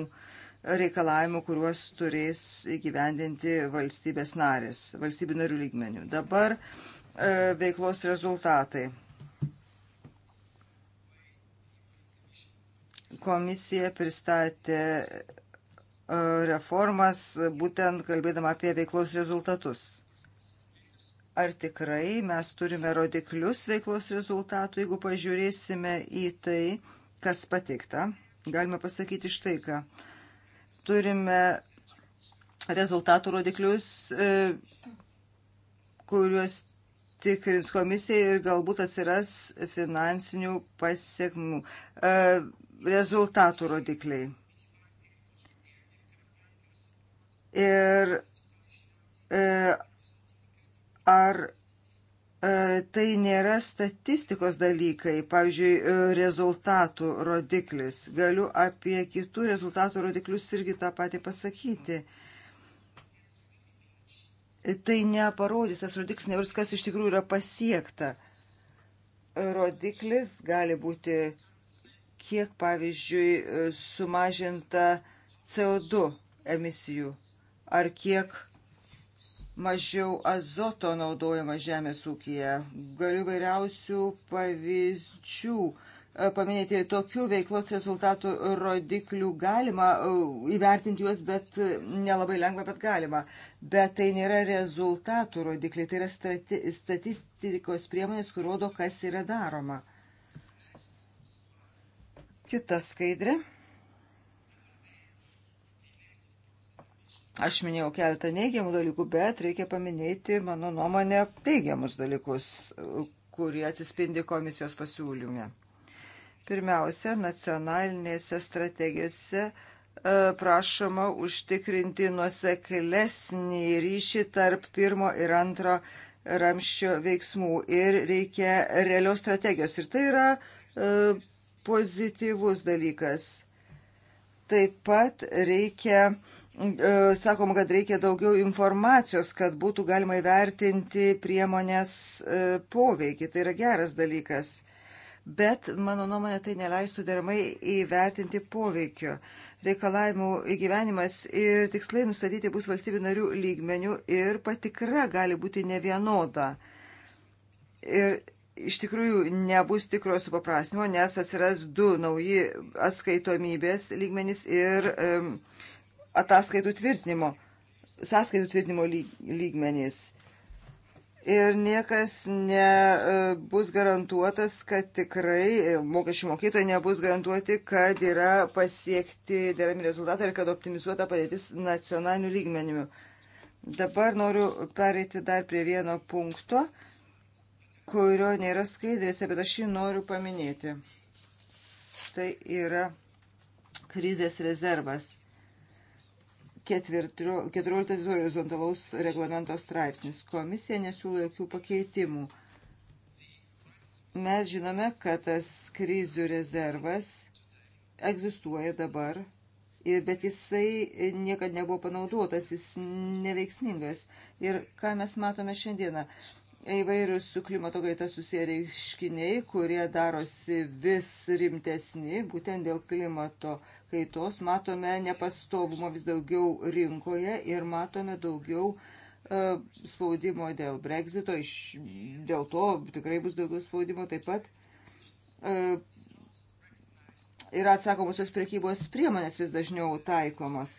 reikalavimų, kuriuos turės įgyvendinti valstybės narės, valstybių narių lygmenių. Dabar e, veiklos rezultatai. Komisija pristatė e, reformas, būtent kalbėdama apie veiklos rezultatus. Ar tikrai mes turime rodiklius veiklos rezultatų, jeigu pažiūrėsime į tai, kas patikta, galime pasakyti štai ką. Turime rezultatų rodiklius, e, kuriuos tikrins komisija ir galbūt atsiras finansinių pasiekmų. E, rezultatų rodikliai. Ir e, ar e, tai nėra statistikos dalykai, pavyzdžiui, e, rezultatų rodiklis. Galiu apie kitų rezultatų rodiklius irgi tą patį pasakyti. Tai neparodys, tas rodiklis nevaris, kas iš tikrųjų yra pasiekta. Rodiklis gali būti kiek, pavyzdžiui, sumažinta CO2 emisijų ar kiek mažiau azoto naudojama žemės ūkija. Galiu vairiausių pavyzdžių e, paminėti tokių veiklos rezultatų rodiklių galima e, įvertinti juos, bet e, nelabai lengva, bet galima. Bet tai nėra rezultatų rodikliai, tai yra stati statistikos priemonės, kur rodo, kas yra daroma. Kita skaidrė. Aš minėjau keletą neigiamų dalykų, bet reikia paminėti, mano nuomonė, teigiamus dalykus, kurie atsispindi komisijos pasiūlyme. Pirmiausia, nacionalinėse strategijose e, prašoma užtikrinti nuoseklesnį ryšį tarp pirmo ir antro ramščio veiksmų ir reikia realios strategijos. Ir tai yra e, pozityvus dalykas. Taip pat reikia, e, sakoma, kad reikia daugiau informacijos, kad būtų galima įvertinti priemonės e, poveikį. Tai yra geras dalykas. Bet, mano nuomonė, tai neleistų deramai įvertinti poveikio reikalavimų įgyvenimas ir tikslai nustatyti bus valstybių narių lygmenių ir patikra gali būti nevienoda. Ir iš tikrųjų nebus tikro supaprastinimo, nes atsiras du nauji atskaitomybės lygmenys ir um, ataskaitų tvirtinimo, sąskaitų tvirtinimo lygmenys. Ir niekas nebus e, garantuotas, kad tikrai e, mokesčių mokėtojai nebus garantuoti, kad yra pasiekti derami rezultatai ir kad optimizuota padėtis nacionaliniu lygmeniu. Dabar noriu pereiti dar prie vieno punkto. Uh, kurio nėra skaidrėse, bet aš jį noriu paminėti. Tai yra krizės rezervas. 14 horizontalaus reglamento straipsnis. Komisija nesiūlo jokių pakeitimų. Mes žinome, kad tas krizių rezervas egzistuoja dabar, bet jisai niekada nebuvo panaudotas, jis neveiksmingas. Ir ką mes matome šiandieną? įvairius su klimato kaita susiję reiškiniai, kurie darosi vis rimtesni, būtent dėl klimato kaitos matome nepastovumo vis daugiau rinkoje ir matome daugiau e, spaudimo dėl Brexito, iš, dėl to tikrai bus daugiau spaudimo taip pat. E, yra atsakomosios priekybos priemonės vis dažniau taikomos.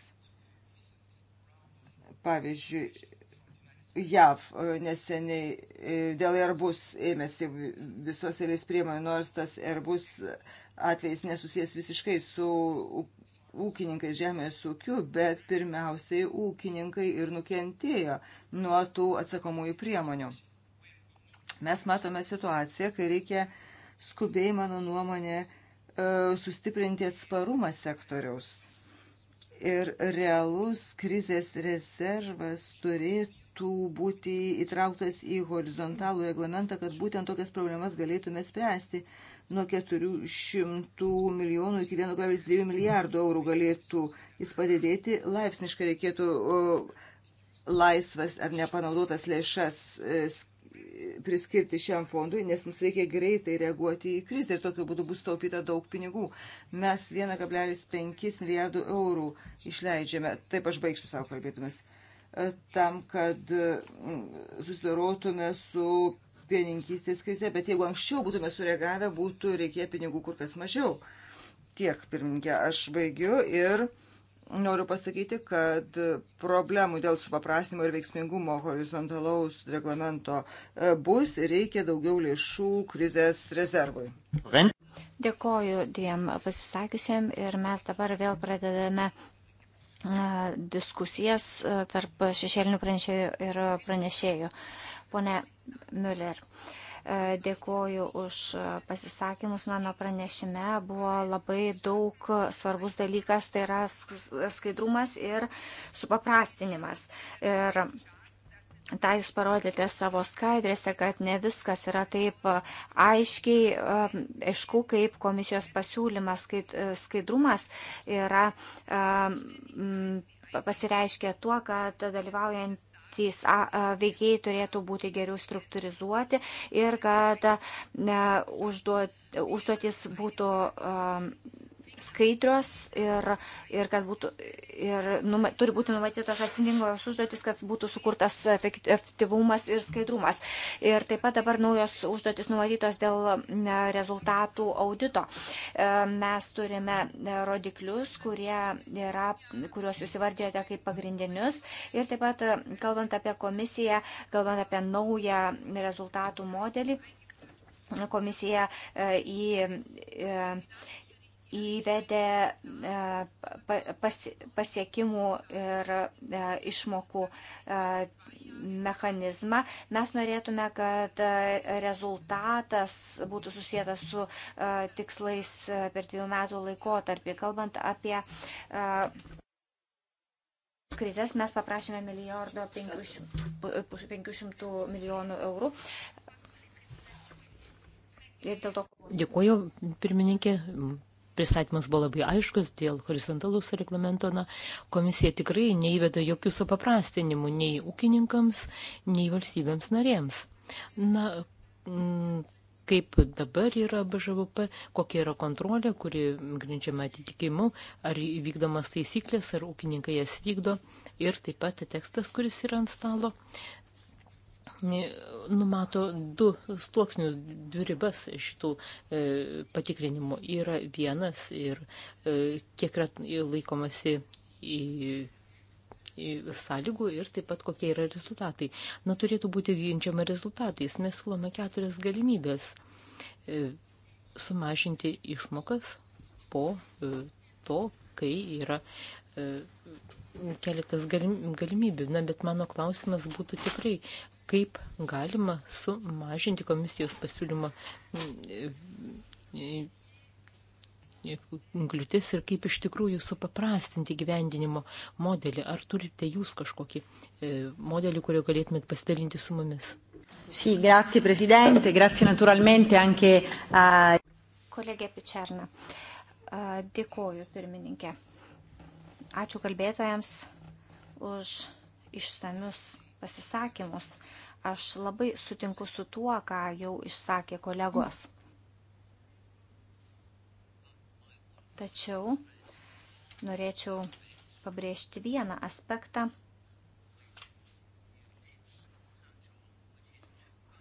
Pavyzdžiui, JAV e, neseniai e, dėl Airbus ėmėsi visos eilės priemonių, nors tas Airbus atvejs nesusijęs visiškai su ūkininkais žemės ūkiu, bet pirmiausiai ūkininkai ir nukentėjo nuo tų atsakomųjų priemonių. Mes matome situaciją, kai reikia skubiai, mano nuomonė, e, sustiprinti atsparumą sektoriaus. Ir realus krizės rezervas turėtų turėtų būti įtrauktas į horizontalų reglamentą, kad būtent tokias problemas galėtume spręsti. Nuo 400 milijonų iki 1,2 milijardų eurų galėtų jis padidėti. Laipsniškai reikėtų laisvas ar nepanaudotas lėšas e, priskirti šiam fondui, nes mums reikia greitai reaguoti į krizę ir tokiu būdu bus taupyta daug pinigų. Mes 1,5 milijardų eurų išleidžiame. Taip aš baigsiu savo kalbėtumis. Uh, tam, kad mm, susidorotume su pieninkystės krize, bet jeigu anksčiau būtume sureagavę, būtų reikėję pinigų kur kas mažiau. Tiek, pirmininkė, aš baigiu ir noriu pasakyti, kad problemų dėl supaprastinimo ir veiksmingumo horizontalaus reglamento e, bus ir reikia daugiau lėšų krizės rezervui. Dėkoju dviem pasisakiusiem ir mes dabar vėl pradedame diskusijas e, tarp šešėlinių pranešėjų ir pranešėjų. Pone Müller, e, dėkoju už pasisakymus mano pranešime. Buvo labai daug svarbus dalykas, tai yra skaidrumas ir supaprastinimas. Ir tą jūs parodėte savo skaidrėse, kad ne viskas yra taip e, aiškiai, e, aišku, kaip komisijos pasiūlymas, e, skaidrumas yra pasireiškia tuo, kad dalyvaujant patys veikėjai turėtų būti geriau struktūrizuoti ir kad užduotis būtų skaidrios ir, ir kad būtų, ir numa, turi būti numatytos atitinkamos užduotis, kad būtų sukurtas efektyvumas ir skaidrumas. Ir taip pat dabar naujos užduotis numatytos dėl rezultatų audito. E, mes turime e, rodiklius, yra, kuriuos jūs įvardėjote kaip pagrindinius. Ir taip pat, e, kalbant apie komisiją, kalbant apie naują rezultatų modelį, komisija į įvedė e, pasiekimų ir e, išmokų e, mechanizmą. Mes norėtume, kad rezultatas būtų susijęs su tikslais per dviejų metų laikotarpį. Kalbant apie krizės, mes paprašėme milijardo 500 milijonų eurų. Ir dėl to. Dėkuoju, pirmininkė pristatymas buvo labai aiškus dėl horizontalus reglamento. Na, komisija tikrai neįveda jokių supaprastinimų nei ūkininkams, nei valstybėms narėms. Na, m, kaip dabar yra BŽVP, kokia yra kontrolė, kuri grindžiama atitikimu, ar vykdomas taisyklės, ar ūkininkai jas vykdo. Ir taip pat tekstas, kuris yra ant stalo, numato du sluoksnius, dvi ribas šitų e, patikrinimų. Yra vienas ir e, kiek yra laikomasi į, į sąlygų ir taip pat kokie yra rezultatai. Na, turėtų būti ginčiama rezultatais. Mes siūlome keturias galimybės e, sumažinti išmokas po e, to, kai yra e, keletas galimybių. Na, bet mano klausimas būtų tikrai, kaip galima sumažinti komisijos pasiūlymą e, e, kliūtis ir kaip iš tikrųjų supaprastinti gyvendinimo modelį. Ar turite jūs kažkokį e, modelį, kurio galėtumėt pasidalinti su mumis? Sì, grazie Presidente, grazie naturalmente anche a... Kolegė Pičerna, dėkoju pirmininkė. Ačiū kalbėtojams už išsamius pasisakymus. Aš labai sutinku su tuo, ką jau išsakė kolegos. Tačiau norėčiau pabrėžti vieną aspektą,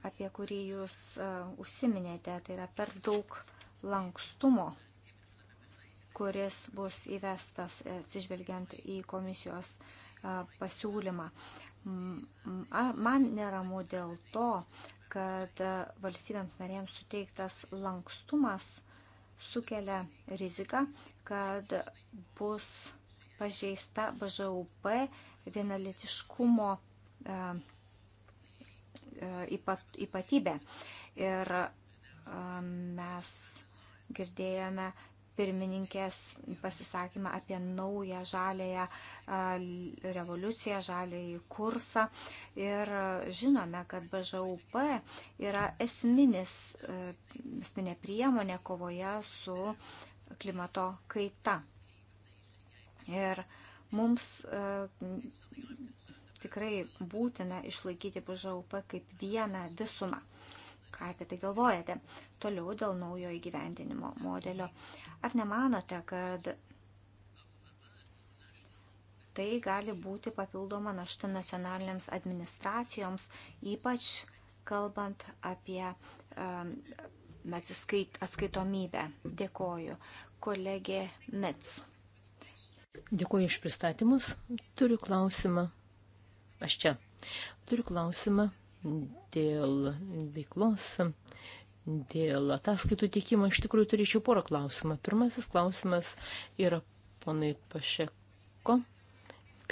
apie kurį jūs e, užsiminėte, tai yra per daug lankstumo, kuris bus įvestas e, atsižvelgiant į komisijos e, pasiūlymą man neramu dėl to, kad valstybėms narėms suteiktas lankstumas sukelia riziką, kad bus pažeista BŽUP vienalitiškumo e, e, ypatybė. Ir e, mes girdėjome pirmininkės pasisakymą apie naują žalėją revoliuciją, žalėjį kursą. Ir žinome, kad BŽUP yra esminis, esminė priemonė kovoje su klimato kaita. Ir mums tikrai būtina išlaikyti BŽUP kaip vieną visumą ką apie tai galvojate. Toliau dėl naujo įgyvendinimo modelio. Ar nemanote, kad tai gali būti papildoma našta nacionalinėms administracijoms, ypač kalbant apie um, atskait, atskaitomybę? Dėkoju. Kolegė Mets. Dėkuoju iš pristatymus. Turiu klausimą. Aš čia. Turiu klausimą dėl veiklos Dėl ataskaitų teikimo iš tikrųjų turėčiau porą klausimą. Pirmasis klausimas yra ponai Pašeko.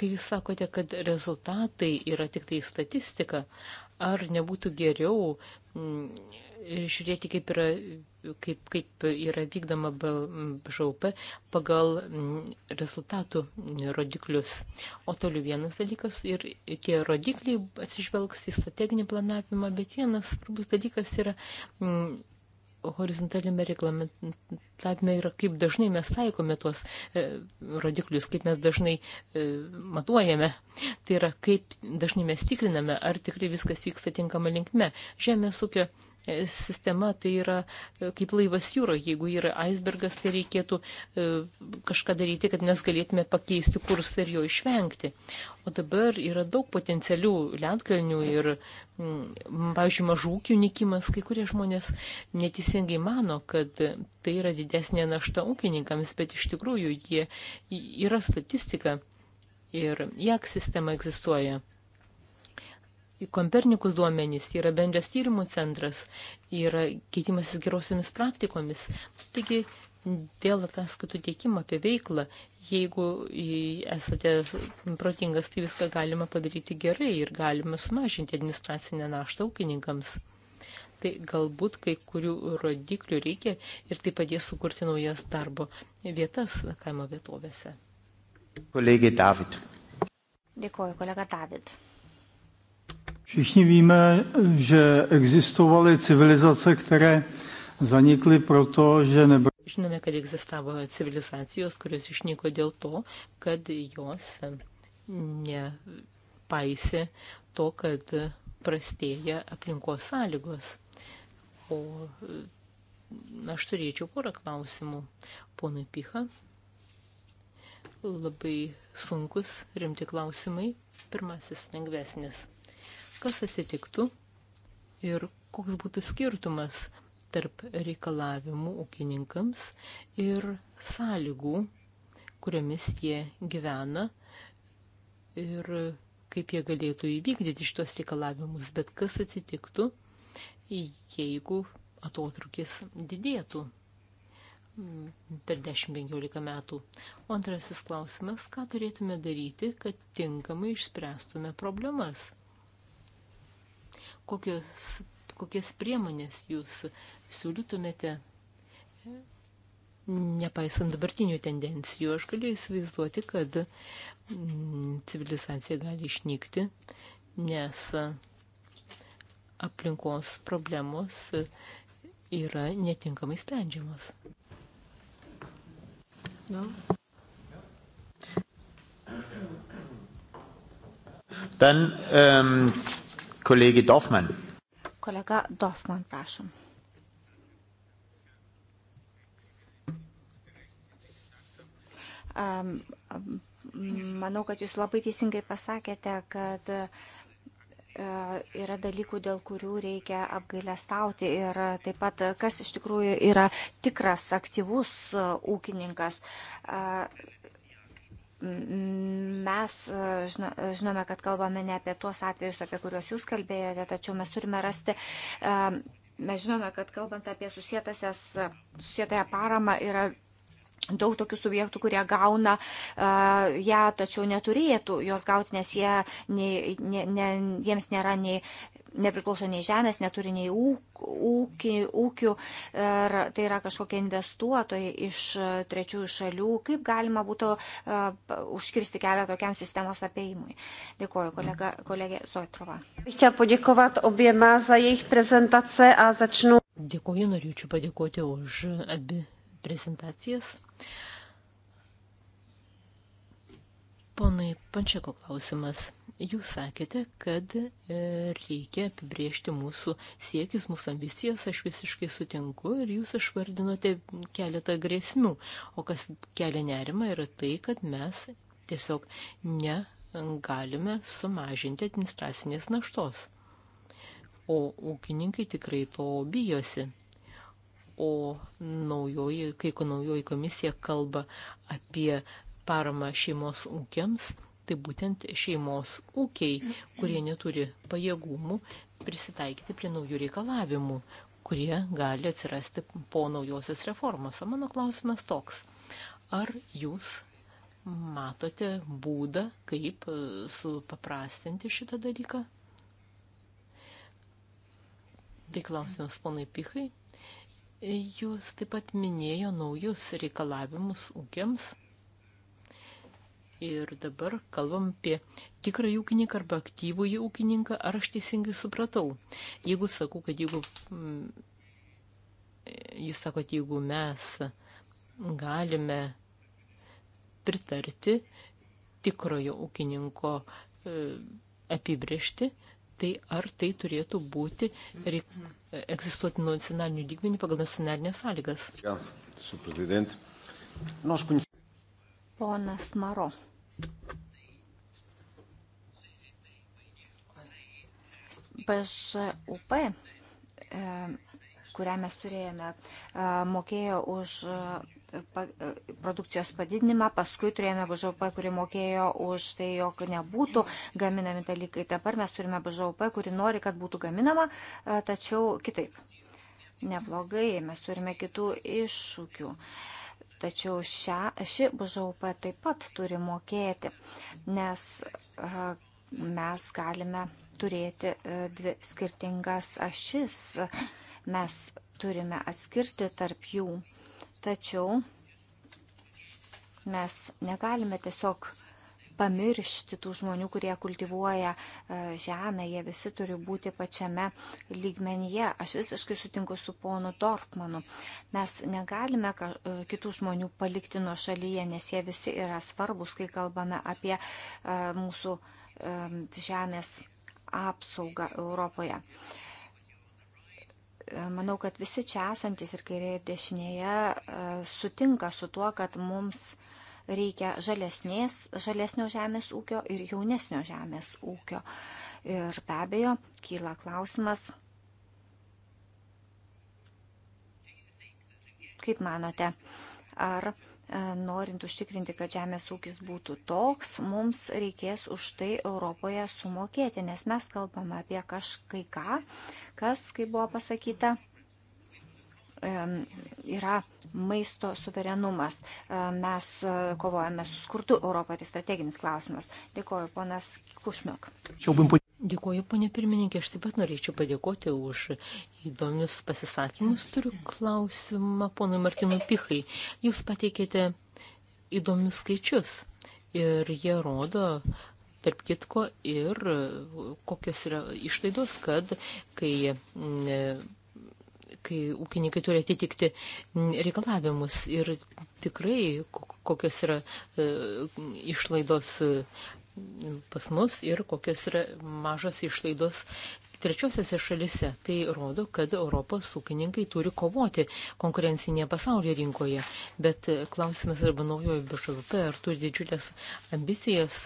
Kai jūs sakote, kad rezultatai yra tik tai statistika, ar nebūtų geriau mm, žiūrėti, kaip yra, kaip, kaip yra vykdoma BŽUP pagal mm, rezultatų rodiklius. O toliau vienas dalykas ir tie rodikliai atsižvelgs į strateginį planavimą, bet vienas svarbus dalykas yra m, mm, horizontalime reglamentavime yra, kaip dažnai mes taikome tuos e, rodiklius, kaip mes dažnai e, matuojame. Tai yra, kaip dažnai mes tikriname, ar tikrai viskas vyksta tinkama linkme. Žemės ūkio e, E, sistema tai yra e, kaip laivas jūroje. Jeigu yra aisbergas, tai reikėtų e, kažką daryti, kad mes galėtume pakeisti kursą ir jo išvengti. O dabar yra daug potencialių lentkalnių ir, mm, pavyzdžiui, mažūkių nikimas. Kai kurie žmonės neteisingai mano, kad tai yra didesnė našta ūkininkams, bet iš tikrųjų jie yra statistika ir jak sistema egzistuoja Kompernikus duomenys, yra bendras tyrimų centras, yra keitimasis gerosiamis praktikomis. Taigi, dėl ataskaitų tiekimo apie veiklą, jeigu esate protingas, tai viską galima padaryti gerai ir galima sumažinti administracinę naštą ūkininkams. Tai galbūt kai kurių rodiklių reikia ir tai padės sukurti naujas darbo vietas kaimo vietovėse. Kolegė David. Dėkuoju, kolega David. Všichni víme, že existovaly civilizace, které zanikly proto, že nebyly. Žinome, kad egzistavo civilizacijos, kurios išnyko dėl to, kad jos nepaisė to, kad prastėja aplinkos sąlygos. O aš turėčiau porą klausimų. Ponui Picha, labai sunkus, rimti klausimai. Pirmasis lengvesnis kas atsitiktų ir koks būtų skirtumas tarp reikalavimų ūkininkams ir sąlygų, kuriomis jie gyvena ir kaip jie galėtų įvykdyti šitos reikalavimus, bet kas atsitiktų, jeigu atotrukis didėtų per 10-15 metų. O antrasis klausimas, ką turėtume daryti, kad tinkamai išspręstume problemas Kokios, kokias priemonės jūs siūlytumėte, nepaisant dabartinių tendencijų, aš galiu įsivaizduoti, kad mm, civilizacija gali išnykti, nes aplinkos problemos yra netinkamai sprendžiamos. No. Dann ähm, um Kolegė Dofman. Kolega Dofman, prašom. Manau, kad jūs labai teisingai pasakėte, kad e, yra dalykų, dėl kurių reikia apgailestauti ir taip pat, kas iš tikrųjų yra tikras aktyvus e, ūkininkas. E, Mes e, žinome, kad kalbame ne apie tuos atvejus, apie kuriuos jūs kalbėjote, tačiau mes turime rasti e, mes žinome, kad kalbant apie susietąją paramą yra daug tokių subjektų, kurie gauna uh, ją, tačiau neturėtų jos gauti, nes jie, ne, ne, ne, jiems nėra nei nepriklauso nei žemės, neturi nei ūkį, ūkių ir tai yra kažkokie investuotojai iš trečiųjų šalių. Kaip galima būtų uh, užkirsti kelią tokiam sistemos apėjimui? Dėkuoju, kolega, kolegė Zoitrova. Dėkuoju, norėčiau padėkoti už abi prezentacijas. Ponai Pančiako klausimas. Jūs sakėte, kad e, reikia apibriežti mūsų siekis, mūsų ambicijas, aš visiškai sutinku ir jūs išvardinote keletą grėsmių. O kas kelia nerima yra tai, kad mes tiesiog negalime sumažinti administracinės naštos. O ūkininkai tikrai to bijosi. O naujoji, kai naujoji komisija kalba apie paramą šeimos ūkiams, tai būtent šeimos ūkiai, kurie neturi pajėgumų prisitaikyti prie naujų reikalavimų, kurie gali atsirasti po naujosios reformos. O mano klausimas toks. Ar jūs matote būdą, kaip e, supaprastinti šitą dalyką? Tai klausimas ponai Pichai. Jūs taip pat minėjo naujus reikalavimus ūkiams Ir dabar kalbam apie tikrąjį ūkininką arba aktyvųjį ūkininką, ar aš teisingai supratau. Jeigu sakau, kad jeigu, mm, jūs sakot, jeigu mes galime pritarti tikrojo ūkininko e, apibriežti, tai ar tai turėtų būti reik, egzistuoti nacionaliniu lygmeniu pagal nacionalinės sąlygas. Nu, Ponas Maro. BŽUP, e, kurią mes turėjome, e, mokėjo už e, produkcijos padidinimą, paskui turėjome BŽP, kuri mokėjo už tai, jog nebūtų gaminami dalykai. Dabar mes turime BŽP, kuri nori, kad būtų gaminama, tačiau kitaip. Neblogai, mes turime kitų iššūkių. Uh, Tačiau šią, ši BŽUP taip pat turi mokėti, nes e, mes galime turėti e, dvi skirtingas ašis. Mes turime atskirti tarp jų. Tačiau mes negalime tiesiog pamiršti tų žmonių, kurie kultivuoja e, žemę, jie visi turi būti pačiame lygmenyje. Aš visiškai sutinku su ponu Dorfmanu. Mes negalime e, kitų žmonių palikti nuo šalyje, nes jie visi yra svarbus, kai kalbame apie e, mūsų žemės apsaugą Europoje. Manau, kad visi čia esantis ir kairėje ir dešinėje sutinka su tuo, kad mums reikia žalesnės, žalesnio žemės ūkio ir jaunesnio žemės ūkio. Ir be abejo, kyla klausimas, kaip manote, ar e, norint užtikrinti, kad žemės ūkis būtų toks, mums reikės už tai Europoje sumokėti, nes mes kalbame apie kažkai ką, kas, kaip buvo pasakyta, yra maisto suverenumas. Mes e, kovojame su skurdu Europoje, tai strateginis klausimas. Dėkoju, ponas Kušmiuk. Dėkoju, ponė pirmininkė, aš taip pat norėčiau padėkoti už įdomius pasisakymus. Turiu klausimą ponui Martinu Pichai. Jūs pateikėte įdomius skaičius ir jie rodo, tarp kitko, ir kokios yra išlaidos, kad kai kai ūkininkai turi atitikti reikalavimus ir tikrai kokios yra e, išlaidos e, pas mus ir kokios yra mažos išlaidos trečiosiose šalise. Tai rodo, kad Europos ūkininkai turi kovoti konkurencinėje pasaulio rinkoje. Bet klausimas arba naujojo BŽVP, ar turi didžiulės ambicijas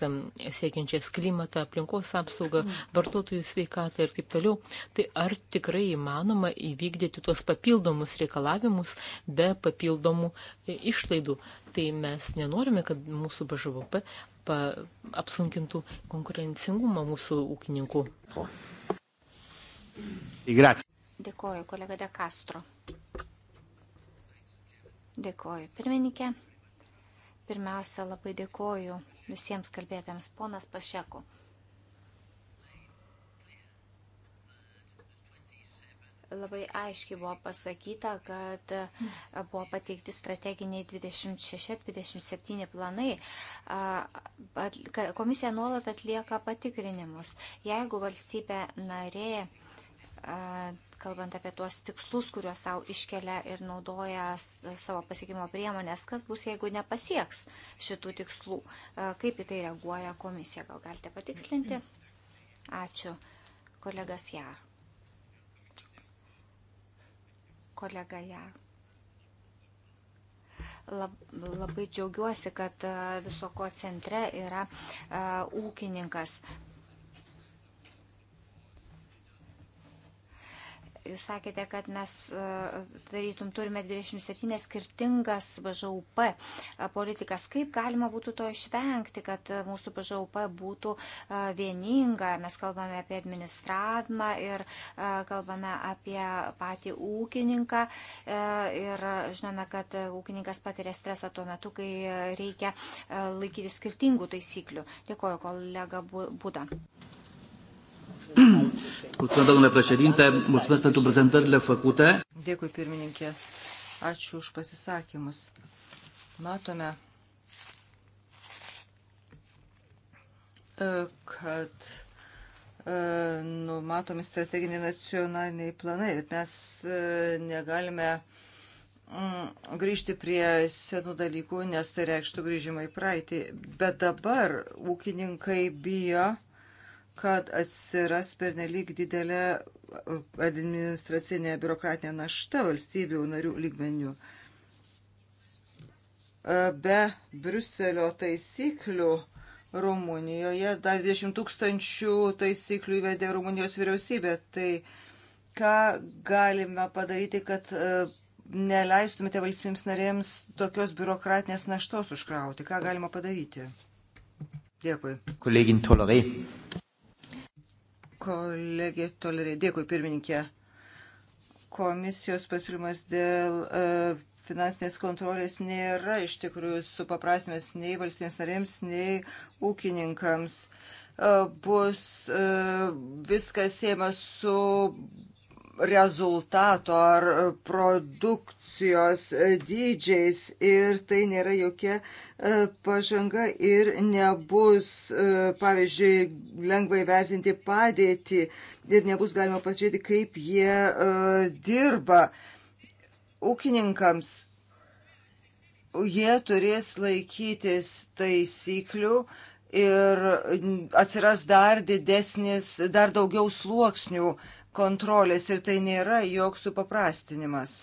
siekiančias klimatą, aplinkos apsaugą, mm. vartotojų sveikatą ir taip toliau, tai ar tikrai įmanoma įvykdyti tuos papildomus reikalavimus be papildomų e, išlaidų. Tai mes nenorime, kad mūsų BŽVP apsunkintų konkurencingumą mūsų ūkininkų. Grazie. Dėkoju, kolega De Castro. Dėkoju, pirmininkė. Pirmiausia, labai dėkoju visiems kalbėtėms ponas Pašeku. labai aiškiai buvo pasakyta, kad buvo pateikti strateginiai 26-27 planai. Komisija nuolat atlieka patikrinimus. Jeigu valstybė narė kalbant apie tuos tikslus, kuriuos savo iškelia ir naudoja savo pasiekimo priemonės, kas bus, jeigu nepasieks šitų tikslų, kaip į tai reaguoja komisija, gal galite patikslinti? Ačiū, kolegas Jar. Kolega Jar lab, labai džiaugiuosi, kad viso ko centre yra a, ūkininkas. Jūs sakėte, kad mes e, tarytum turime 27 skirtingas BŽUP politikas. Kaip galima būtų to išvengti, kad mūsų BŽUP būtų e, vieninga? Mes kalbame apie administravimą ir e, kalbame apie patį ūkininką. Ir žinome, kad ūkininkas patiria stresą tuo metu, kai reikia laikyti skirtingų taisyklių. Dėkuoju, kolega Būda. Mulțumesc, domnule președinte, mulțumesc pentru prezentările făcute. Dėkui, pirmininkė. Ačiū už pasisakymus. Matome, e, kad e, numatomi strateginiai nacionaliniai planai, bet mes e, negalime mm, grįžti prie senų dalykų, nes tai reikštų grįžimą į praeitį. Bet dabar ūkininkai bijo kad atsiras pernelyg didelė e, administracinė biurokratinė našta valstybių narių lygmenių. E, be Briuselio taisyklių Rumunijoje dar 20 tūkstančių taisyklių įvedė Rumunijos vyriausybė. Tai ką galime padaryti, kad e, neleistumėte valstybėms narėms tokios biurokratinės naštos užkrauti? Ką galima padaryti? Dėkui. Kolegin Tolerė. Kolegė Tolerė, dėkui pirmininkė. Komisijos pasiūlymas dėl uh, finansinės kontrolės nėra iš tikrųjų supaprasmės nei valstybės narėms, nei ūkininkams. E, bus e, viskas siema su rezultato ar produkcijos dydžiais ir tai nėra jokia e, pažanga ir nebus, e, pavyzdžiui, lengvai vertinti padėtį ir nebus galima pasižiūrėti, kaip jie e, dirba. Ūkininkams jie turės laikytis taisyklių ir atsiras dar didesnis, dar daugiau sluoksnių kontrolės ir tai nėra joks supaprastinimas.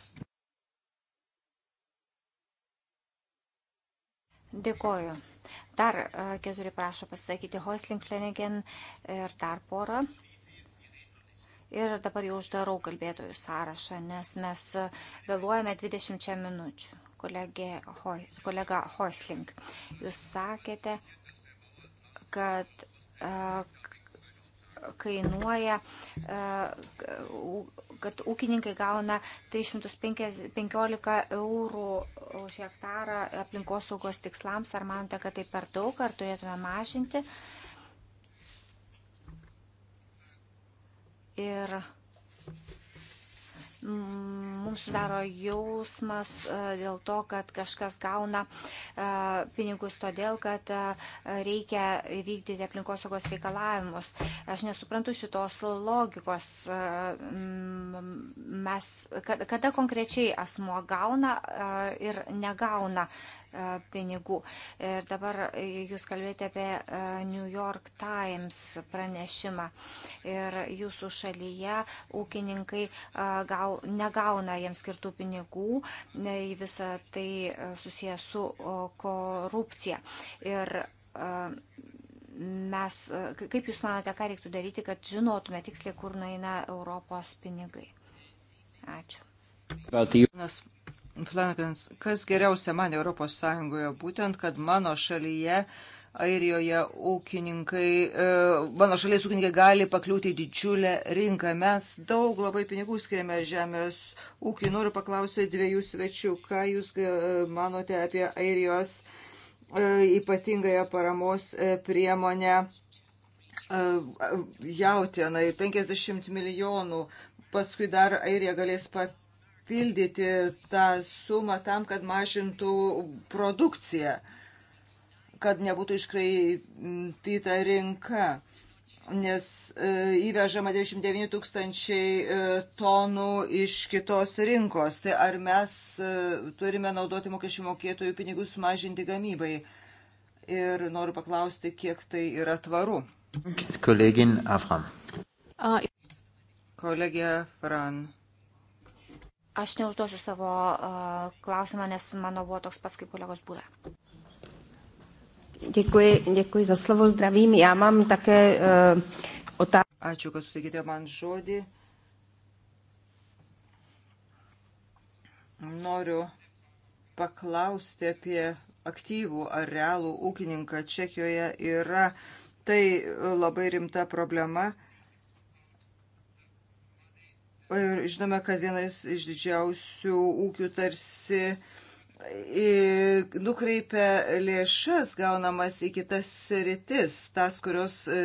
Dėkoju. Dar e, keturi prašo pasakyti Hoisling Flanagan ir dar porą. Ir dabar jau uždarau kalbėtojų sąrašą, nes mes e, vėluojame 20 minučių. Kolegė, Hoi, kolega Hoisling, jūs sakėte, kad e, kainuoja, e, kad ūkininkai gauna 315 eurų už hektarą aplinkosaugos tikslams. Ar manote, kad tai per daug, ar turėtume mažinti? Ir mums sudaro jausmas e, dėl to, kad kažkas gauna e, pinigus todėl, kad e, reikia vykdyti aplinkosaugos reikalavimus. Aš nesuprantu šitos logikos. Mes, kada konkrečiai asmuo gauna ir negauna E, pinigų. Ir dabar e, jūs kalbėjote apie e, New York Times pranešimą. Ir jūsų šalyje ūkininkai gal, negauna jiems skirtų pinigų, visa tai susijęs su korupcija. Ir mes, kaip Jūs manote, ką reiktų daryti, kad žinotume tiksliai, kur nueina Europos pinigai? Ačiū. Flanagans, kas geriausia man Europos Sąjungoje, būtent, kad mano šalyje, Airijoje ūkininkai, e, mano šalies ūkininkai gali pakliūti į didžiulę rinką. Mes daug labai pinigų skiriame žemės ūkiai. Noriu paklausyti dviejų svečių, ką jūs e, manote apie Airijos e, ypatingąją paramos priemonę jautienai 50 milijonų. Paskui dar Airija galės papildyti papildyti tą sumą tam, kad mažintų produkciją, kad nebūtų iškraipyta rinka, nes e, įvežama 99 tūkstančiai e, tonų iš kitos rinkos. Tai ar mes e, turime naudoti mokesčių mokėtojų pinigus mažinti gamybai? Ir noriu paklausti, kiek tai yra tvaru. Kolegin Afram. Kolegė Fran. Aš neužduosiu savo uh, klausimą, nes mano buvo toks pats kaip kolegos būrė. Děkuji, děkuji za slovo, zdravím. Já mám také uh, e, otázku. Ačiū, kad suteikite man žodį. Noriu paklausti apie aktyvų ar realų ūkininką Čekijoje. Yra tai labai rimta problema. Uh, Ir žinome, kad vienas iš didžiausių ūkių tarsi e, nukreipia lėšas gaunamas į kitas rytis, tas, kurios e,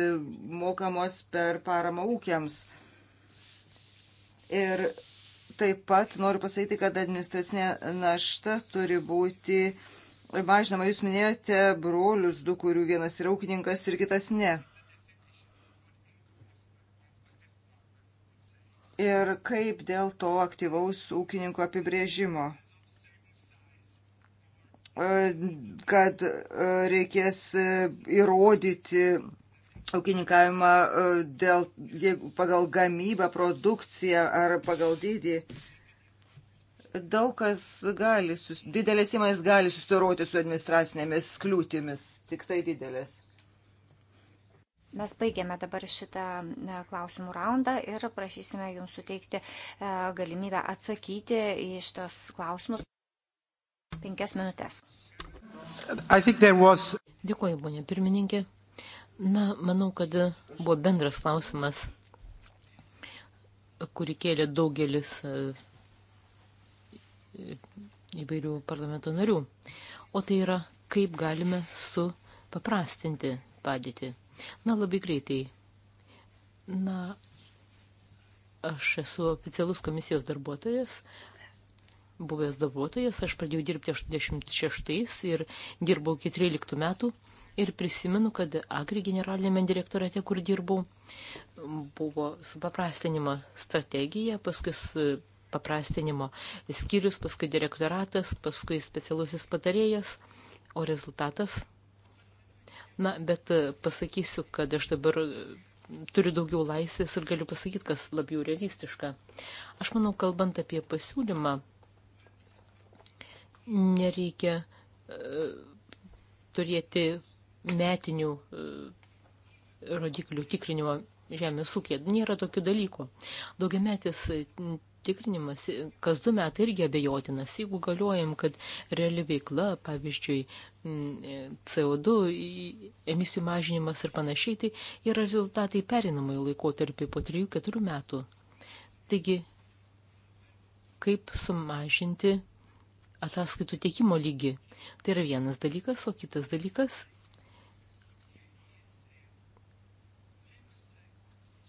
mokamos per paramą ūkiams. Ir taip pat noriu pasakyti, kad administracinė našta turi būti mažinama. Jūs minėjote brolius, du, kurių vienas yra ūkininkas ir kitas ne. ir kaip dėl to aktyvaus ūkininko apibrėžimo e, kad e, reikės e, įrodyti ūkininkavimą dėl, jeigu pagal gamybą, produkciją ar pagal dydį. Daug kas gali, didelės įmonės gali susidoroti su administracinėmis kliūtimis, tik tai didelės. Mes baigėme dabar šitą e, klausimų raundą ir prašysime Jums suteikti e, galimybę atsakyti į šitos klausimus. Penkias minutės. Was... Dėkuoju, ponė pirmininkė. Na, manau, kad buvo bendras klausimas, kurį kėlė daugelis e, įvairių parlamento narių. O tai yra, kaip galime supaprastinti padėtį. Na, labai greitai. Na, aš esu oficialus komisijos darbuotojas, buvęs darbuotojas, aš pradėjau dirbti 86 ir dirbau iki 13 metų. Ir prisimenu, kad Agri generalinėme direktorate, kur dirbau, buvo supaprastinimo strategija, paskui paprastinimo skyrius, paskui direktoratas, paskui specialusis patarėjas, o rezultatas Na, bet e, pasakysiu, kad aš dabar e, turiu daugiau laisvės ir galiu pasakyti, kas labiau realistiška. Aš manau, kalbant apie pasiūlymą, nereikia e, turėti metinių e, rodiklių tikrinimo žemės ūkė. Nėra tokių dalykų. Daugiametis e, tikrinimas kas du metai irgi abejotinas. Jeigu galiojam, kad reali veikla, pavyzdžiui, CO2 emisijų mažinimas ir panašiai, tai yra rezultatai perinamai laikotarpį po 3-4 metų. Taigi, kaip sumažinti ataskaitų tiekimo lygį? Tai yra vienas dalykas, o kitas dalykas,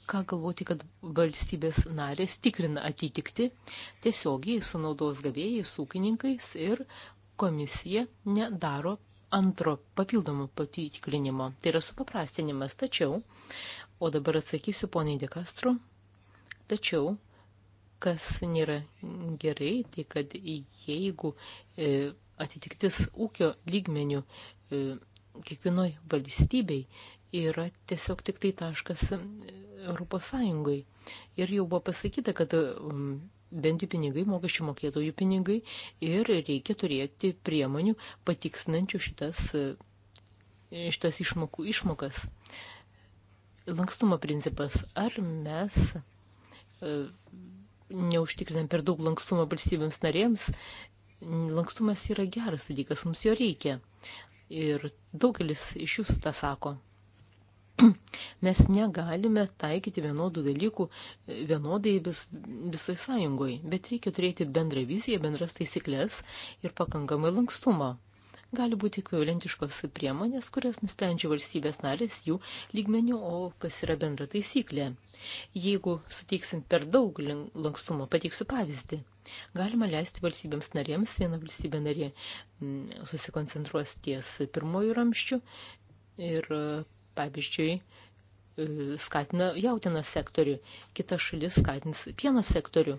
ką galvoti, kad valstybės narės tikrina atitikti tiesiogiai su naudos gavėjais, ūkininkais ir komisija nedaro antro papildomų patikrinimo. Tai yra supaprastinimas, tačiau, o dabar atsakysiu poniai Dekastro, tačiau, kas nėra gerai, tai kad jeigu e, atitiktis ūkio lygmenių e, kiekvienoj valstybei yra tiesiog tik tai taškas e, Europos Sąjungai. Ir jau buvo pasakyta, kad bent jų pinigai, mokesčių mokėtojų pinigai ir reikia turėti priemonių patiksnančių šitas, e, šitas išmokų, išmokas. Lankstumo principas. Ar mes e, neužtikrinam per daug lankstumo valstybėms narėms? Lankstumas yra geras dalykas, mums jo reikia. Ir daugelis iš jūsų tą sako. [CLEARS THROAT] Mes negalime taikyti vienodų dalykų e, vienodai vis, visai sąjungoje, bet reikia turėti bendrą viziją, bendras taisyklės ir pakankamai lankstumą. Gali būti ekvivalentiškos priemonės, kurias nusprendžia valstybės narės jų lygmenių, o kas yra bendra taisyklė. Jeigu suteiksim per daug lankstumo, pateiksiu pavyzdį. Galima leisti valstybėms narėms, viena valstybė narė mm, susikoncentruos ties pirmojų ramščių ir pavyzdžiui, e, skatina jautino sektorių, kita šalis skatins pieno sektorių,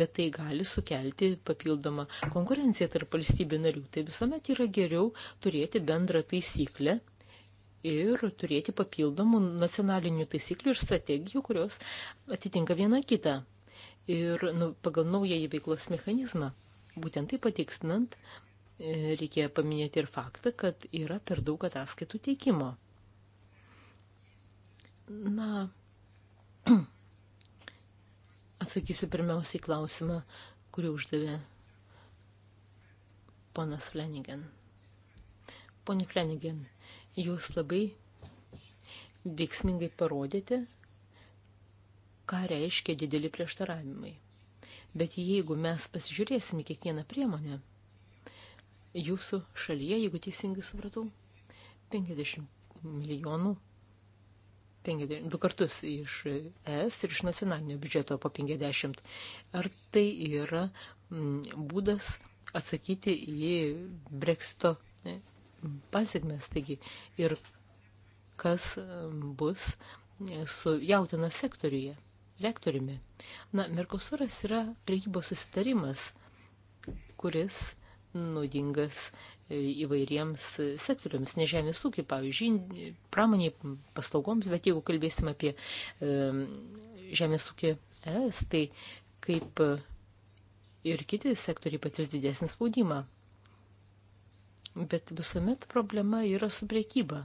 bet tai gali sukelti papildomą konkurenciją tarp valstybių narių. Tai visuomet yra geriau turėti bendrą taisyklę ir turėti papildomų nacionalinių taisyklių ir strategijų, kurios atitinka vieną kitą. Ir nu, pagal naująjį veiklos mechanizmą, būtent tai patikstinant, e, reikia paminėti ir faktą, kad yra per daug ataskaitų teikimo Na, [CLEARS THROAT] atsakysiu pirmiausiai klausimą, kurį uždavė ponas Flanagan. Pone Flanagan, jūs labai veiksmingai parodėte, ką reiškia dideli prieštaravimai. Bet jeigu mes pasižiūrėsime kiekvieną priemonę, jūsų šalyje, jeigu teisingai supratau, 50 milijonų 50, du kartus iš ES ir iš nacionalinio biudžeto po 50. Ar tai yra mm, būdas atsakyti į breksito pasiekmes, taigi ir kas mm, bus su jautino sektoriuje, lektoriumi. Na, Merkosuras yra priekybos susitarimas, kuris naudingas įvairiems sektoriams, ne žemės ūkiai, pavyzdžiui, pramoniai, paslaugoms, bet jeigu kalbėsim apie žemės ūkį ES, tai kaip e, ir kiti sektoriai patirs didesnį spaudimą. Bet visuomet problema yra su priekyba.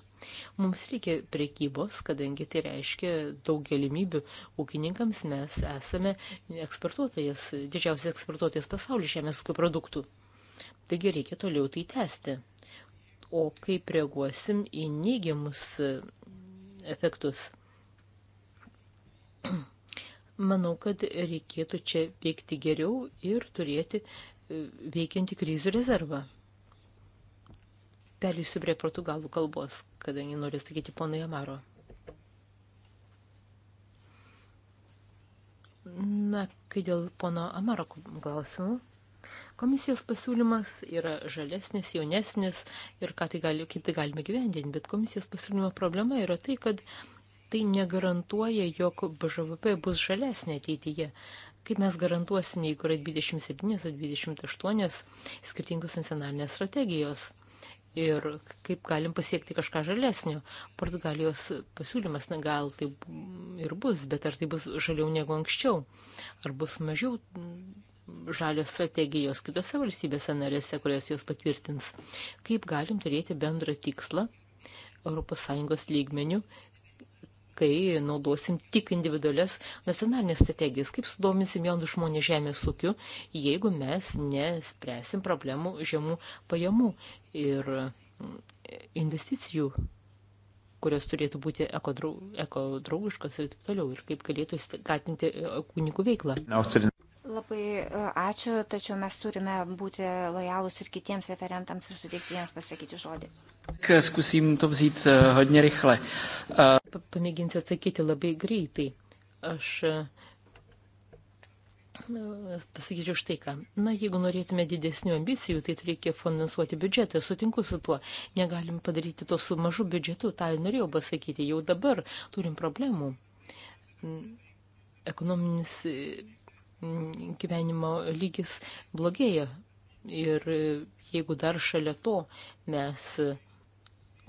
Mums reikia priekybos, kadangi tai reiškia daug galimybių ūkininkams, mes esame eksportuotojas, didžiausias eksportuotojas pasaulyje žemės ūkio produktų. Taigi reikia toliau tai tęsti. O kaip reaguosim į neigiamus e, efektus? [CLEARS THROAT] Manau, kad reikėtų čia veikti geriau ir turėti e, veikianti krizių rezervą. Perėsiu prie portugalų kalbos, kadangi noriu sakyti ponai Amaro. Na, kai dėl pono Amaro klausimų. Komisijos pasiūlymas yra žalesnis, jaunesnis ir ką tai gali, kaip tai galime gyvendinti, bet komisijos pasiūlymo problema yra tai, kad tai negarantuoja, jog BŽVP bus žalesnė ateityje. Kaip mes garantuosime, jeigu yra 27 ar 28 skirtingos nacionalinės strategijos? ir kaip galim pasiekti kažką žalesnio. Portugalijos pasiūlymas, na gal tai ir bus, bet ar tai bus žaliau negu anksčiau, ar bus mažiau žalios strategijos kitose valstybėse narėse, kurios jos patvirtins. Kaip galim turėti bendrą tikslą ES lygmenių, kai naudosim tik individualias nacionalinės strategijas, kaip sudominsim jaunus žmonės žemės ūkiu, jeigu mes nespręsim problemų žemų pajamų ir investicijų kurios turėtų būti ekodraugiškas ir taip toliau, ir kaip galėtų skatinti kunigų veiklą. Labai e, ačiū, tačiau mes turime būti lojalūs ir kitiems referentams ir suteikti jiems pasakyti žodį. Skusim to vzít e, hodně rychle. E, Pamėginsiu atsakyti labai greitai. Aš pasakyčiau štai ką. Na, jeigu norėtume didesnių ambicijų, tai reikia finansuoti biudžetą. Sutinku su tuo. Negalim padaryti to su mažu biudžetu. Ta norėjau pasakyti. Jau dabar turim problemų. Ekonominis Mm, gyvenimo lygis blogėja. Ir e, jeigu dar šalia to mes e,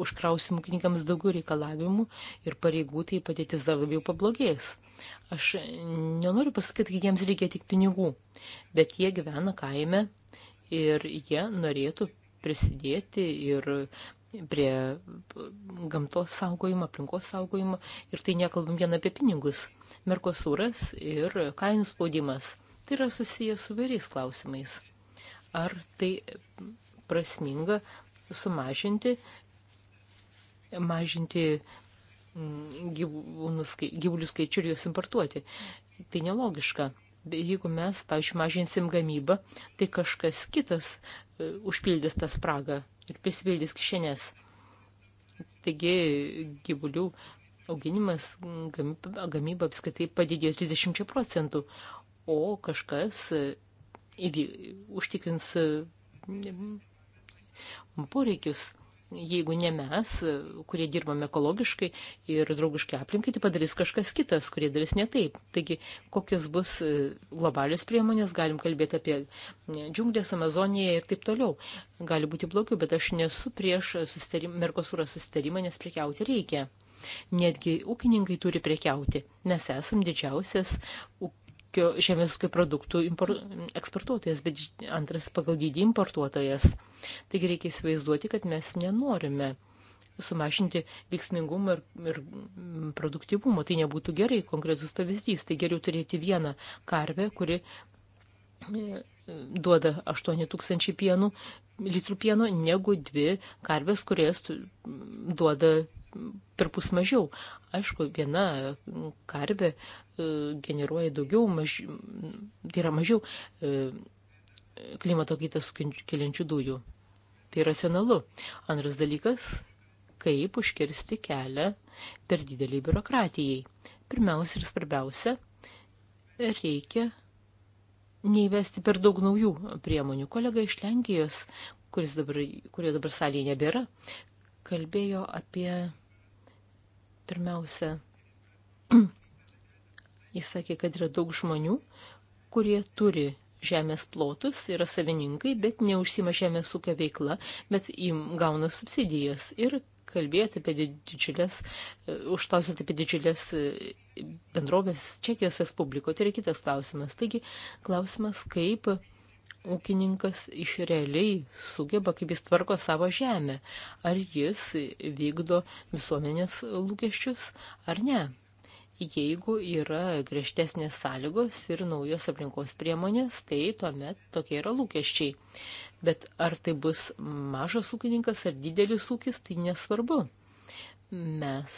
užkrausim ūkininkams daugiau reikalavimų ir pareigų, tai patėtis dar labiau pablogės. Aš nenoriu pasakyti, kad jiems reikia tik pinigų, bet jie gyvena kaime ir jie norėtų prisidėti ir prie gamtos saugojimo, aplinkos saugojimo ir tai nekalbam vien apie pinigus. Merkosūras ir kainų spaudimas. Tai yra susijęs su vairiais klausimais. Ar tai prasminga sumažinti, mažinti mm, gyvūnų, gyvulių skaičių ir juos importuoti. Tai nelogiška. Jeigu mes, pavyzdžiui, mažinsim gamybą, tai kažkas kitas e, užpildys tą spragą ir prisipildys kišenės. Taigi gyvulių auginimas, gamyba, gamyba apskaitai padidėjo 30 procentų, o kažkas e, įvy, užtikrins poreikius jeigu ne mes, kurie dirbame ekologiškai ir draugiškai aplinkai, tai padarys kažkas kitas, kurie darys ne taip. Taigi, kokios bus e, globalios priemonės, galim kalbėti apie e, džiunglės, Amazoniją ir taip toliau. Gali būti blogiau, bet aš nesu prieš susitarim, Merkosūros susitarimą, nes prekiauti reikia. Netgi ūkininkai turi prekiauti. Mes esam didžiausias ūkininkas ūkio, žemės ūkio produktų impor, eksportuotojas, bet antras pagal dydį importuotojas. Taigi reikia įsivaizduoti, kad mes nenorime sumažinti veiksmingumą ir, ir produktyvumą. Tai nebūtų gerai, konkretus pavyzdys. Tai geriau turėti vieną karvę, kuri e, duoda 8000 pienų, litrų pieno, negu dvi karvės, kurias duoda per pus mažiau. Aišku, viena karvė generuoja daugiau, maž, tai yra mažiau e, klimato kaitą sukeliančių dujų. Tai racionalu. Antras dalykas, kaip užkirsti kelią per didelį biurokratijai. Pirmiausia ir svarbiausia, reikia neįvesti per daug naujų priemonių. Kolega iš Lenkijos, kuris dabar, kurio dabar salėje nebėra, kalbėjo apie pirmiausia Jis sakė, kad yra daug žmonių, kurie turi žemės plotus, yra savininkai, bet neužsima žemės ūkio veikla, bet gauna subsidijas ir kalbėjote apie didžiulės, e, užklausėte apie didžiulės e, bendrovės Čekijos Respublikoje. Tai yra kitas klausimas. Taigi, klausimas, kaip ūkininkas iš realiai sugeba, kaip jis tvarko savo žemę. Ar jis vykdo visuomenės lūkesčius, ar ne jeigu yra griežtesnės sąlygos ir naujos aplinkos priemonės, tai tuomet tokie yra lūkesčiai. Bet ar tai bus mažas ūkininkas ar didelis ūkis, tai nesvarbu. Mes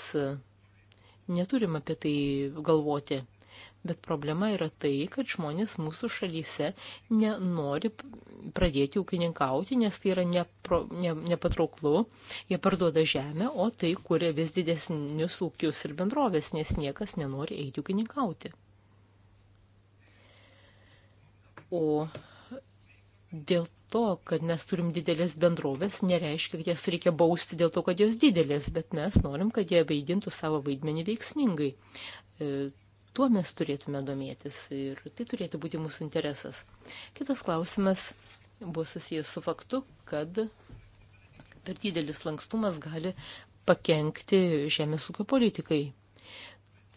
neturim apie tai galvoti. Bet problema yra tai, kad žmonės mūsų šalyse nenori pradėti ūkininkauti, nes tai yra nepro, ne, nepatrauklu. Jie parduoda žemę, o tai kuria vis didesnius ūkius ir bendrovės, nes niekas nenori eiti ūkininkauti. O dėl to, kad mes turim didelės bendrovės, nereiškia, kad jas reikia bausti dėl to, kad jos didelės, bet mes norim, kad jie vaidintų savo vaidmenį veiksmingai. E, Tuo mes turėtume domėtis ir tai turėtų būti mūsų interesas. Kitas klausimas buvo susijęs su faktu, kad per didelis lankstumas gali pakengti žemės ūkio politikai.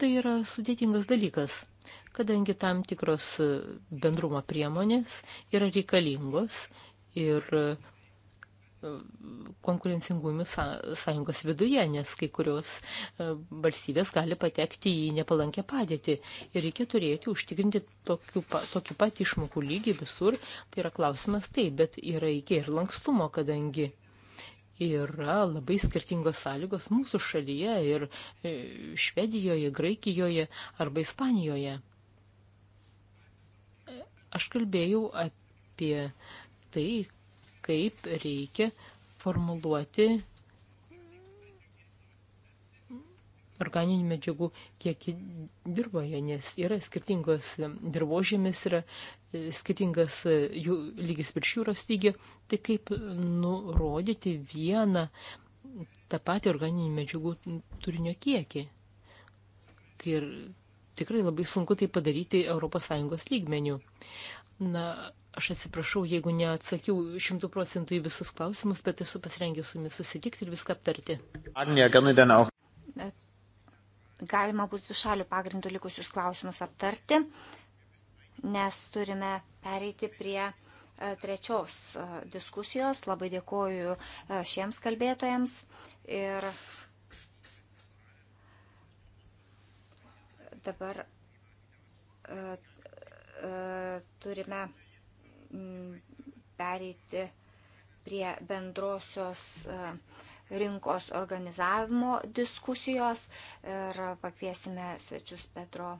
Tai yra sudėtingas dalykas, kadangi tam tikros bendrumo priemonės yra reikalingos ir konkurencingumui sąjungos viduje, nes kai kurios e, valstybės gali patekti į nepalankę padėtį. Ir reikia turėti užtikrinti tokiu, tokį pat išmokų lygį visur. Tai yra klausimas taip, bet yra iki ir lankstumo, kadangi yra labai skirtingos sąlygos mūsų šalyje ir e, Švedijoje, Graikijoje arba Ispanijoje. E, aš kalbėjau apie tai, kaip reikia formuluoti organinių medžiagų kiekį dirboje, nes yra skirtingos dirbožėmis, yra e, skirtingas e, jų lygis virš jūros lygio, tai kaip nurodyti vieną tą patį organinių medžiagų turinio kiekį. Ir tikrai labai sunku tai padaryti ES lygmenių. Na, Aš atsiprašau, jeigu neatsakiau šimtų procentų į visus klausimus, bet esu pasirengęs su jumis susitikti ir viską aptarti. E, galima bus višalių pagrindų likusius klausimus aptarti, nes turime pereiti prie e, trečios e, diskusijos. Labai dėkoju šiems kalbėtojams ir dabar turime Mm, pereiti prie bendrosios e, rinkos organizavimo diskusijos ir pakviesime svečius Petro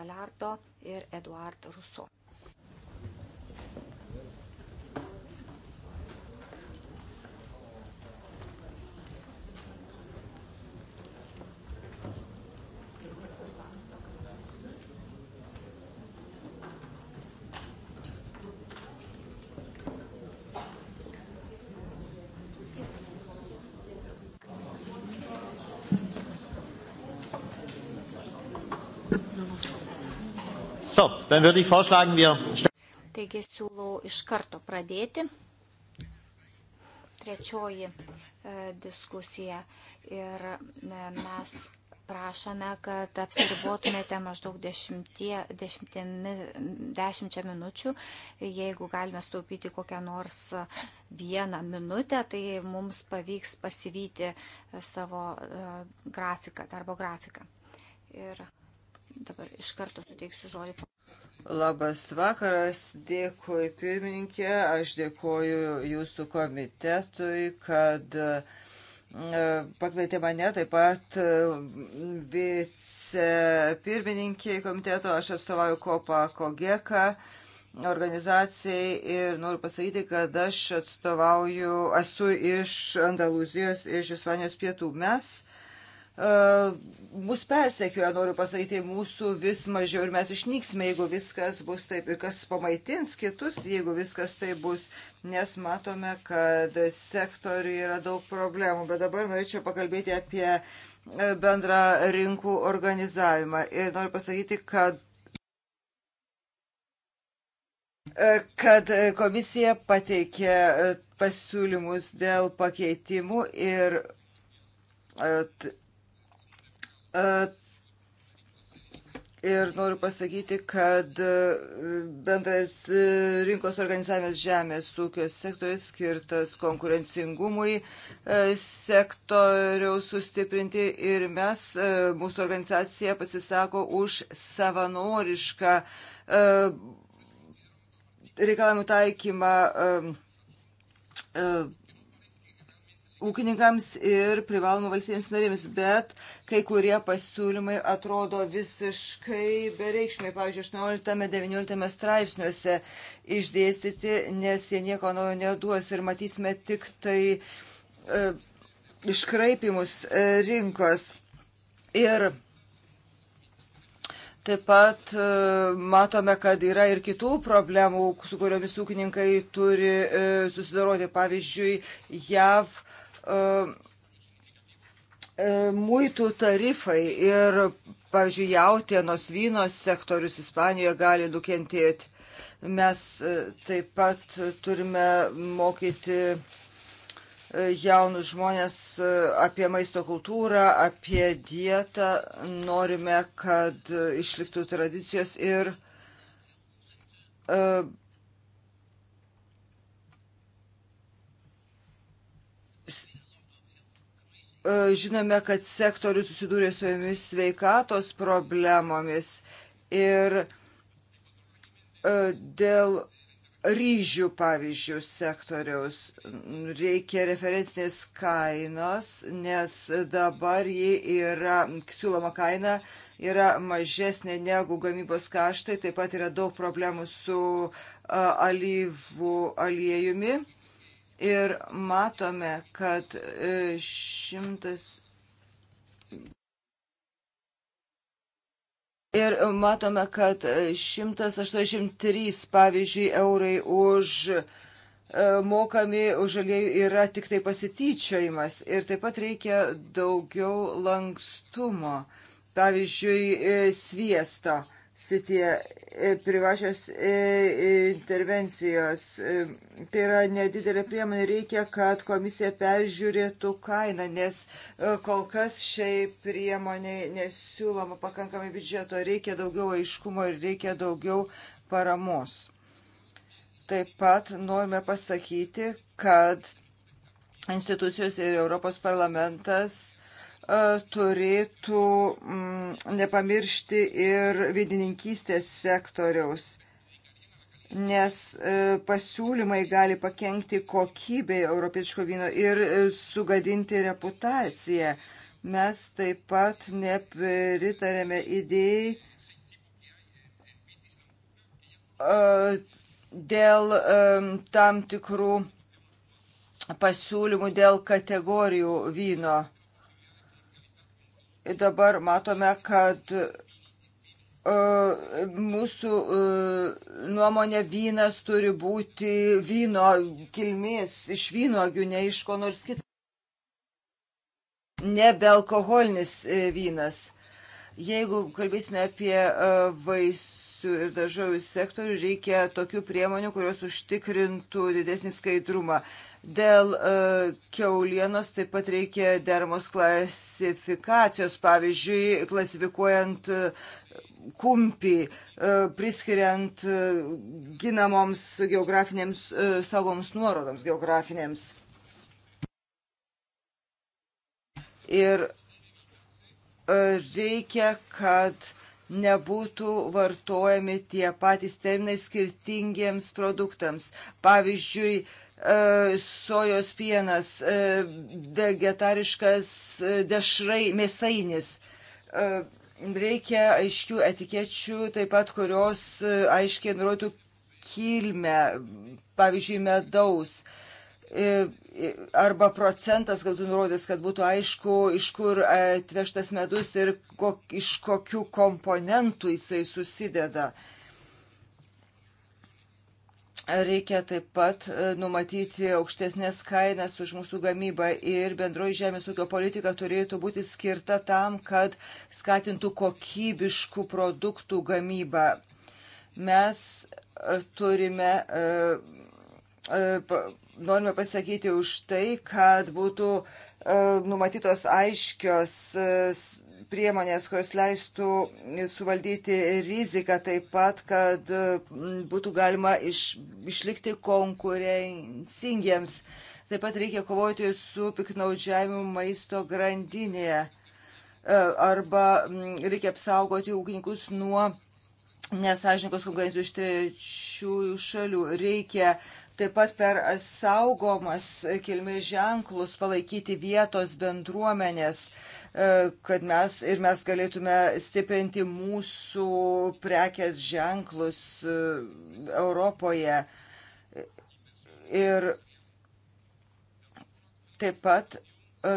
Galardo ir Eduard Ruso. Dann würde ich vorschlagen, wir. Taigi siūlau iš karto pradėti. Trečioji e, diskusija. Ir e, mes prašome, kad apsiribotumėte maždaug dešimtie, dešimtimi, dešimčia minučių. Jeigu galime staupyti kokią nors vieną minutę, tai mums pavyks pasivyti e, savo e, grafiką, darbo grafiką. Ir dabar iš karto suteiksiu žodį. Labas vakaras, dėkui pirmininkė, aš dėkoju jūsų komitetui, kad e, pakvietė mane taip pat e, vicepirmininkė komiteto, aš atstovauju Kopą Kogeką organizacijai ir noriu pasakyti, kad aš atstovauju, esu iš Andaluzijos, iš Ispanijos pietų. Mes E, mus persekioja, noriu pasakyti, mūsų vis mažiau ir mes išnyksime, jeigu viskas bus taip ir kas pamaitins kitus, jeigu viskas taip bus, nes matome, kad sektoriui yra daug problemų. Bet dabar norėčiau pakalbėti apie e, bendrą rinkų organizavimą ir noriu pasakyti, kad e, kad komisija pateikė pasiūlymus dėl pakeitimų ir Ir noriu pasakyti, kad e, bendras e, rinkos organizavimas žemės ūkio sektorius skirtas konkurencingumui e, sektoriaus sustiprinti ir mes, mūsų organizacija pasisako už savanorišką reikalavimų taikymą ūkininkams ir privaloma valstybėms narėms, bet kai kurie pasiūlymai atrodo visiškai bereikšmiai. Pavyzdžiui, 18-19 straipsniuose išdėstyti, nes jie nieko naujo neduos ir matysime tik tai e, iškraipimus e, rinkos. Ir Taip pat e, matome, kad yra ir kitų problemų, su kuriomis ūkininkai turi e, susidaroti. Pavyzdžiui, JAV E, e, muitų tarifai ir, pavyzdžiui, jautienos vynos sektorius Ispanijoje gali nukentėti. Mes e, taip pat turime mokyti jaunus žmonės apie maisto kultūrą, apie dietą. Norime, kad išliktų tradicijos ir E, žinome, kad sektorius susidūrė su jomis sveikatos problemomis ir e, dėl ryžių, pavyzdžių, sektoriaus reikia referencinės kainos, nes dabar ji yra, siūloma kaina yra mažesnė negu gamybos kaštai, taip pat yra daug problemų su e, alyvų aliejumi Ir matome, kad e, šimtas. Ir matome, kad 183, e, pavyzdžiui, eurai už e, mokami už aliejų yra tik tai pasityčiojimas ir taip pat reikia daugiau lankstumo, pavyzdžiui, sviesto sityje e, privačios e, e, intervencijos. Tai yra nedidelė priemonė, reikia, kad komisija peržiūrėtų kainą, nes kol kas šiai priemoniai nesiūloma pakankamai biudžeto, reikia daugiau aiškumo ir reikia daugiau paramos. Taip pat norime pasakyti, kad institucijos ir Europos parlamentas E, turėtų mm, nepamiršti ir vidininkystės sektoriaus nes e, pasiūlymai gali pakengti kokybei europiečio vyno ir e, sugadinti reputaciją. Mes taip pat nepritarėme idėjai dėl tam tikrų pasiūlymų dėl kategorijų vyno. Dabar matome, kad e, mūsų e, nuomonė vynas turi būti vyno kilmės iš vynogių, ne iš ko nors kito. Nebealkoholinis e, vynas. Jeigu kalbėsime apie vaisių ir dažovių sektorių, reikia tokių priemonių, kurios užtikrintų didesnį skaidrumą. Dėl uh, e, keulienos taip pat reikia dermos klasifikacijos, pavyzdžiui, klasifikuojant uh, kumpį, uh, priskiriant uh, ginamoms geografinėms uh, saugoms nuorodoms geografinėms. Ir reikia, kad nebūtų vartojami tie patys terminai skirtingiems produktams. Pavyzdžiui, E, sojos pienas, e, vegetariškas e, dešrai, mėsainis. Reikia aiškių etikečių, taip pat kurios aiškiai nurodytų kilmę, pavyzdžiui, medaus arba procentas, kad tu nurodys, kad būtų aišku, iš kur atvežtas medus ir kok, iš kokių komponentų jisai susideda. Uh, Reikia taip pat e, numatyti aukštesnės kainas už mūsų gamybą ir bendroji žemės ūkio politika turėtų būti skirta tam, kad skatintų kokybiškų produktų gamybą. Mes e, turime, e, norime pasakyti už tai, kad būtų numatytos aiškios priemonės, kurios leistų suvaldyti riziką taip pat, kad mm, būtų galima iš, išlikti konkurencingiems. Taip pat reikia kovoti su piknaudžiavimu maisto grandinėje e, arba mm, reikia apsaugoti ūkininkus nuo nesažininkos konkurencijos iš trečiųjų šalių. Reikia taip pat per saugomas kilmės ženklus palaikyti vietos bendruomenės, e, kad mes ir mes galėtume stiprinti mūsų prekės ženklus e, Europoje. Ir taip pat e,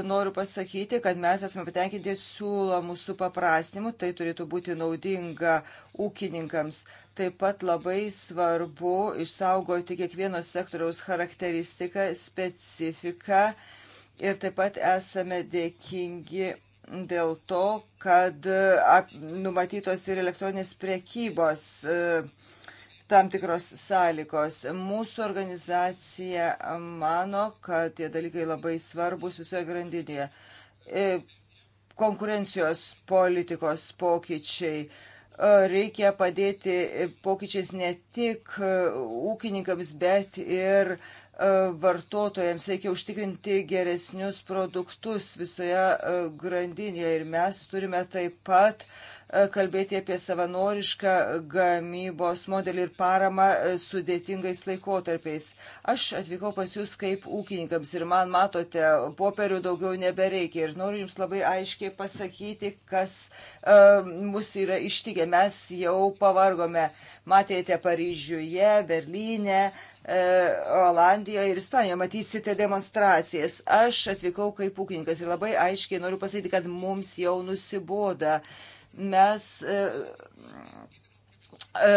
noriu pasakyti, kad mes esame patenkinti siūlomų supaprastimu, tai turėtų būti naudinga ūkininkams. Taip pat labai svarbu išsaugoti kiekvieno sektoriaus charakteristiką, specifiką ir taip pat esame dėkingi dėl to, kad numatytos ir elektroninės priekybos e, tam tikros sąlygos. Mūsų organizacija mano, kad tie dalykai labai svarbus visoje grandinėje. E, konkurencijos politikos pokyčiai reikia padėti pokyčiais ne tik ūkininkams, bet ir E, vartotojams, reikia užtikrinti geresnius produktus visoje e, grandinėje ir mes turime taip pat e, kalbėti apie savanorišką gamybos modelį ir paramą sudėtingais laikotarpiais. Aš atvykau pas Jūs kaip ūkininkams ir man matote, popierių daugiau nebereikia ir noriu Jums labai aiškiai pasakyti, kas uh, mus yra ištikę. Mes jau pavargome. Matėte Paryžiuje, Berlyne, uh, E, Olandijoje ir Ispanijoje matysite demonstracijas. Aš atvykau kaip ūkininkas ir labai aiškiai noriu pasakyti, kad mums jau nusiboda. Mes e, e,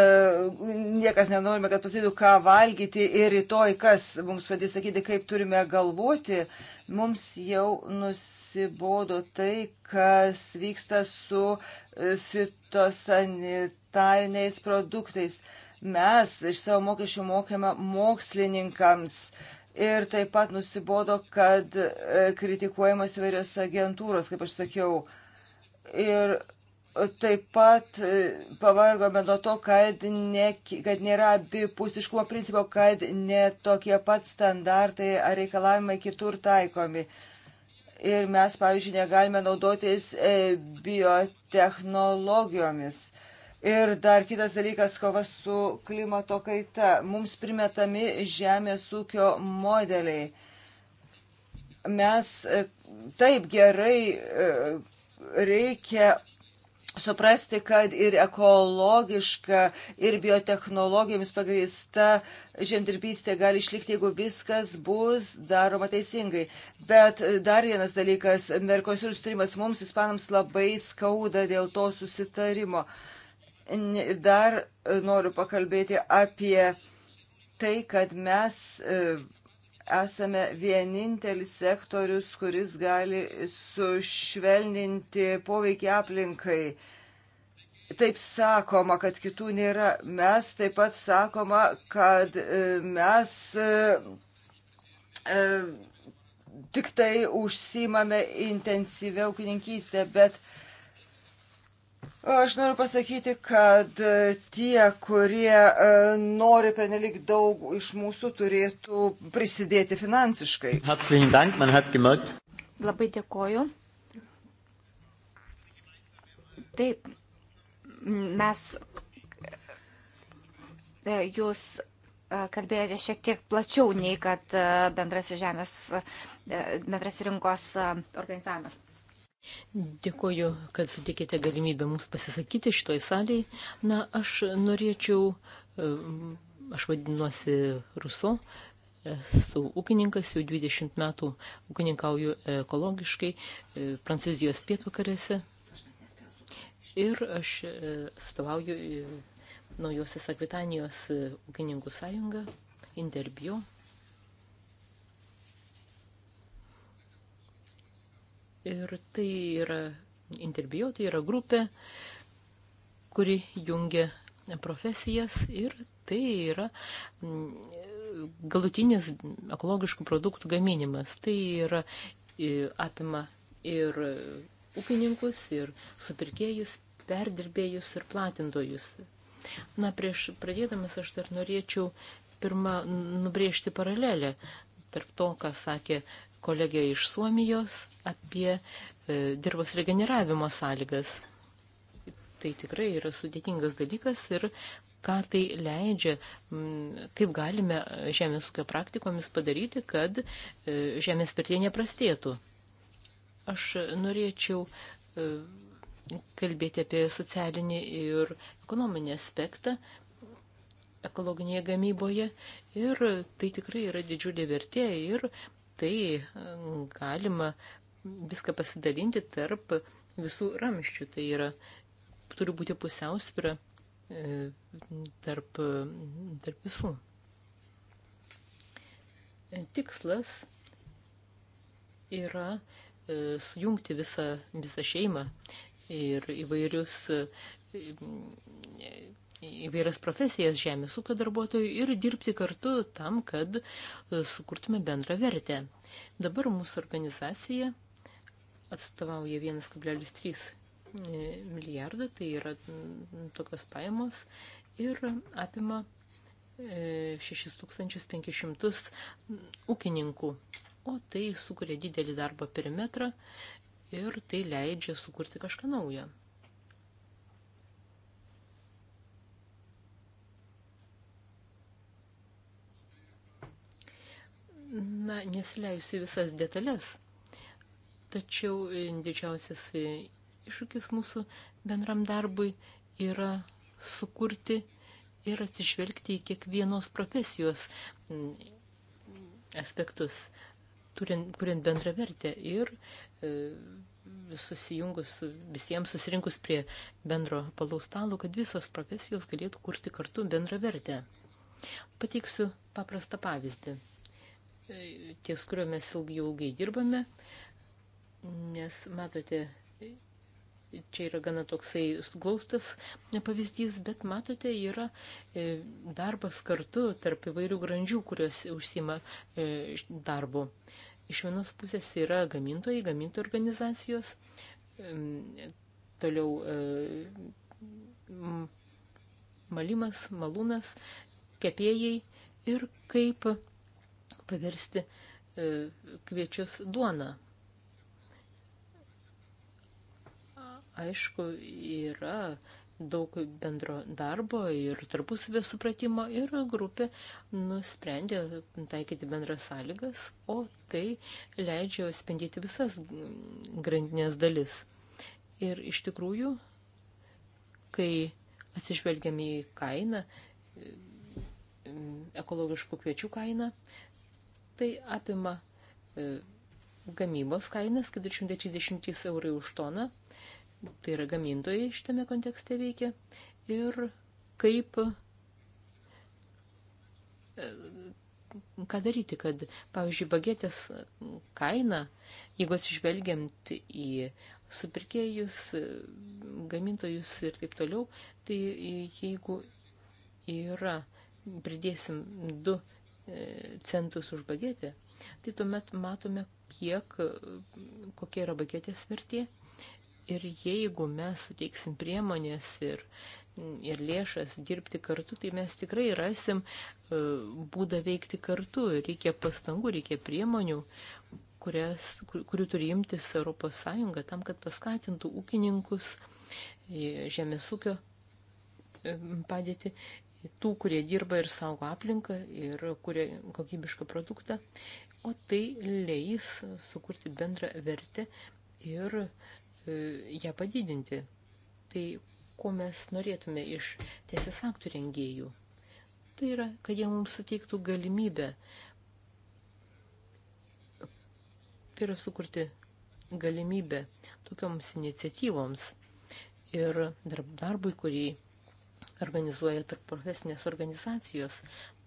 niekas nenorime, kad pasakytų, ką valgyti ir rytoj kas mums pradės sakyti, kaip turime galvoti. Mums jau nusibodo tai, kas vyksta su fitosanitariniais produktais. E, mes iš savo mokesčių mokėme mokslininkams. Ir taip pat nusibodo, kad e, kritikuojamas įvairios agentūros, kaip aš sakiau. Ir taip pat e, pavargome nuo to, kad, ne, kad nėra abipusiškumo principo, kad ne tokie pat standartai ar reikalavimai kitur taikomi ir mes, pavyzdžiui, negalime naudotis e, biotechnologijomis. Ir dar kitas dalykas - kova su klimato kaita. Mums primetami žemės ūkio modeliai. Mes e, taip gerai e, reikia suprasti, kad ir ekologiška, ir biotehnologijomis pagrįsta žemdirbystė gali išlikti, jeigu viskas bus daroma teisingai. Bet dar vienas dalykas, Merkosiūr sutarimas mums, ispanams, labai skauda dėl to susitarimo. Uh, Dar e, noriu pakalbėti apie tai, kad mes e, esame vienintelis sektorius, kuris gali sušvelninti poveikį aplinkai. Taip sakoma, kad kitų nėra. Mes taip pat sakoma, kad e, mes tik tai užsimame intensyvę ūkininkystę, bet Aš noriu pasakyti, kad e, tie, kurie e, nori pernelik daug iš mūsų, turėtų prisidėti finansiškai. Labai dėkoju. Taip, mes, e, jūs kalbėjote šiek tiek plačiau nei kad bendrasis žemės, bendrasis rinkos organizavimas. Dėkuoju, kad sutikėte galimybę mums pasisakyti šitoj salėje. Na, aš norėčiau, aš vadinuosi Ruso, esu ūkininkas, jau 20 metų ūkininkauju ekologiškai e, Prancūzijos pietvakarėse. Ir aš e, atstovauju e, naujosios Akvitanijos ūkininkų sąjungą, Interbio. Ir tai yra interviu, tai yra grupė, kuri jungia profesijas ir tai yra mm, galutinis ekologiškų produktų gaminimas. Tai yra apima ir ūkininkus, ir supirkėjus, perdirbėjus ir platintojus. Na, prieš pradėdamas aš dar norėčiau pirmą nubrėžti paralelę tarp to, ką sakė kolegė iš Suomijos apie e, dirbos regeneravimo sąlygas. Tai tikrai yra sudėtingas dalykas ir ką tai leidžia, kaip galime žemės ūkio praktikomis padaryti, kad e, žemės vertė neprastėtų. Aš norėčiau e, kalbėti apie socialinį ir ekonominį aspektą ekologinėje gamyboje ir tai tikrai yra didžiulė vertė ir tai mm, galima viską pasidalinti tarp visų ramščių. Tai yra, turi būti pusiausvyrą e, tarp, tarp visų. Tikslas yra e, sujungti visą, visą šeimą ir įvairius e, įvairias profesijas žemės ūkio darbuotojų ir dirbti kartu tam, kad e, sukurtume bendrą vertę. Dabar mūsų organizacija atstovauja 1,3 e, milijardo, tai yra tokios pajamos ir apima 6500 e, ūkininkų, o tai sukuria didelį darbo perimetrą ir tai leidžia sukurti kažką naują. Na, nesileisiu visas detalės, tačiau e, didžiausias e, iššūkis mūsų bendram darbui yra sukurti ir atsižvelgti į kiekvienos profesijos aspektus, turint, kuriant bendrą vertę ir e, susijungus, visiems susirinkus prie bendro palaus stalo, kad visos profesijos galėtų kurti kartu bendrą vertę. Pateiksiu paprastą pavyzdį. Tai ties kuriuo mes ilgai, ilgai dirbame, nes matote, čia yra gana toksai glaustas pavyzdys, bet matote, yra e, darbas kartu tarp įvairių grandžių, kurios užsima e, darbu. Iš vienos pusės yra gamintojai, gamintojų organizacijos, toliau e, malimas, malūnas, kepėjai ir kaip paversti e, kviečius duoną. Aišku, yra daug bendro darbo ir tarpusavio supratimo ir grupė nusprendė taikyti bendras sąlygas, o tai leidžia spendyti visas grandinės dalis. Ir iš tikrųjų, kai atsižvelgiam į kainą, e, ekologiškų kviečių kainą, Tai apima e, gamybos kainas 430 eurai už toną, tai yra gamintojai šitame kontekste veikia, ir kaip, e, ką daryti, kad, pavyzdžiui, bagetės kaina, jeigu atsižvelgiant į supirkėjus, e, gamintojus ir taip toliau, tai jeigu yra, pridėsim 2 E, centus už bagetę, tai tuomet matome, kiek, kokia yra bagetės vertė. Ir jeigu mes suteiksim priemonės ir, ir lėšas dirbti kartu, tai mes tikrai rasim e, būdą veikti kartu. Reikia pastangų, reikia priemonių, kurias, kur, kurių turi imtis ES tam, kad paskatintų ūkininkus e, žemės ūkio padėti tų, kurie dirba ir saugo aplinką ir kuria kokybišką produktą, o tai leis sukurti bendrą vertę ir e, ją padidinti. Tai ko mes norėtume iš teisės aktų rengėjų. Tai yra, kad jie mums suteiktų galimybę. Tai yra sukurti galimybę tokioms iniciatyvoms ir darbui, kurį organizuoja tarp profesinės organizacijos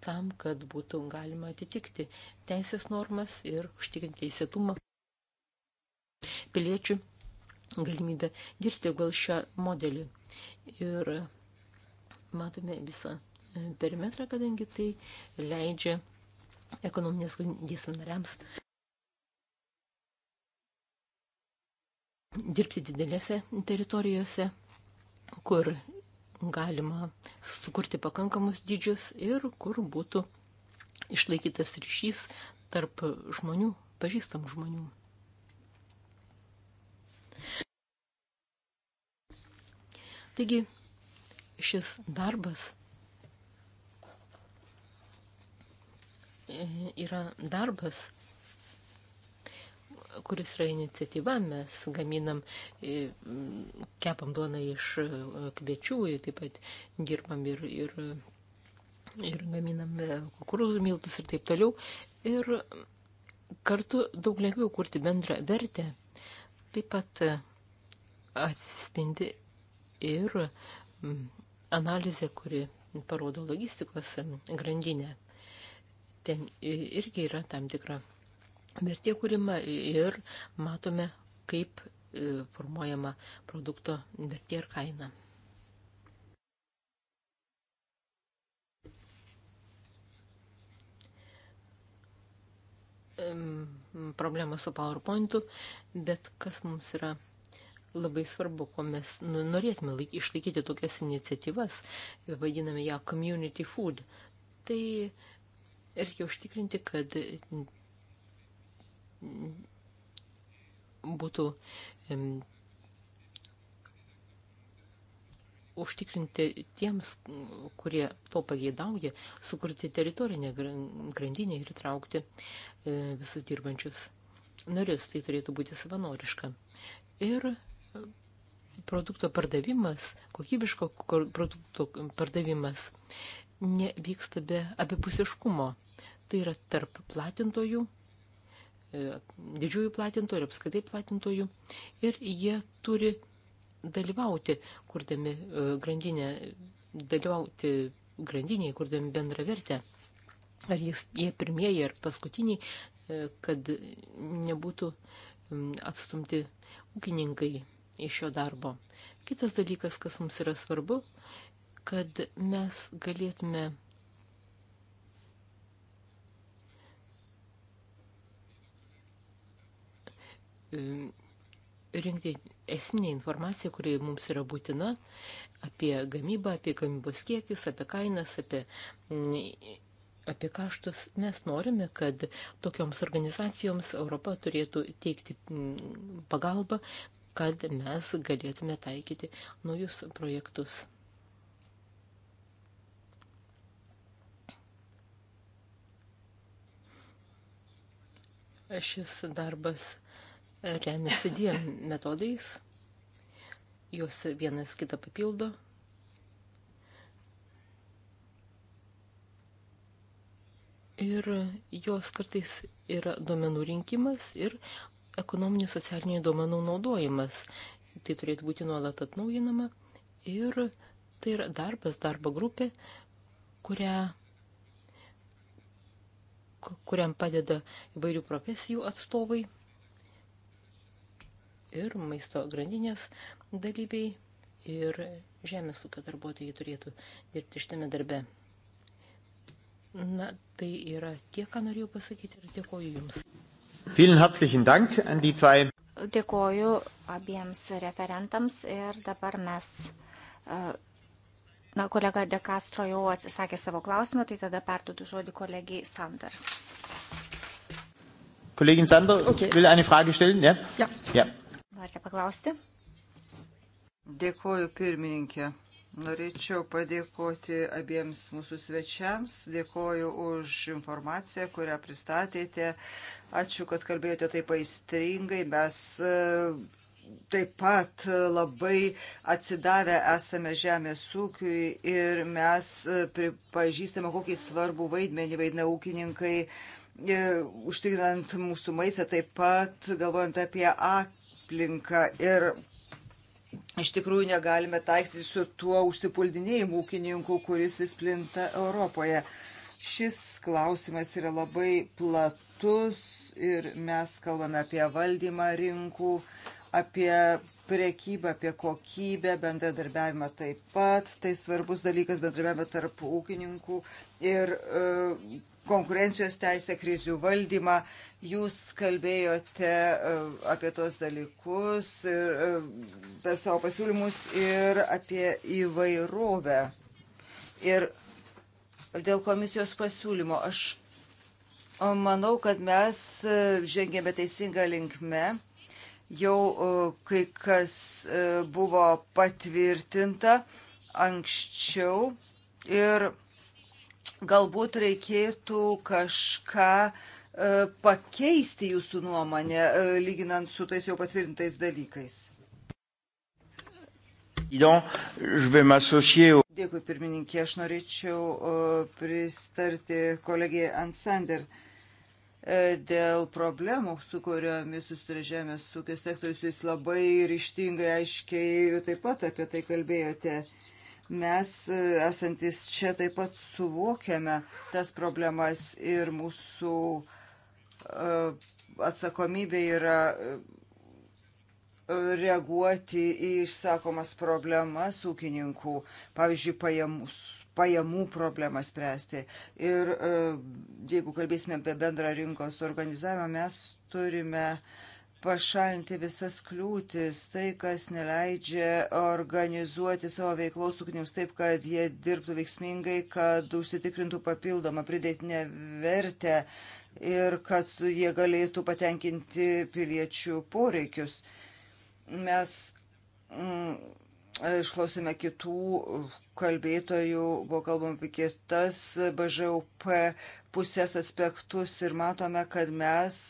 tam, kad būtų galima atitikti teisės normas ir užtikrinti teisėtumą piliečių galimybę dirbti gal šią modelį. Ir matome visą e, perimetrą, kadangi tai leidžia ekonominės galimybės nariams dirbti didelėse teritorijose, kur galima sukurti pakankamus dydžius ir kur būtų išlaikytas ryšys tarp žmonių, pažįstamų žmonių. Taigi šis darbas e, yra darbas, kuris yra iniciatyva, mes gaminam, e, kepam duoną iš e, kviečių, taip pat dirbam ir, ir, ir gaminam e, kukurūzų miltus ir taip toliau. Ir kartu daug lengviau kurti bendrą vertę. Taip pat atsispindi ir analizė, kuri parodo logistikos grandinę. Ten irgi yra tam tikra vertė kūrimą ir matome, kaip e, formuojama produkto vertė ir kaina. problemą su PowerPointu, bet kas mums yra labai svarbu, ko mes nu, norėtume laik, išlaikyti tokias iniciatyvas, vadiname ją community food, tai reikia užtikrinti, kad būtų užtikrinti tiems, kurie to pageidauja, sukurti teritorinę grandinę ir įtraukti e, visus dirbančius narius. Tai turėtų būti savanoriška. Ir e, produkto pardavimas, kokybiško produkto pardavimas nevyksta be abipusiškumo. Tai yra tarp platintojų E, didžiųjų platintojų ir apskaitai platintojų. Ir jie turi dalyvauti, kurdami e, grandinę, dalyvauti grandiniai, kurdami bendrą vertę. Ar jis, jie pirmieji ar paskutiniai, e, kad nebūtų atstumti ūkininkai iš jo darbo. Kitas dalykas, kas mums yra svarbu, kad mes galėtume E, rinkti esminę informaciją, kuri mums yra būtina apie gamybą, apie gamybos kiekius, apie kainas, apie, apie kaštus. Mes norime, kad tokioms organizacijoms Europa turėtų teikti pagalbą, kad mes galėtume taikyti naujus projektus. Šis darbas remiasi dviem metodais, jos vienas kitą papildo. Ir jos kartais yra duomenų rinkimas ir ekonominių socialinių duomenų naudojimas. Tai turėtų būti nuolat atnaujinama ir tai yra darbas, darbo grupė, kurią, kuriam padeda įvairių profesijų atstovai ir maisto grandinės dalyviai ir žemės ūkio darbuotojai turėtų dirbti šitame darbe. Na, tai yra tiek, ką norėjau pasakyti ir dėkoju Jums. Vielen herzlichen Dank an die zwei. Dėkoju abiems referentams ir dabar mes, e, na, kolega De Castro jau atsisakė savo klausimą, tai tada perduodu žodį kolegijai Sander. Kollegin Sander, okay. will eine Frage stellen? Ja. ja. ja norite paklausti? Dėkuoju pirmininkė. Norėčiau padėkoti abiems mūsų svečiams. Dėkuoju už informaciją, kurią pristatėte. Ačiū, kad kalbėjote taip aistringai. Mes e, taip pat labai atsidavę esame žemės ūkiui ir mes e, pripažįstame, kokį svarbų vaidmenį vaidina ūkininkai, e, užtikrinant mūsų maistą, taip pat galvojant apie ak aplinką ir iš tikrųjų negalime taikstyti su tuo užsipuldinėjimu ūkininku, kuris vis plinta Europoje. Šis klausimas yra labai platus ir mes kalbame apie valdymą rinkų, apie priekybą, apie kokybę, bendradarbiavimą taip pat. Tai svarbus dalykas bendradarbiavimą tarp ūkininkų ir e, konkurencijos teisę, krizių valdymą. Jūs kalbėjote e, apie tos dalykus ir e, per savo pasiūlymus ir apie įvairovę. Ir dėl komisijos pasiūlymo aš e, manau, kad mes žengėme teisingą linkmę jau kai kas buvo patvirtinta anksčiau ir galbūt reikėtų kažką e, pakeisti jūsų nuomonę, e, lyginant su tais jau patvirtintais dalykais. Dėkui, pirmininkė, aš norėčiau e, pristarti kolegijai Ansander dėl problemų, su kuriomis susiduria žemės ūkio sektorius, jūs labai ryštingai, aiškiai taip pat apie tai kalbėjote. Mes e, esantis čia taip pat suvokiame tas problemas ir mūsų e, atsakomybė yra e, reaguoti į išsakomas problemas ūkininkų, pavyzdžiui, pajamus, pajamų problemą spręsti. Ir jeigu kalbėsime apie bendrą rinkos organizavimą, mes turime uh, pašalinti visas kliūtis, tai, kas neleidžia organizuoti savo veiklos ūkinims taip, kad jie dirbtų veiksmingai, kad užsitikrintų papildomą pridėtinę vertę ir kad jie galėtų patenkinti piliečių poreikius. Mes mm, išklausėme kitų kalbėtojų, buvo kalbama apie kitas BŽUP pusės aspektus ir matome, kad mes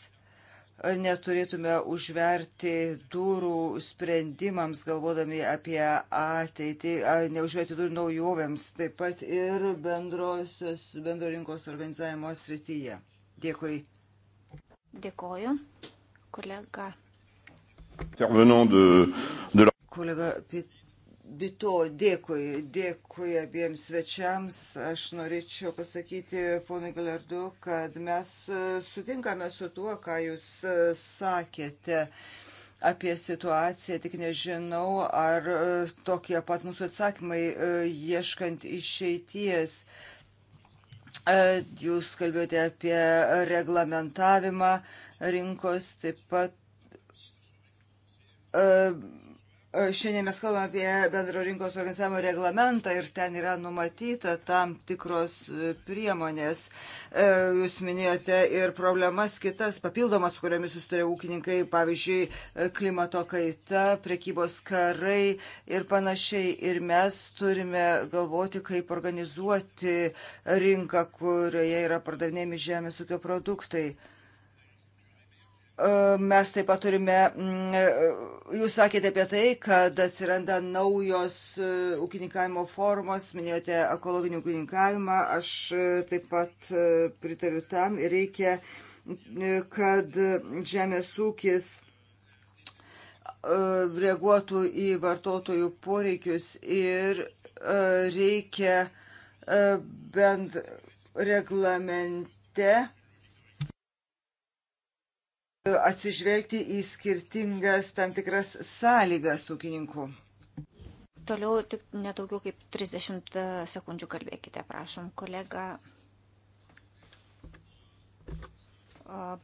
neturėtume užverti durų sprendimams, galvodami apie ateitį, neužverti durų naujovėms, taip pat ir bendrosios, bendro rinkos organizavimo srityje. Dėkui. Dėkoju, kolega. Kolega Pit Bito, dėkui, dėkui abiems svečiams. Aš norėčiau pasakyti, ponai Galardu, kad mes e, sutinkame su tuo, ką jūs e, sakėte apie situaciją, tik nežinau, ar e, tokie pat mūsų atsakymai ieškant išeities. Jūs kalbėjote apie reglamentavimą rinkos, taip pat E, šiandien mes kalbame apie bendro rinkos organizavimo reglamentą ir ten yra numatyta tam tikros e, priemonės. E, jūs minėjote ir problemas kitas, papildomas, kuriomis susituria ūkininkai, pavyzdžiui, klimato kaita, prekybos karai ir panašiai. Ir mes turime galvoti, kaip organizuoti rinką, kurioje yra pardavinėjami žemės ūkio produktai. Mes taip pat turime, mm, jūs sakėte apie tai, kad atsiranda naujos e, ūkininkavimo formos, minėjote ekologinį ūkininkavimą, aš e, taip pat e, pritariu tam ir reikia, kad žemės ūkis reaguotų į vartotojų poreikius ir reikia bent reglamente atsižvelgti į skirtingas tam tikras sąlygas ūkininkų. Toliau tik nedaugiau kaip 30 sekundžių kalbėkite, prašom, kolega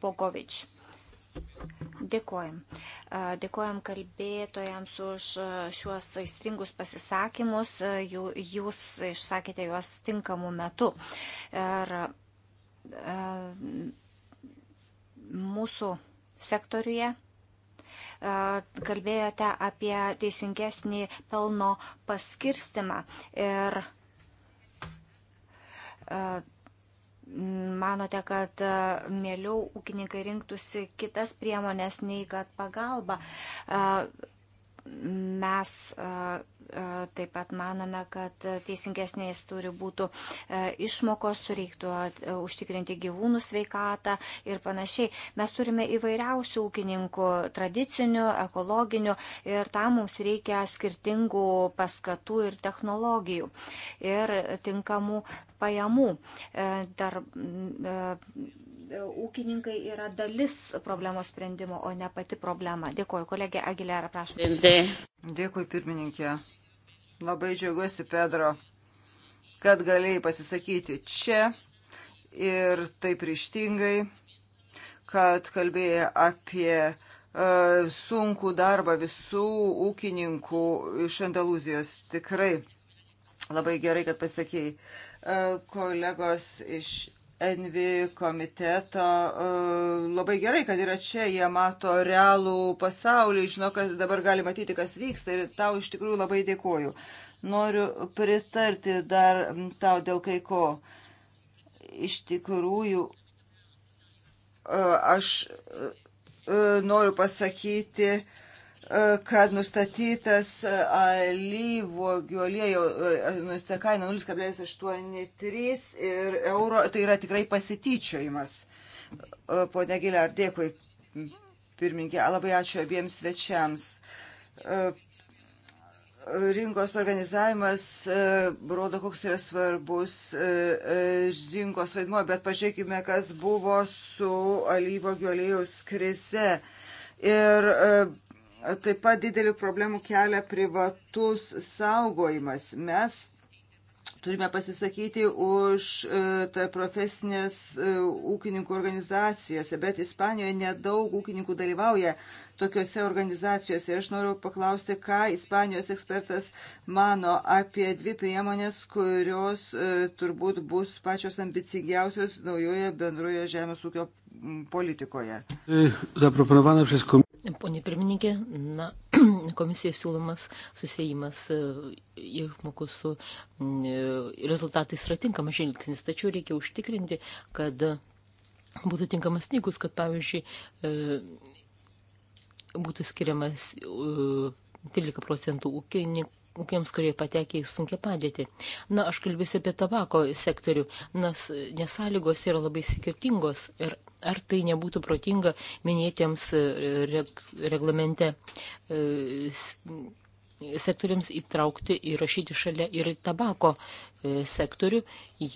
Bogovič. Dėkojam. Dėkojam kalbėtojams už šiuos aistringus pasisakymus. Jūs išsakėte juos tinkamu metu. Ir mūsų sektoriuje. E, kalbėjote apie teisingesnį pelno paskirstimą ir e, manote, kad e, mėliau ūkininkai rinktųsi kitas priemonės nei kad pagalba. Mes E, taip pat manome, kad teisingesnės turi būti e, išmokos, reiktų e, užtikrinti gyvūnų sveikatą ir panašiai. Mes turime įvairiausių ūkininkų tradicinių, ekologinių ir tam mums reikia skirtingų paskatų ir technologijų ir tinkamų pajamų. Dar, ūkininkai yra dalis problemos sprendimo, o ne pati problema. Dėkuoju, kolegė Agilera, prašom. Dėkuoju, pirmininkė. Labai džiaugiuosi, Pedro, kad galėjai pasisakyti čia ir taip ryštingai, kad kalbėjai apie e, sunkų darbą visų ūkininkų iš Andalūzijos. Tikrai labai gerai, kad pasakėjai. E, kolegos iš Envi komiteto. E, labai gerai, kad yra čia, jie mato realų pasaulį, žino, kad dabar gali matyti, kas vyksta ir tau iš tikrųjų labai dėkoju. Noriu pritarti dar tau dėl kai ko. Iš tikrųjų, e, aš e, noriu pasakyti, kad nustatytas e, alyvuogių aliejų e, nustatyta kaina 0,83 ir euro, tai yra tikrai pasityčiojimas. E, Pone Giler, dėkui pirmininkė, labai ačiū abiems svečiams. Rinkos organizavimas rodo, koks yra svarbus rinkos vaidmuo, bet pažiūrėkime, kas buvo su alyvuogių aliejaus krize. Ir Taip pat didelių problemų kelia privatus saugojimas. Mes turime pasisakyti už e, profesinės e, ūkininkų organizacijose, bet Ispanijoje nedaug ūkininkų dalyvauja tokiuose organizacijose. Ir aš noriu paklausti, ką Ispanijos ekspertas mano apie dvi priemonės, kurios e, turbūt bus pačios ambicingiausios naujoje bendroje žemės ūkio politikoje. Zaproponowana przez komisję. Pone pirmininkė, na, [CLEARS THROAT] komisija siūlomas susijimas išmokų e, su e, rezultatais yra tinkamas žvilgsnis, tačiau reikia užtikrinti, kad būtų tinkamas lygus, kad pavyzdžiui e, būtų skiriamas 13 procentų ūkininkų ūkiams, kurie patekė į sunkia padėtį. Na, aš kalbėsiu apie tabako sektorių, nes nesąlygos yra labai skirtingos ir ar tai nebūtų protinga minėtiems e, reg reglamente e, sektoriams įtraukti ir rašyti šalia ir tabako e, sektorių,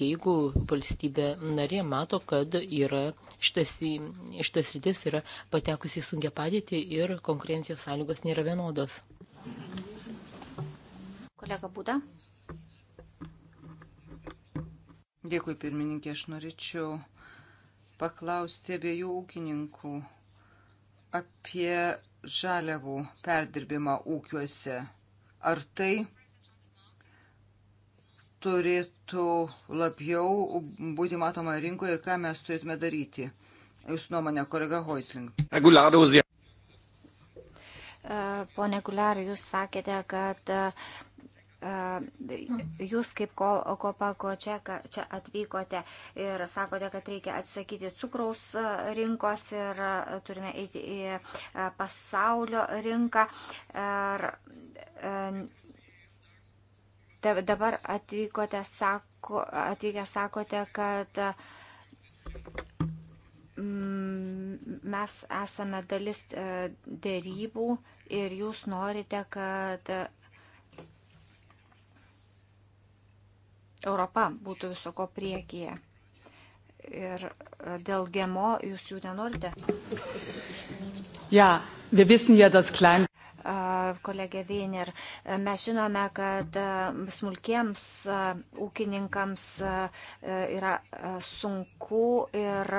jeigu valstybė narė mato, kad yra šitas, šitas rytis yra patekusi į sunkia padėtį ir konkurencijos sąlygos nėra vienodos. Mhm. Kolega Būda. Dėkui, pirmininkė, aš norėčiau paklausti abiejų ūkininkų apie žaliavų perdirbimą ūkiuose. Ar tai turėtų labiau būti matoma rinkoje ir ką mes turėtume daryti? Jūsų nuomonė, kolega Hoisling. Pone Guliarai, jūs sakėte, kad Ehm, jūs kaip Kopako čia, čia atvykote ir sakote, kad reikia atsisakyti cukraus e, rinkos ir e, turime eiti į e, pasaulio rinką. Ir dabar atvykote, sako, atvykę sakote, kad mm, mes esame dalis dėrybų ir jūs norite, kad Europa būtų visoko priekyje. Ir e, dėl GMO jūs jų nenorite? Ja, wir wissen ja, dass klein. Kolegė Veiner, e, mes žinome, kad e, smulkiems ūkininkams yra sunku ir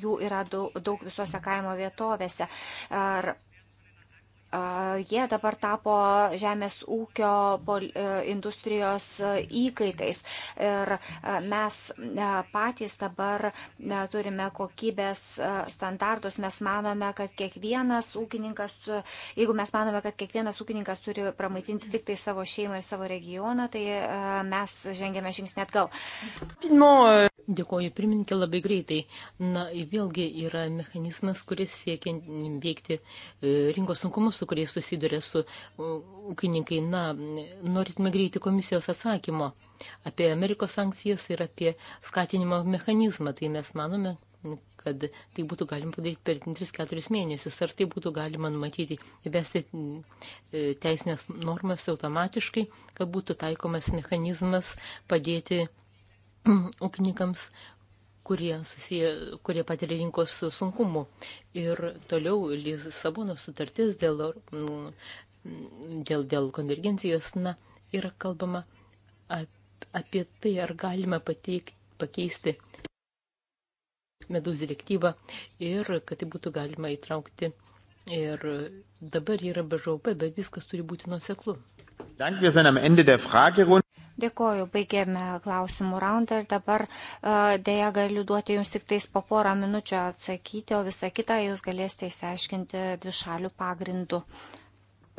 jų yra daug visose kaimo vietovėse. Ar Jie dabar tapo žemės ūkio e, industrijos e, įkaitais. Ir e, mes patys dabar turime kokybės standartus. Mes manome, kad kiekvienas ūkininkas, jeigu mes manome, kad kiekvienas ūkininkas turi pramaitinti tik tai savo šeimą ir savo regioną, tai mes žengėme žingsnį atgal. Dėkoju, pirmininkė, labai greitai. Na, vėlgi yra mechanizmas, kuris siekia veikti rinkos sunkumus su kuriais susiduria su ūkininkai. Na, norėtume greitai komisijos atsakymo apie Amerikos sankcijas ir apie skatinimo mechanizmą. Tai mes manome, kad tai būtų galima padaryti per 3-4 mėnesius. Ar tai būtų galima numatyti įvesti e, teisinės normas automatiškai, kad būtų taikomas mechanizmas padėti ūkininkams kurie, susiję, kurie patiria rinkos sunkumų. Ir toliau Lisabono sutartis dėl, mm, dėl, dėl konvergencijos, na, yra kalbama apie tai, ar galime pateikti, pakeisti medaus direktyvą ir kad tai būtų galima įtraukti. Ir dabar yra BŽOP, bet viskas turi būti nuoseklu. Dėkoju, baigėme klausimų raundą ir dabar e, dėja galiu duoti jums tik tais po porą minučių atsakyti, o visą kitą jūs galėsite įsiaiškinti dvišalių pagrindų.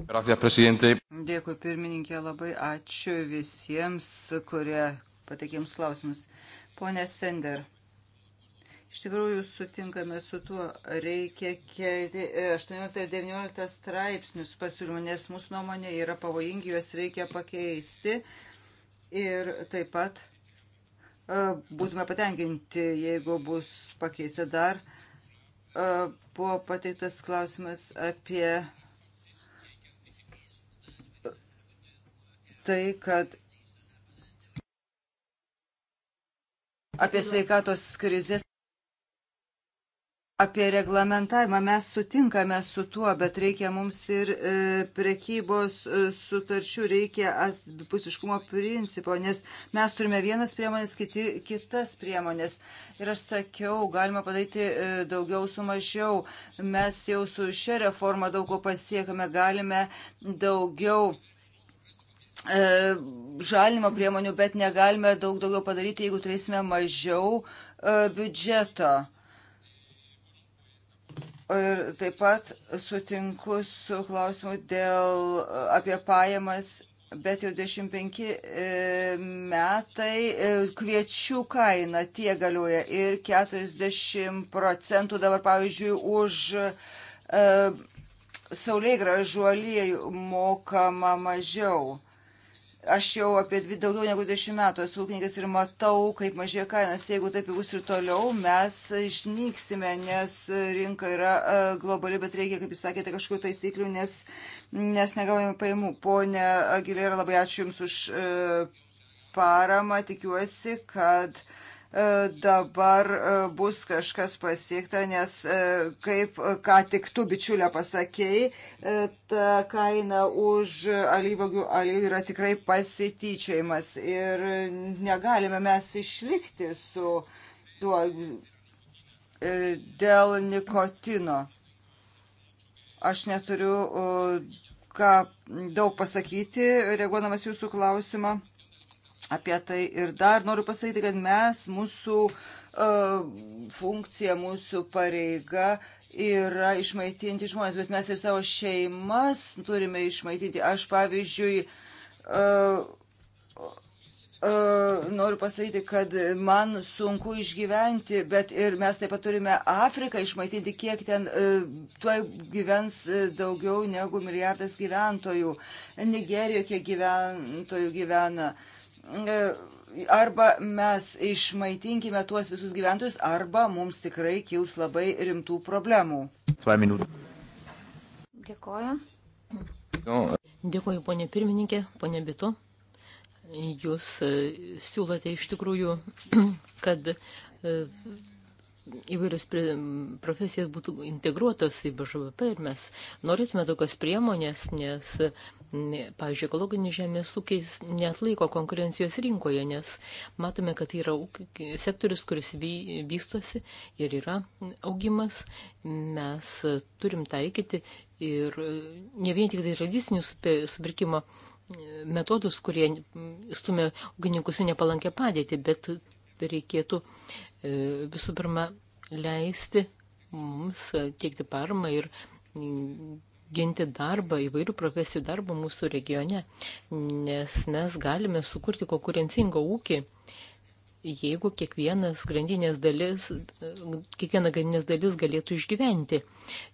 Dėkui pirmininkė, labai ačiū visiems, kurie patikėms klausimus. Pone Sender. Iš tikrųjų, sutinkame su tuo, reikia kelti 18 e, ir 19 straipsnius pasiūlymų, nes mūsų nuomonė yra pavojingi, juos reikia pakeisti. Ir taip pat e, būtume patenkinti, jeigu bus pakeista dar. E, buvo pateiktas klausimas apie tai, kad apie sveikatos krizės. Apie reglamentavimą mes sutinkame su tuo, bet reikia mums ir e, prekybos e, sutarčių, reikia atpusiškumo principo, nes mes turime vienas priemonės, kiti, kitas priemonės. Ir aš sakiau, galima padaryti e, daugiau su mažiau. Mes jau su šia reforma daug ko pasiekame, galime daugiau e, žalinimo priemonių, bet negalime daug daugiau padaryti, jeigu turėsime mažiau e, biudžeto Ir taip pat sutinku su klausimu dėl apie pajamas, bet jau 25 e, metai e, kviečių kaina tie galioja ir 40 procentų dabar, pavyzdžiui, už e, saulėgražų aliejų mokama mažiau. Aš jau apie dvi, daugiau negu 20 metų esu ūkininkas ir matau, kaip mažėja kainas. Jeigu taip bus ir toliau, mes išnyksime, nes rinka yra e, globali, bet reikia, kaip jūs sakėte, kažkokių taisyklių, nes, nes negaujame pajamų. Pone Agilė, labai ačiū Jums už e, paramą. Tikiuosi, kad uh, E, dabar e, bus kažkas pasiekta, nes e, kaip ką tik tu bičiulė pasakėjai, ta kaina už alyvogių aliejų yra tikrai pasityčiajimas ir negalime mes išlikti su tuo dėl nikotino. Aš neturiu ką daug pasakyti, reaguodamas jūsų klausimą apie tai. Ir dar noriu pasakyti, kad mes, mūsų uh, funkcija, mūsų pareiga yra išmaitinti žmonės, bet mes ir savo šeimas turime išmaitinti. Aš, pavyzdžiui, uh, Uh, noriu pasakyti, kad man sunku išgyventi, bet ir mes taip pat turime Afriką išmaitinti, kiek ten uh, tuoj gyvens daugiau negu milijardas gyventojų. Nigerijoje kiek gyventojų gyvena. Uh, E, arba mes išmaitinkime tuos visus gyventojus, arba mums tikrai kils labai rimtų problemų. Dėkoju. Uh, Dėkoju, ponė pirmininkė, ponė Bitu. Jūs e, siūlote iš tikrųjų, [CLEARS THROAT] kad e, įvairios profesijos būtų integruotos į BŽVP ir mes norėtume tokios priemonės, nes pavyzdžiui, ekologinis žemės ūkis neatlaiko konkurencijos rinkoje, nes matome, kad tai yra sektorius, kuris vystosi ir yra augimas. Mes turim taikyti ir ne vien tik tai tradicinius supirkimo metodus, kurie stumia ūkininkus į nepalankę padėtį, bet reikėtų e, visų pirma leisti mums teikti paramą ir ginti darbą, įvairių profesijų darbą mūsų regione, nes mes galime sukurti konkurencingą ūkį, jeigu kiekvienas grandinės dalis, kiekviena grandinės dalis galėtų išgyventi.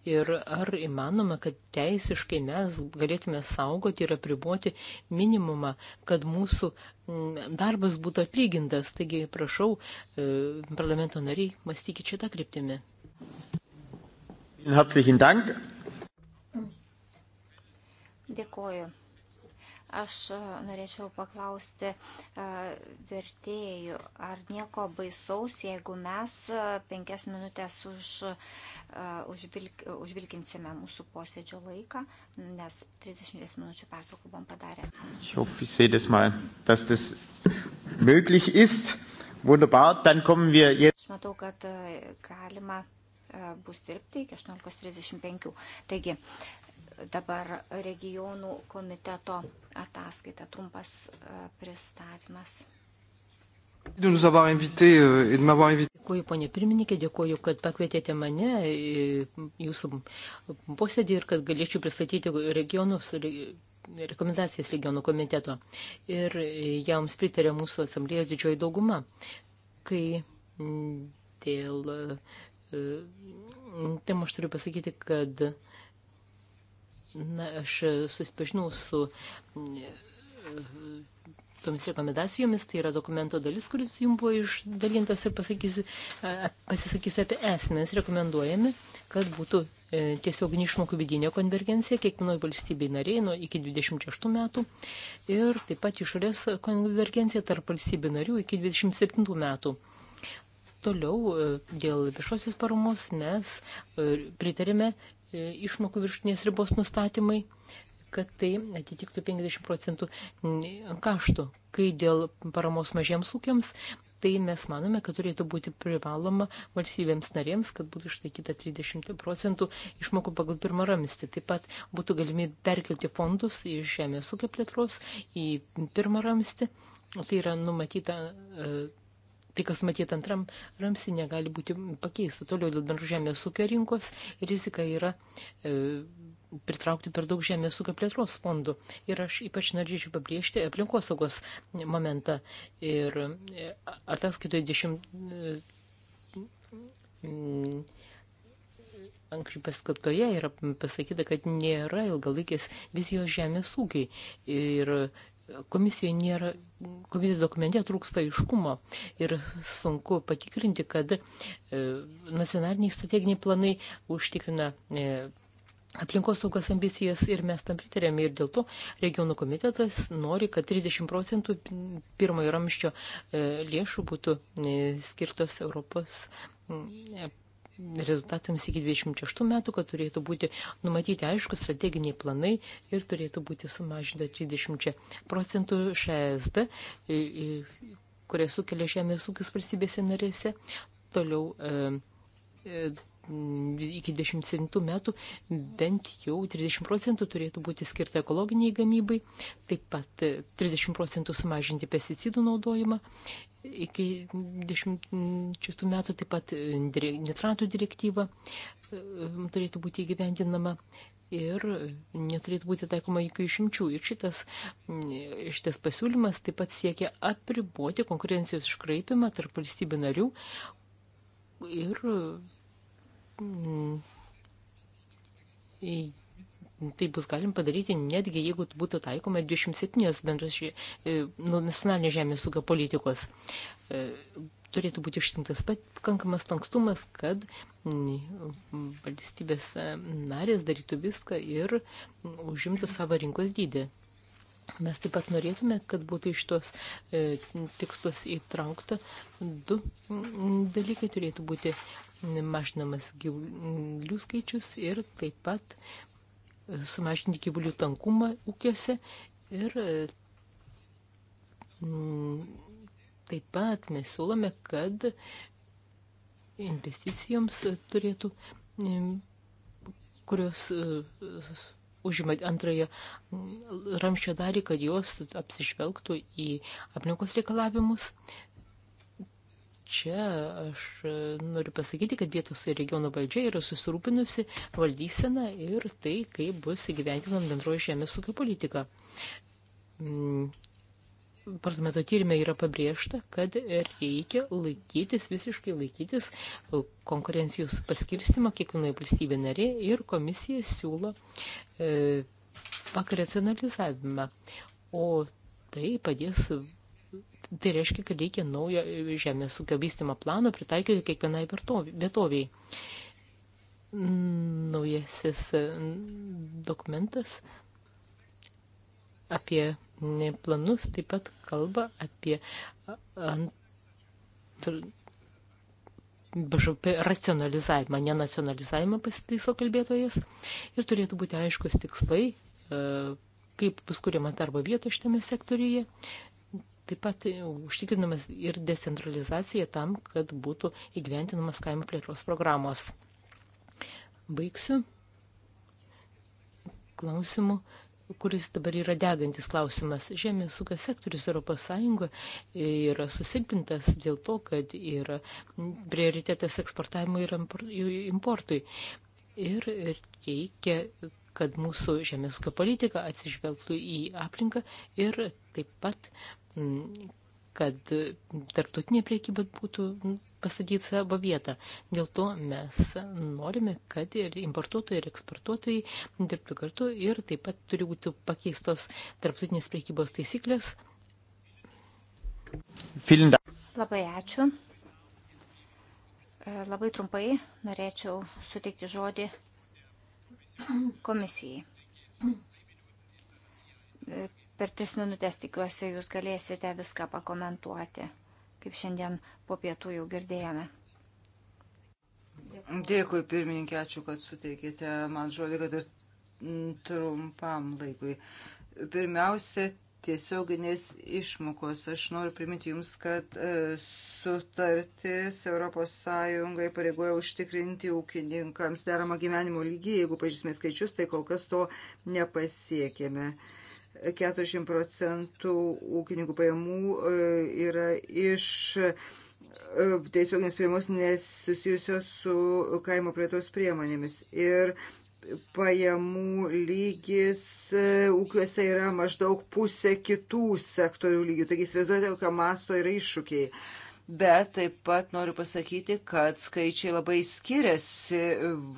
Ir ar įmanoma, kad teisiškai mes galėtume saugoti ir apriboti minimumą, kad mūsų mm, darbas būtų atlygintas. Taigi, prašau, e, parlamento nariai, mąstykit šitą kryptimį. Herzlichen Dank. Dėkuoju. Aš e, norėčiau paklausti e, vertėjų, ar nieko baisaus, jeigu mes e, penkias minutės už, užvilk, užvilkinsime mūsų posėdžio laiką, nes 30 minučių pertraukų buvom padarę. Ich hoffe, ich sehe das mal, dass das möglich ist. Wunderbar, dann kommen wir jetzt. Aš matau, kad galima bus dirbti iki 18.35. Taigi, uh, Dabar regionų komiteto ataskaita, trumpas e, pristatymas. Euh, dėkuoju, ponė pirmininkė, dėkuoju, kad pakvietėte mane jūsų posėdį ir kad galėčiau pristatyti regionus rekomendacijas regionų komiteto. Ir joms pritarė mūsų asamblėjos didžioji dauguma, kai dėl e, temų aš turiu pasakyti, kad Na, aš susipažinau su mm, tomis rekomendacijomis, tai yra dokumento dalis, kuris jums buvo išdalintas ir pasakysiu, pasisakysiu apie esmę. Mes rekomenduojame, kad būtų e, tiesiog neišmokų vidinė konvergencija kiekvienoj valstybei nariai nuo iki 26 metų ir taip pat išorės konvergencija tarp valstybių narių iki 27 metų. Toliau e, dėl viešosios paramos mes e, pritarėme E, išmokų viršutinės ribos nustatymai, kad tai atitiktų 50 procentų kaštų. Kai dėl paramos mažiems ūkiams, tai mes manome, kad turėtų būti privaloma valstybėms narėms, kad būtų išlaikyta 30 procentų išmokų pagal pirmą ramstį. Taip pat būtų galimybė perkelti fondus iš žemės ūkio plėtros į pirmą ramstį. Tai yra numatyta e, tai, kas matyt antram ramsi, negali būti pakeista. Toliau dėl bendrų žemės ūkio rinkos rizika yra e, pritraukti per daug žemės ūkio plėtros fondų. Ir aš ypač norėčiau pabrėžti aplinkosaugos momentą. Ir e, ataskaitoje dešimt. E, mm, anksčiau paskatoje yra pasakyta, kad nėra ilgalaikės vizijos žemės ūkiai. Ir komisijai nėra, komisijos dokumente trūksta iškumo ir sunku patikrinti, kad e, nacionaliniai strateginiai planai užtikrina e, aplinkosaugos ambicijas ir mes tam pritarėme ir dėl to regionų komitetas nori, kad 30 procentų pirmojo ramščio e, lėšų būtų skirtos Europos rezultatams iki 26 metų, kad turėtų būti numatyti aiškus strateginiai planai ir turėtų būti sumažinta 30 procentų ŠSD, kurie sukelia žemės ūkis valstybėse narėse. Toliau e, e, iki 27 metų bent jau 30 procentų turėtų būti skirta ekologiniai gamybai, taip pat 30 e, procentų sumažinti pesticidų naudojimą iki dešimtų metų taip pat e, nitratų direktyva e, turėtų būti įgyvendinama ir neturėtų būti taikoma jokių išimčių. Ir šitas, e, šitas pasiūlymas taip pat siekia apriboti konkurencijos iškraipimą tarp valstybių narių ir mm, Tai bus galim padaryti netgi jeigu būtų taikoma 27 bendros e, nu, nacionalinės žemės ūkio politikos. E, turėtų būti ištintas pakankamas tankstumas, kad valstybės e, narės darytų viską ir užimtų savo rinkos dydį. Mes taip pat norėtume, kad būtų iš tos e, tikslus įtraukta du dalykai turėtų būti mažinamas gyvulių skaičius ir taip pat sumažinti gyvulių tankumą ūkiuose ir mm, taip pat mes siūlome, kad investicijoms turėtų, mm, kurios e, užima antrąją mm, ramščio dalį, kad jos apsižvelgtų į aplinkos reikalavimus, čia aš e, noriu pasakyti, kad vietos ir regiono valdžia yra susirūpinusi valdysena ir tai, kaip bus įgyventinama bendroji žemės ūkio politika. Mm. Parlamento tyrimė yra pabrėžta, kad reikia laikytis, visiškai laikytis konkurencijos paskirstimą kiekvienoje valstybė narė ir komisija siūlo e, pakrecionalizavimą. O tai padės Tai reiškia, kad reikia naujo žemės ūkio vystimo plano pritaikyti kiekvienai vietoviai. Naujasis mm, dokumentas apie planus taip pat kalba apie BŽP racionalizavimą, ne nacionalizavimą pasitaiso kalbėtojas ir turėtų būti aiškus tikslai, e, kaip bus kuriamas darbo vietos šitame sektoriuje, Taip pat e, užtikrinamas ir decentralizacija tam, kad būtų įgyventinamas kaimo plėtros programos. Baigsiu klausimu, kuris dabar yra degantis klausimas. Žemės ūkio sektorius ES e, yra susilpintas dėl to, kad yra prioritetas eksportavimui ir importui. Ir reikia, kad mūsų žemės ūkio politika atsižvelgtų į aplinką ir taip pat kad tarptautinė priekyba būtų pasakyti savo vietą. Dėl to mes norime, kad ir importuotojai, ir eksportuotojai dirbtų kartu ir taip pat turi būti pakeistos tarptautinės priekybos taisyklės. Labai ačiū. E, labai trumpai norėčiau suteikti žodį komisijai e, Per tris minutės tikiuosi, jūs galėsite viską pakomentuoti, kaip šiandien po pietų jau girdėjome. Dėkui, pirmininkė, ačiū, kad suteikėte man žodį, kad ir trumpam laikui. Pirmiausia, tiesioginės išmokos. Aš noriu priminti Jums, kad e, sutartis ES pareigoja užtikrinti ūkininkams deramą gyvenimo lygį. Jeigu pažįsime skaičius, tai kol kas to nepasiekėme. Uh, 40 procentų ūkininkų pajamų e, yra iš e, tiesioginės pajamos nesusijusios su kaimo plėtos priemonėmis. Ir pajamų lygis e, ūkiuose yra maždaug pusė kitų sektorių lygių. Taigi įsivaizduojate, kokio masto yra iššūkiai bet taip pat noriu pasakyti, kad skaičiai labai skiriasi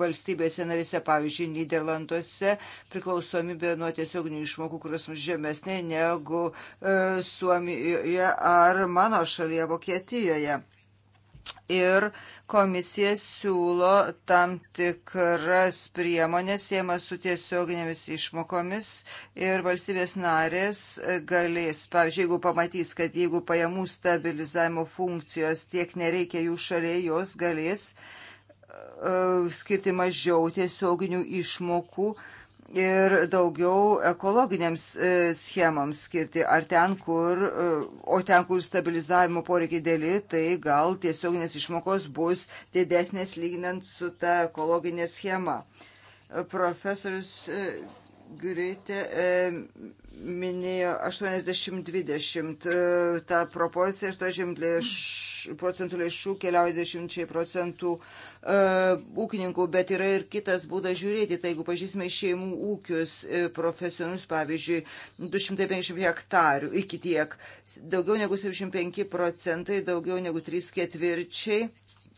valstybėse narėse, pavyzdžiui, Niderlanduose priklausomybė nuo tiesioginių išmokų, kurios žemesnė negu e, Suomijoje ar mano šalyje Vokietijoje ir komisija siūlo tam tikras priemonės siemas su tiesioginėmis išmokomis ir valstybės narės galės, pavyzdžiui, jeigu pamatys, kad jeigu pajamų stabilizavimo funkcijos tiek nereikia jų šaliai, jos galės uh, skirti mažiau tiesioginių išmokų uh, ir daugiau ekologiniams e, schemoms skirti, ar ten, kur, e, o ten, kur stabilizavimo poreikiai dėli, tai gal tiesioginės išmokos bus didesnės lyginant su ta ekologinė schema. E, profesorius Grytė minėjo 80-20, ta proporcija 80 procentų lėšų keliauja 20 procentų e, ūkininkų, bet yra ir kitas būdas žiūrėti, tai jeigu pažįsime šeimų ūkius e, profesionus, pavyzdžiui, 250 hektarių iki tiek, daugiau negu 75 procentai, daugiau negu 3 ketvirčiai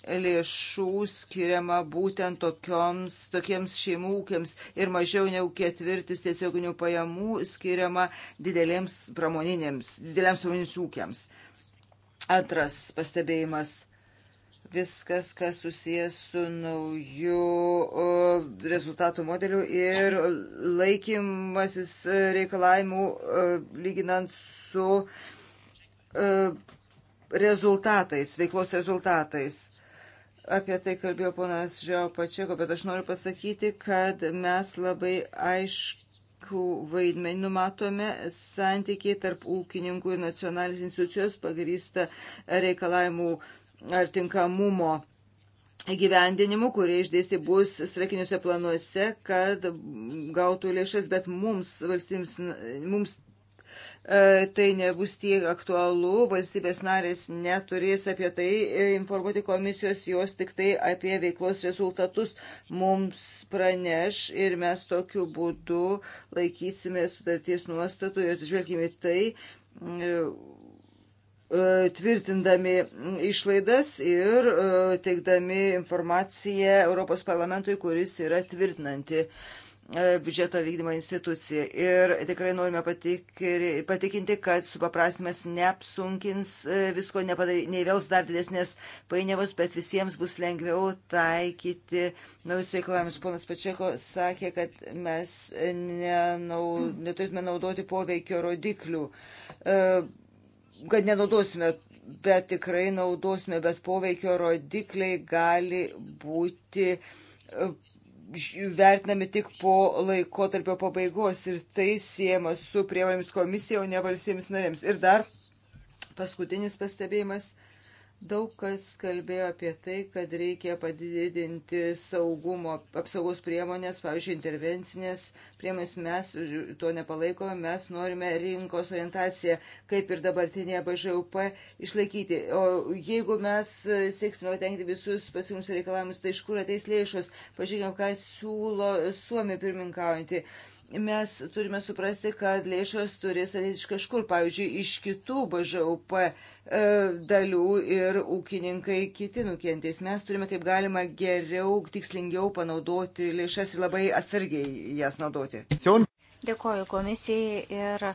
lėšų skiriama būtent tokioms, tokiems šeimų ūkiams ir mažiau negu ketvirtis tiesioginių pajamų skiriama didelėms pramoninėms, didelėms pramoninėms ūkiams. Antras pastebėjimas viskas, kas susijęs su nauju rezultatų modeliu ir laikymasis reikalavimų lyginant su rezultatais, veiklos rezultatais. Apie tai kalbėjo ponas Žiau Pačeko, bet aš noriu pasakyti, kad mes labai aišku vaidmenį numatome santykiai tarp ūkininkų ir nacionalinės institucijos pagrįsta reikalavimų ar tinkamumo gyvendinimu, kurie išdėsti bus strakiniuose planuose, kad gautų lėšas, bet mums, valstybėms, mums E, tai nebus tiek aktualu, valstybės narės neturės apie tai e, informuoti komisijos, jos tik tai apie veiklos rezultatus mums praneš ir mes tokiu būdu laikysime sutarties nuostatų ir atsižvelgime tai e, tvirtindami išlaidas ir teikdami informaciją Europos parlamentui, kuris yra tvirtinanti uh, E, biudžeto vykdymo institucija. Ir tikrai norime patikri, patikinti, kad supaprastimas neapsunkins e, visko, neįvels dar didesnės painiavos, bet visiems bus lengviau taikyti naujus reikalavimus. Ponas Pačeko sakė, kad mes nenau, neturėtume naudoti poveikio rodiklių, e, kad nenaudosime bet tikrai naudosime, bet poveikio rodikliai gali būti vertinami tik po laikotarpio pabaigos ir tai siejama su prievalėmis komisija, o ne valstybėmis narėms. Ir dar paskutinis pastebėjimas Daug kas kalbėjo apie tai, kad reikia padidinti saugumo apsaugos priemonės, pavyzdžiui, intervencinės priemonės. Mes to nepalaikome, mes norime rinkos orientaciją, kaip ir dabartinėje BŽUP, išlaikyti. O jeigu mes sieksime patenkinti visus pasiūlymus reikalavimus, tai iš kur ateis lėšos? Pažiūrėkime, ką siūlo Suomija pirmininkaujantį. Uh, mes turime suprasti, kad lėšos turės ateiti iš kažkur, pavyzdžiui, iš kitų BŽUP e, dalių ir ūkininkai kiti nukentės. Mes turime kaip galima geriau, tikslingiau panaudoti lėšas ir labai atsargiai jas naudoti. Dėkoju komisijai ir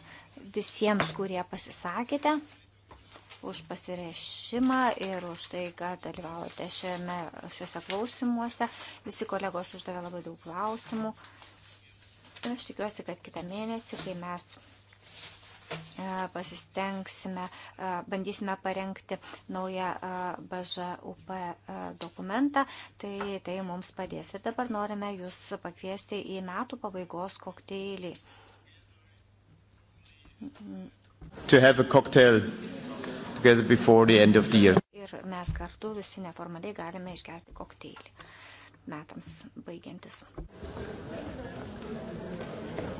visiems, kurie pasisakėte už pasirešimą ir už tai, kad dalyvavote šiame, šiuose klausimuose. Visi kolegos uždavė labai daug klausimų. Aš tikiuosi, kad kitą mėnesį, kai mes e, pasistengsime, e, bandysime parengti naują e, BŽUP dokumentą, tai tai mums padės. Ir dabar norime jūs pakviesti į metų pabaigos kokteilį. To have a cocktail together before the end of the year. Ir mes kartu visi neformaliai galime išgerti kokteilį metams baigiantis.